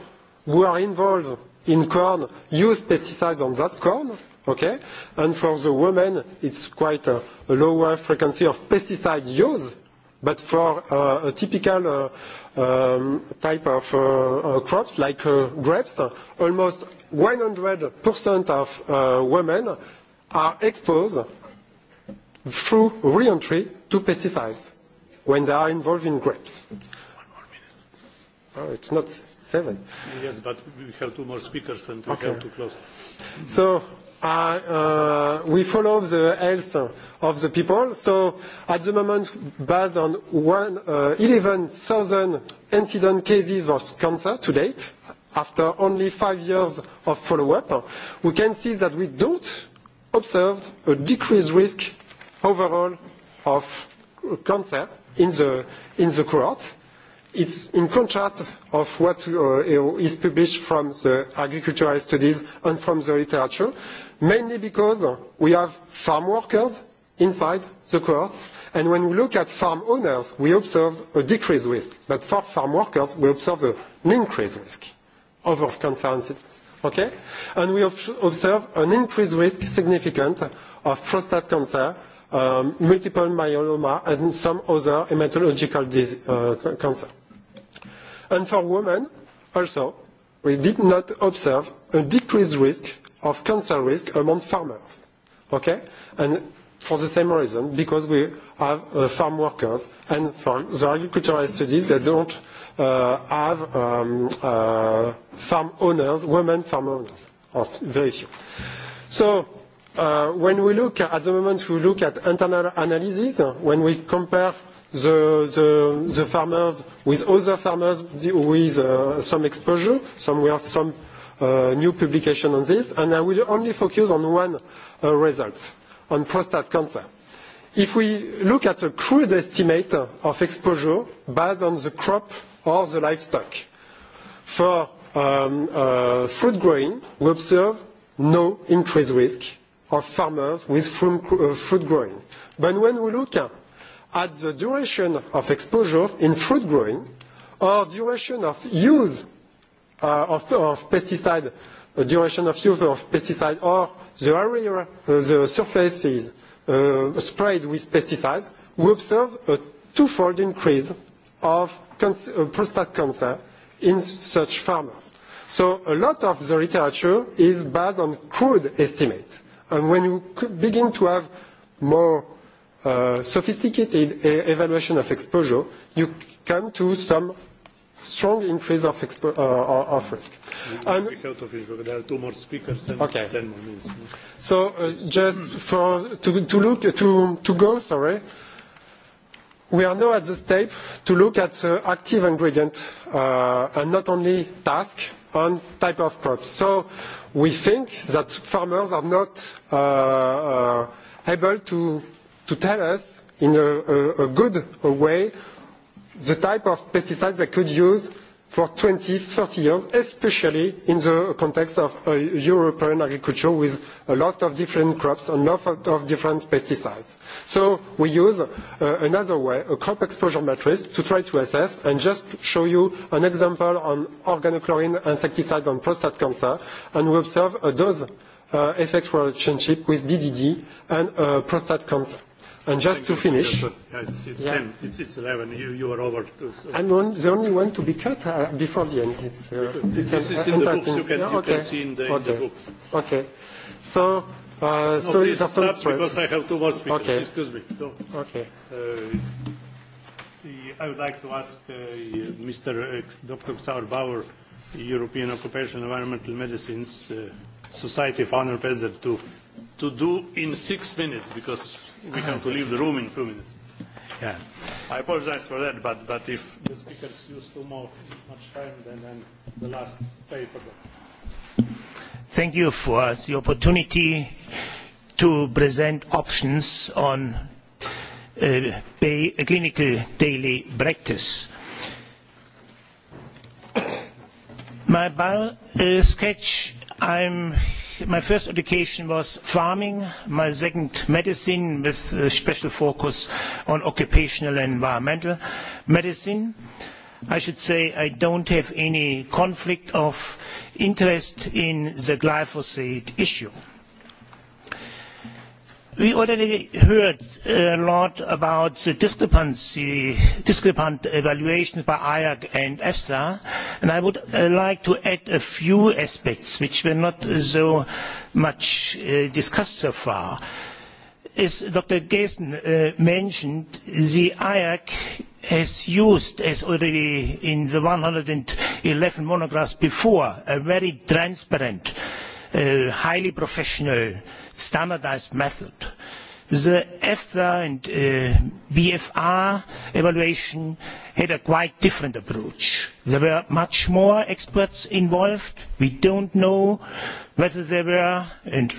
who are involved in corn, use pesticides on that corn, okay? And for the women, it's quite a lower frequency of pesticide use. But for a typical um, type of crops, like grapes, almost 100% of women are exposed through reentry to pesticides when they are involved in grapes. Oh, it's not seven. Yes, but we have two more speakers and we okay. have to close. So uh, uh, we follow the health of the people. So at the moment, based on uh, 11,000 incident cases of cancer to date, after only five years of follow-up, we can see that we don't observe a decreased risk overall of concept in the in the court. It's in contrast of what uh, is published from the agricultural studies and from the literature, mainly because we have farm workers inside the courts, and when we look at farm owners, we observe a decreased risk. But for farm workers, we observe an increased risk of consensus, okay? And we observe an increased risk significant of prostate cancer, Um, multiple myeloma and some other hematological uh, cancer. And for women, also, we did not observe a decreased risk of cancer risk among farmers. Okay? And for the same reason, because we have uh, farm workers and farm, the agricultural studies that don't uh, have um, uh, farm owners, women farm owners, of very few. So Uh, when we look at the moment, we look at internal analysis, when we compare the farmers with other farmers with uh, some exposure, some we have some uh, new publication on this, and I will only focus on one result, on prostate cancer. If we look at a crude estimate of exposure based on the crop or the livestock, for um, fruit growing, we observe no increased risk of farmers with fruit uh, growing. When we look at the duration of exposure in fruit growing or duration of use uh, of pesticide, uh, duration of use of pesticide or the area, the surfaces sprayed with pesticides, we observe a twofold increase of prostate cancer in such farmers. A lot of the literature is based on crude estimate. And when you begin to have more uh, sophisticated e, evaluation of exposure, you come to some strong increase of expo uh, of risk. And we out of Israel, there are two more speakers. Than okay. Than so uh, just for to to look to to go. Sorry. We are now at the step to look at uh, active ingredient uh, and not only task on type of crops. We think that farmers are not uh, uh, able to tell us in a good way the type of pesticides they could use for 20, 30 years, especially in the context of uh, European agriculture with a lot of different crops and lot of different pesticides. We use uh, another way, a crop exposure matrix, to try to assess and just show you an example on organochlorine insecticide on prostate cancer, and we observe a dose uh, effect relationship with DDD and prostate cancer. Just to finish. Yeah, it's 10. It's 11. You are over. I'm the only one to be cut uh, before the end. It's fantastic. Uh, this is in the books. You can see in the books. Okay. So it's a first spread. Just because I have two more speakers. Excuse me. Go. Okay. Uh, I would like to ask Mr. Dr. Czaor Bauer, European Occupational Environmental Medicine Society founder and president, to to do in six minutes because we have to leave the room in a few minutes. Yeah. I apologize for that, but, but if the speakers use too more, much time, then, then the last pay for them. Thank you for the opportunity to present options on uh, pay, a clinical daily practice. My bio uh, sketch, I'm my first education was farming, my second medicine with a special focus on occupational and environmental medicine. I should say I don't have any conflict of interest in the glyphosate issue. We already heard a lot about the discrepancy, discrepant evaluations by IAC and EFSA, and I would uh, like to add a few aspects which were not so much uh, discussed so far. As Dr. Gessen uh, mentioned, the IAC has used, as already in the 111 monographs before, a very transparent uh, highly professional standardised method the efsa and uh, bfr evaluation had a quite different approach. there were much more experts involved. we do not know whether there were and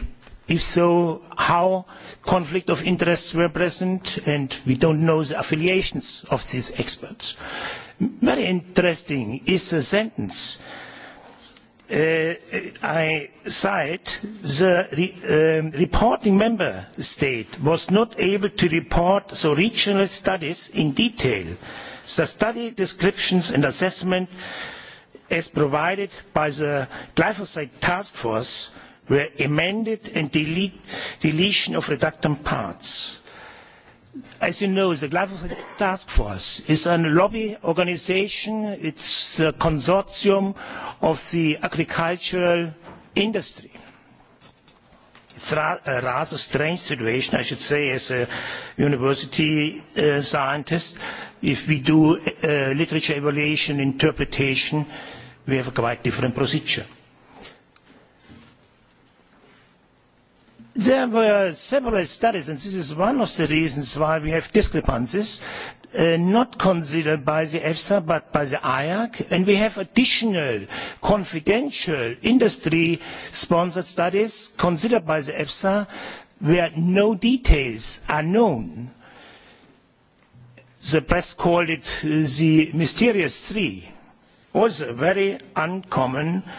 if so how conflicts of interest were present and we do not know the affiliations of these experts. very interesting is the sentence uh, I cite the re, um, reporting member state was not able to report the regional studies in detail. The study descriptions and assessment as provided by the glyphosate task force were amended and delete, deletion of reductant parts as you know, the Glyphosate Task Force is a lobby organization. It's a consortium of the agricultural industry. It's ra a rather strange situation, I should say, as a university uh, scientist. If we do uh, literature evaluation interpretation, we have a quite different procedure. There were several studies, and this is one of the reasons why we have discrepancies, uh, not considered by the EFSA but by the IAC, and we have additional confidential industry-sponsored studies considered by the EFSA where no details are known. The press called it the mysterious three, also very uncommon uh,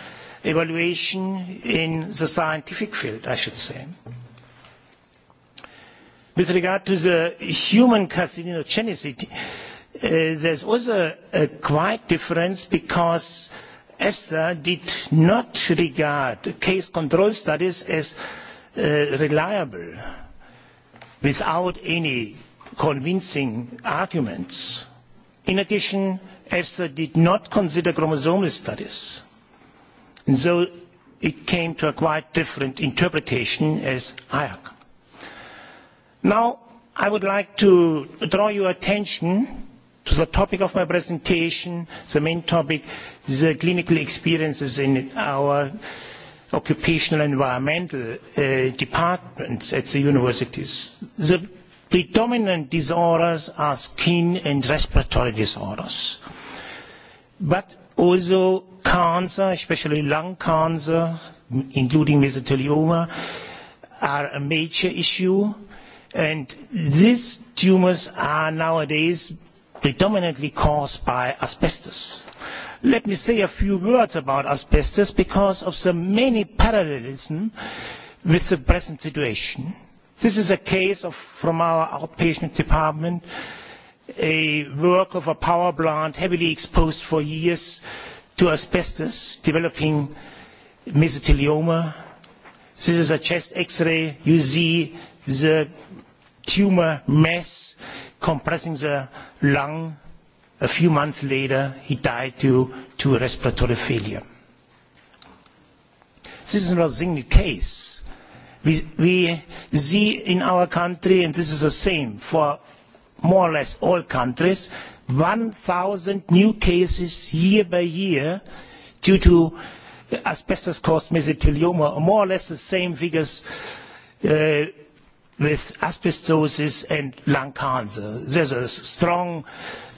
evaluation in the scientific field, I should say. With regard to the human carcinogenicity, uh, there's also a, a quite difference because EFSA did not regard case control studies as uh, reliable without any convincing arguments. In addition, EFSA did not consider chromosomal studies and so it came to a quite different interpretation as Ayak. Now, I would like to draw your attention to the topic of my presentation, the main topic, the clinical experiences in our occupational and environmental uh, departments at the universities. The predominant disorders are skin and respiratory disorders. But Also cancer, especially lung cancer, including mesothelioma, are a major issue. These tumors are nowadays predominantly caused by asbestos. Let me say a few words about asbestos because of the many parallelism with the present situation. This is a case from our outpatient department a work of a power plant heavily exposed for years to asbestos developing mesothelioma. This is a chest x-ray. You see the tumor mass compressing the lung. A few months later, he died due to respiratory failure. This is not a single case. We, we see in our country, and this is the same for more or less all countries, 1,000 new cases year by year due to asbestos-caused mesothelioma, more or less the same figures uh, with asbestosis and lung cancer. There's a strong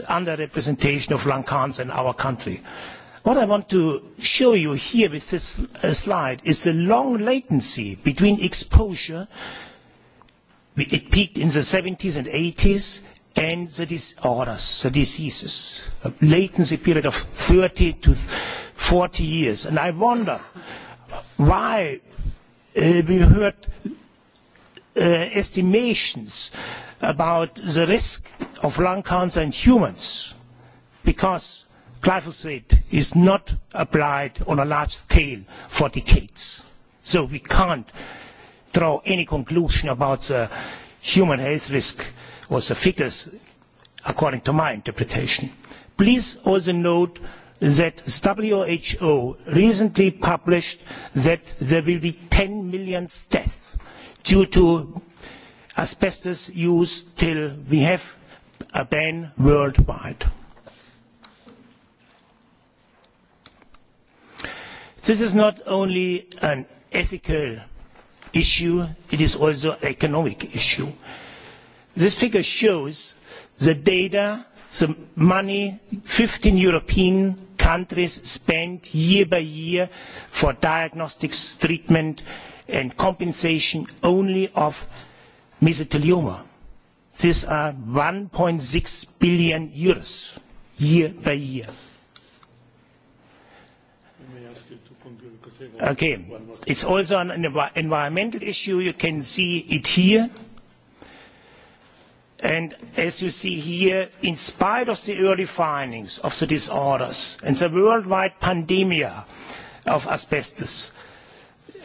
underrepresentation of lung cancer in our country. What I want to show you here with this uh, slide is the long latency between exposure it peaked in the 70s and 80s, and the disorders, the diseases, a latency period of 30 to 40 years. And I wonder why uh, we heard uh, estimations about the risk of lung cancer in humans, because glyphosate is not applied on a large scale for decades. So we can't draw any conclusion about the human health risk or the figures according to my interpretation. Please also note that WHO recently published that there will be 10 million deaths due to asbestos use till we have a ban worldwide. This is not only an ethical issue, it is also an economic issue. This figure shows the data, the money 15 European countries spend year by year for diagnostics, treatment, and compensation only of mesothelioma. These are 1.6 billion euros year by year. Again, it's also an environmental issue. You can see it here. As you see here, in spite of the early findings of the disorders and the worldwide pandemic of asbestos,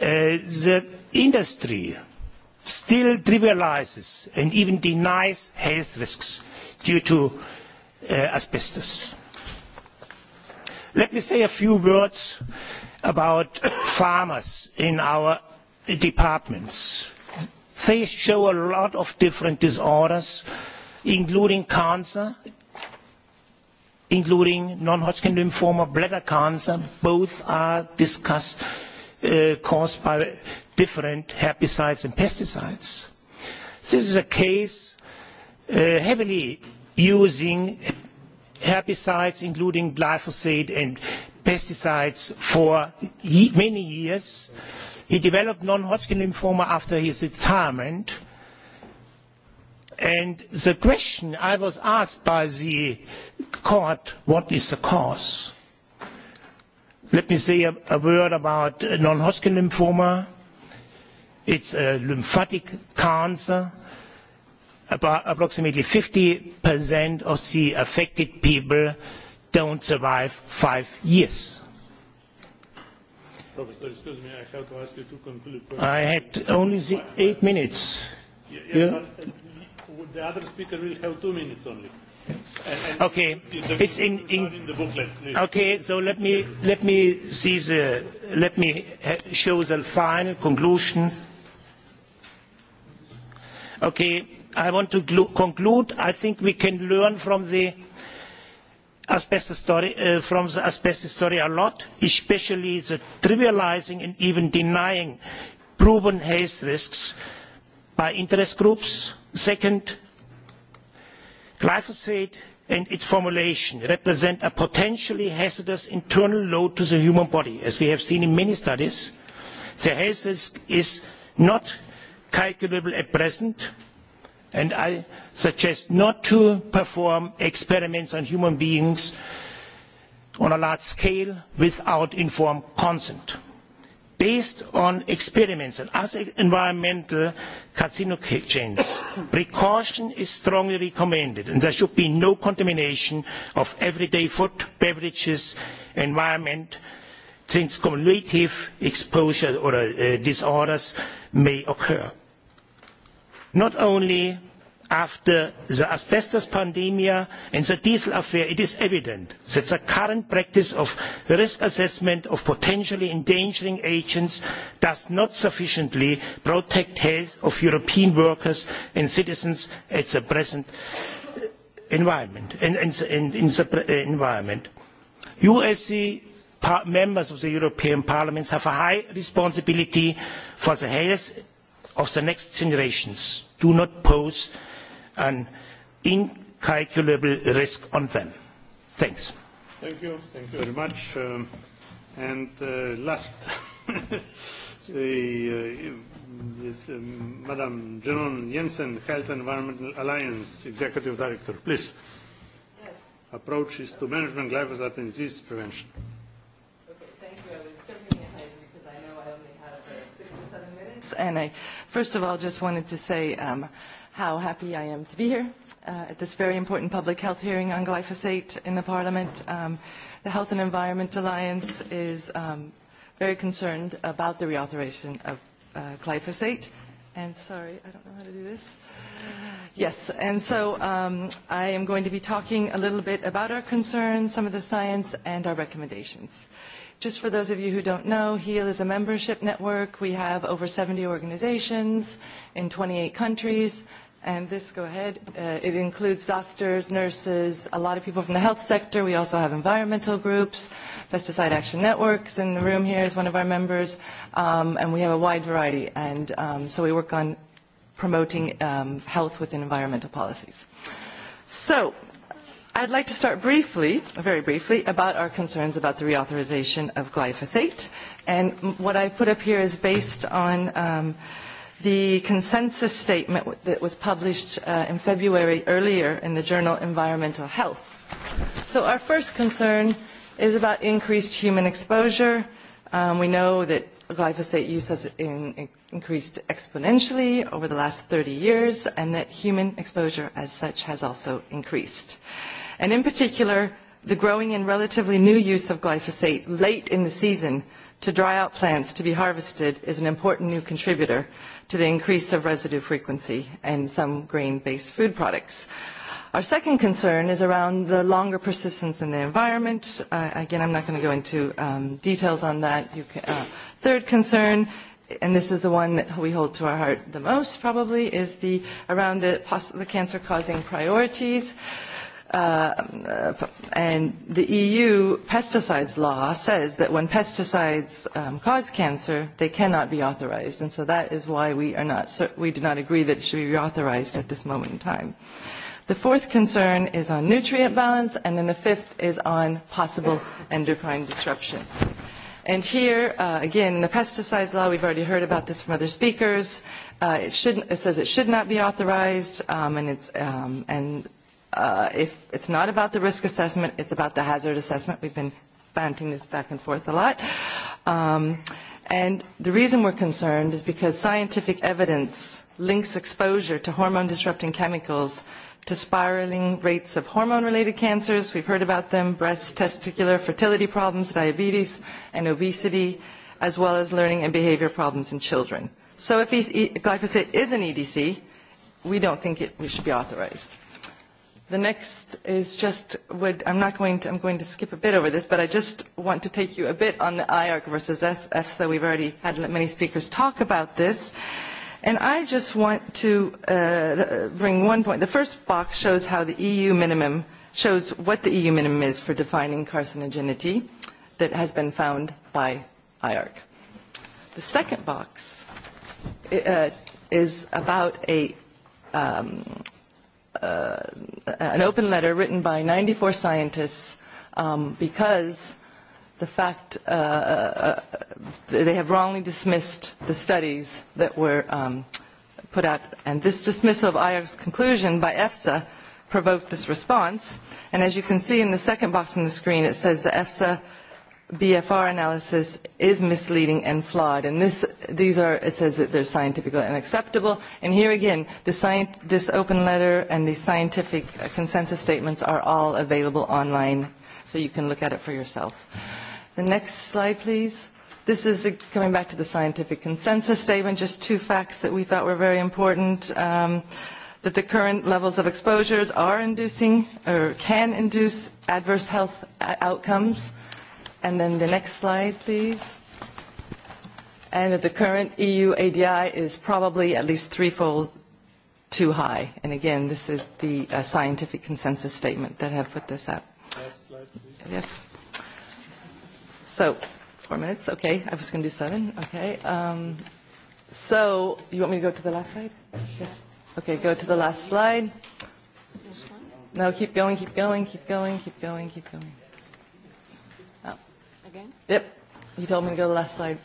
uh, the industry still trivializes and even denies health risks due to uh, asbestos. Let me say a few words about farmers in our departments. They show a lot of different disorders, including cancer, including non-Hodgkin lymphoma, bladder cancer. Both are discussed uh, caused by different herbicides and pesticides. This is a case uh, heavily using herbicides, including glyphosate and pesticides for ye many years. He developed non Hodgkin lymphoma after his retirement. And the question I was asked by the court what is the cause? Let me say a, a word about non Hodgkin lymphoma. It's a lymphatic cancer. About approximately 50% of the affected people do not survive five years. Professor, excuse me, I have to ask you to conclude. I had only the eight minutes. Yeah, yeah, but the other speaker will have two minutes only. And okay, it's in, in, in the booklet. Please. Okay, so let me, let me see the, let me show the final conclusions. Okay, I want to conclude. I think we can learn from the asbestos story, uh, from the asbestos story a lot, especially the trivializing and even denying proven health risks by interest groups. Second, glyphosate and its formulation represent a potentially hazardous internal load to the human body. As we have seen in many studies, the health risk is not calculable at present and i suggest not to perform experiments on human beings on a large scale without informed consent. based on experiments and other environmental carcinogens precaution is strongly recommended and there should be no contamination of everyday food beverages and environment since cumulative exposure or uh, disorders may occur. not only after the asbestos pandemic and the diesel affair it is evident that the current practice of risk assessment of potentially endangering agents does not sufficiently protect the health of european workers and citizens uh, in the present environment. in the uh, environment usc members of the european parliament have a high responsibility for the health of the next generations. do not pose an incalculable risk on them. Thanks. Thank you, Thank you. very much. Um, and uh, last, the, uh, is, um, Madam Janon Jensen, Health and Environmental Alliance Executive Director, please. Approaches to management glyphosate and disease prevention. Okay, thank you. I was jumping ahead because I know I only have six or seven minutes. And I, first of all, just wanted to say. Um, how happy I am to be here uh, at this very important public health hearing on glyphosate in the Parliament. Um, the Health and Environment Alliance is um, very concerned about the reauthorization of uh, glyphosate. And sorry, I don't know how to do this. Yes, and so um, I am going to be talking a little bit about our concerns, some of the science, and our recommendations. Just for those of you who don't know, HEAL is a membership network. We have over 70 organizations in 28 countries, And this, go ahead. Uh, it includes doctors, nurses, a lot of people from the health sector. We also have environmental groups. Pesticide Action Networks in the room here is one of our members. Um, and we have a wide variety. And um, so we work on promoting um, health within environmental policies. So I'd like to start briefly, very briefly, about our concerns about the reauthorization of glyphosate. And what I put up here is based on um, – The consensus statement that was published uh, in February earlier in the journal Environmental Health. So our first concern is about increased human exposure. Um, we know that glyphosate use has in, in increased exponentially over the last 30 years and that human exposure as such has also increased. And in particular, the growing and relatively new use of glyphosate late in the season to dry out plants to be harvested is an important new contributor to the increase of residue frequency in some grain-based food products. Our second concern is around the longer persistence in the environment. Uh, again, I'm not going to go into um, details on that. You can, uh, third concern, and this is the one that we hold to our heart the most probably, is the around the, poss- the cancer-causing priorities. Uh, Uh, uh, and the EU pesticides law says that when pesticides um, cause cancer, they cannot be authorized. And so that is why we are not, we do not agree that it should be reauthorized at this moment in time. The fourth concern is on nutrient balance, and then the fifth is on possible endocrine disruption. And here, uh, again, the pesticides law, we've already heard about this from other speakers. Uh, it, shouldn't, it says it should not be authorized, um, and, it's, um, and Uh, if it's not about the risk assessment, it's about the hazard assessment. We've been banting this back and forth a lot. Um, and the reason we're concerned is because scientific evidence links exposure to hormone-disrupting chemicals to spiraling rates of hormone-related cancers. We've heard about them, breast, testicular, fertility problems, diabetes, and obesity, as well as learning and behavior problems in children. So if e, glyphosate is an EDC, we don't think it, we should be authorized. The next is just what I'm not going to, I'm going to skip a bit over this, but I just want to take you a bit on the IARC versus SF, so we've already had many speakers talk about this. And I just want to uh, bring one point. The first box shows how the EU minimum shows what the EU minimum is for defining carcinogenity that has been found by IARC. The second box uh, is about a um, uh, an open letter written by 94 scientists um, because the fact uh, uh, uh, they have wrongly dismissed the studies that were um, put out. And this dismissal of IARC's conclusion by EFSA provoked this response. And as you can see in the second box on the screen, it says the EFSA BFR analysis is misleading and flawed. And this, these are, it says that they're scientific and acceptable. And here again, the science, this open letter and the scientific consensus statements are all available online, so you can look at it for yourself. The next slide, please. This is a, coming back to the scientific consensus statement, just two facts that we thought were very important. Um, that the current levels of exposures are inducing or can induce adverse health uh, outcomes. And then the next slide, please. And that the current EU ADI is probably at least threefold too high. And again, this is the uh, scientific consensus statement that have put this up. Last slide, please. Yes. So, four minutes. Okay, I was going to do seven. Okay. Um, so, you want me to go to the last slide? Yeah. Okay, go to the last slide. No, keep going, keep going, keep going, keep going, keep going. Keep going again? Yep. He told me to go to the last slide.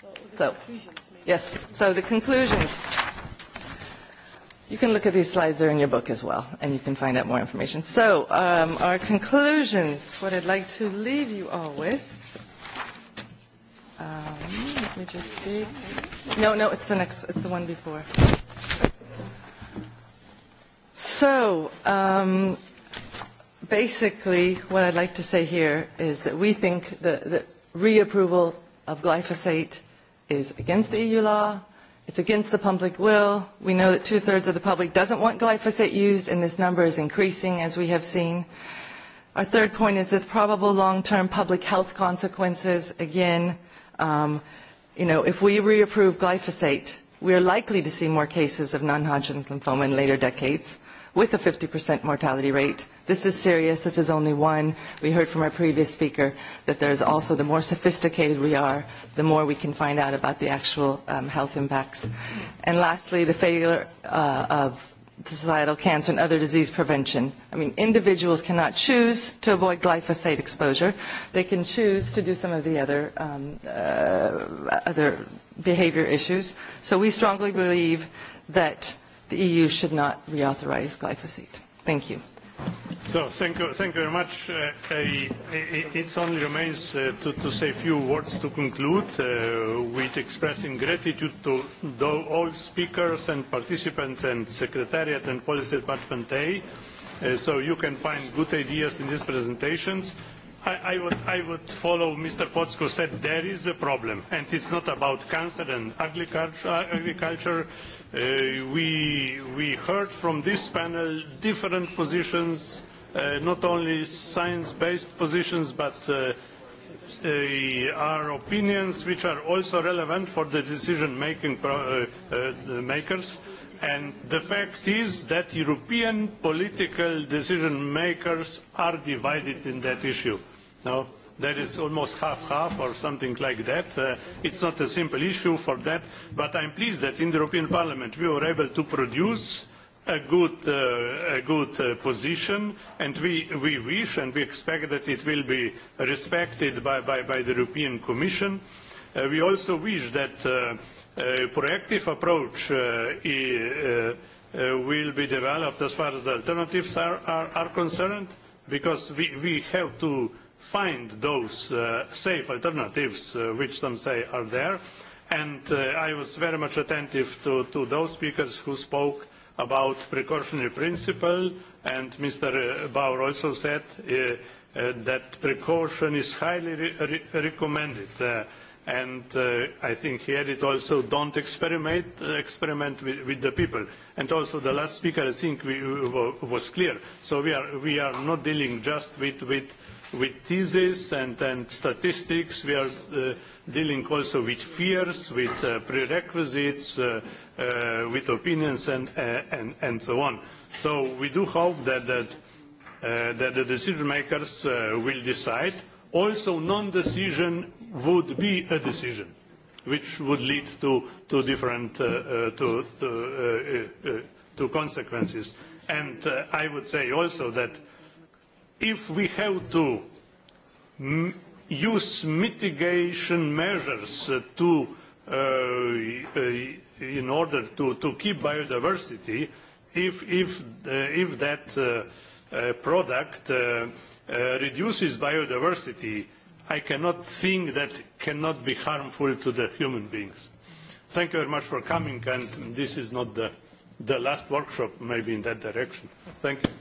So, so the yes. So the conclusions. You can look at these slides. They're in your book as well, and you can find out more information. So um, our conclusions, what I'd like to leave you all with. Um, let me just see. No, no, it's the next. It's the one before. So, um, basically, what I'd like to say here is that we think that, that reapproval of glyphosate is against the EU law. It's against the public will. We know that two-thirds of the public doesn't want glyphosate used, and this number is increasing, as we have seen. Our third point is the probable long-term public health consequences. Again, um, you know, if we reapprove glyphosate, we are likely to see more cases of non-Hodgkin's lymphoma in later decades, with a 50% mortality rate. This is serious. This is only one. We heard from our previous speaker that there's also the more sophisticated we are, the more we can find out about the actual um, health impacts. And lastly, the failure uh, of societal cancer and other disease prevention. I mean, individuals cannot choose to avoid glyphosate exposure. They can choose to do some of the other, um, uh, other behavior issues. So we strongly believe that the EU should not reauthorize glyphosate. Thank you. So thank you, thank you very much. Uh, I, I, it's only remains uh, to, to say a few words to conclude uh, with expressing gratitude to the, all speakers and participants and secretariat and policy department A. Uh, so you can find good ideas in these presentations. I, I, would, I would follow Mr. Potsko said there is a problem and it's not about cancer and agriculture. agriculture uh, we, we heard from this panel different positions, uh, not only science based positions, but uh, uh, our opinions, which are also relevant for the decision making pro- uh, uh, makers. And the fact is that European political decision makers are divided in that issue. No? that is almost half-half or something like that. Uh, it's not a simple issue for that, but I'm pleased that in the European Parliament we were able to produce a good, uh, a good uh, position, and we, we wish and we expect that it will be respected by, by, by the European Commission. Uh, we also wish that uh, a proactive approach uh, uh, uh, will be developed as far as the alternatives are, are, are concerned, because we, we have to uh, find those uh, safe alternatives, uh, which some say are there. And uh, I was very much attentive to, to those speakers who spoke about precautionary principle. And Mr. Uh, Bauer also said uh, uh, that precaution is highly re- re- recommended. Uh, and uh, I think he added also, don't experiment, uh, experiment with, with the people. And also the last speaker, I think, we, uh, we, was clear. So we are, we are not dealing just with, with – with thesis and, and statistics. We are uh, dealing also with fears, with uh, prerequisites, uh, uh, with opinions, and, uh, and, and so on. So we do hope that, that, uh, that the decision makers uh, will decide. Also, non-decision would be a decision, which would lead to, to different uh, uh, to, to, uh, uh, uh, to consequences. And uh, I would say also that uh, if we have to use mitigation measures uh, to, uh, uh, in order to, to keep biodiversity, if, if, uh, if that uh, uh, product uh, uh, reduces biodiversity, I cannot think that cannot be harmful to the human beings. Thank you very much for coming, and this is not the, the last workshop maybe in that direction. Thank you.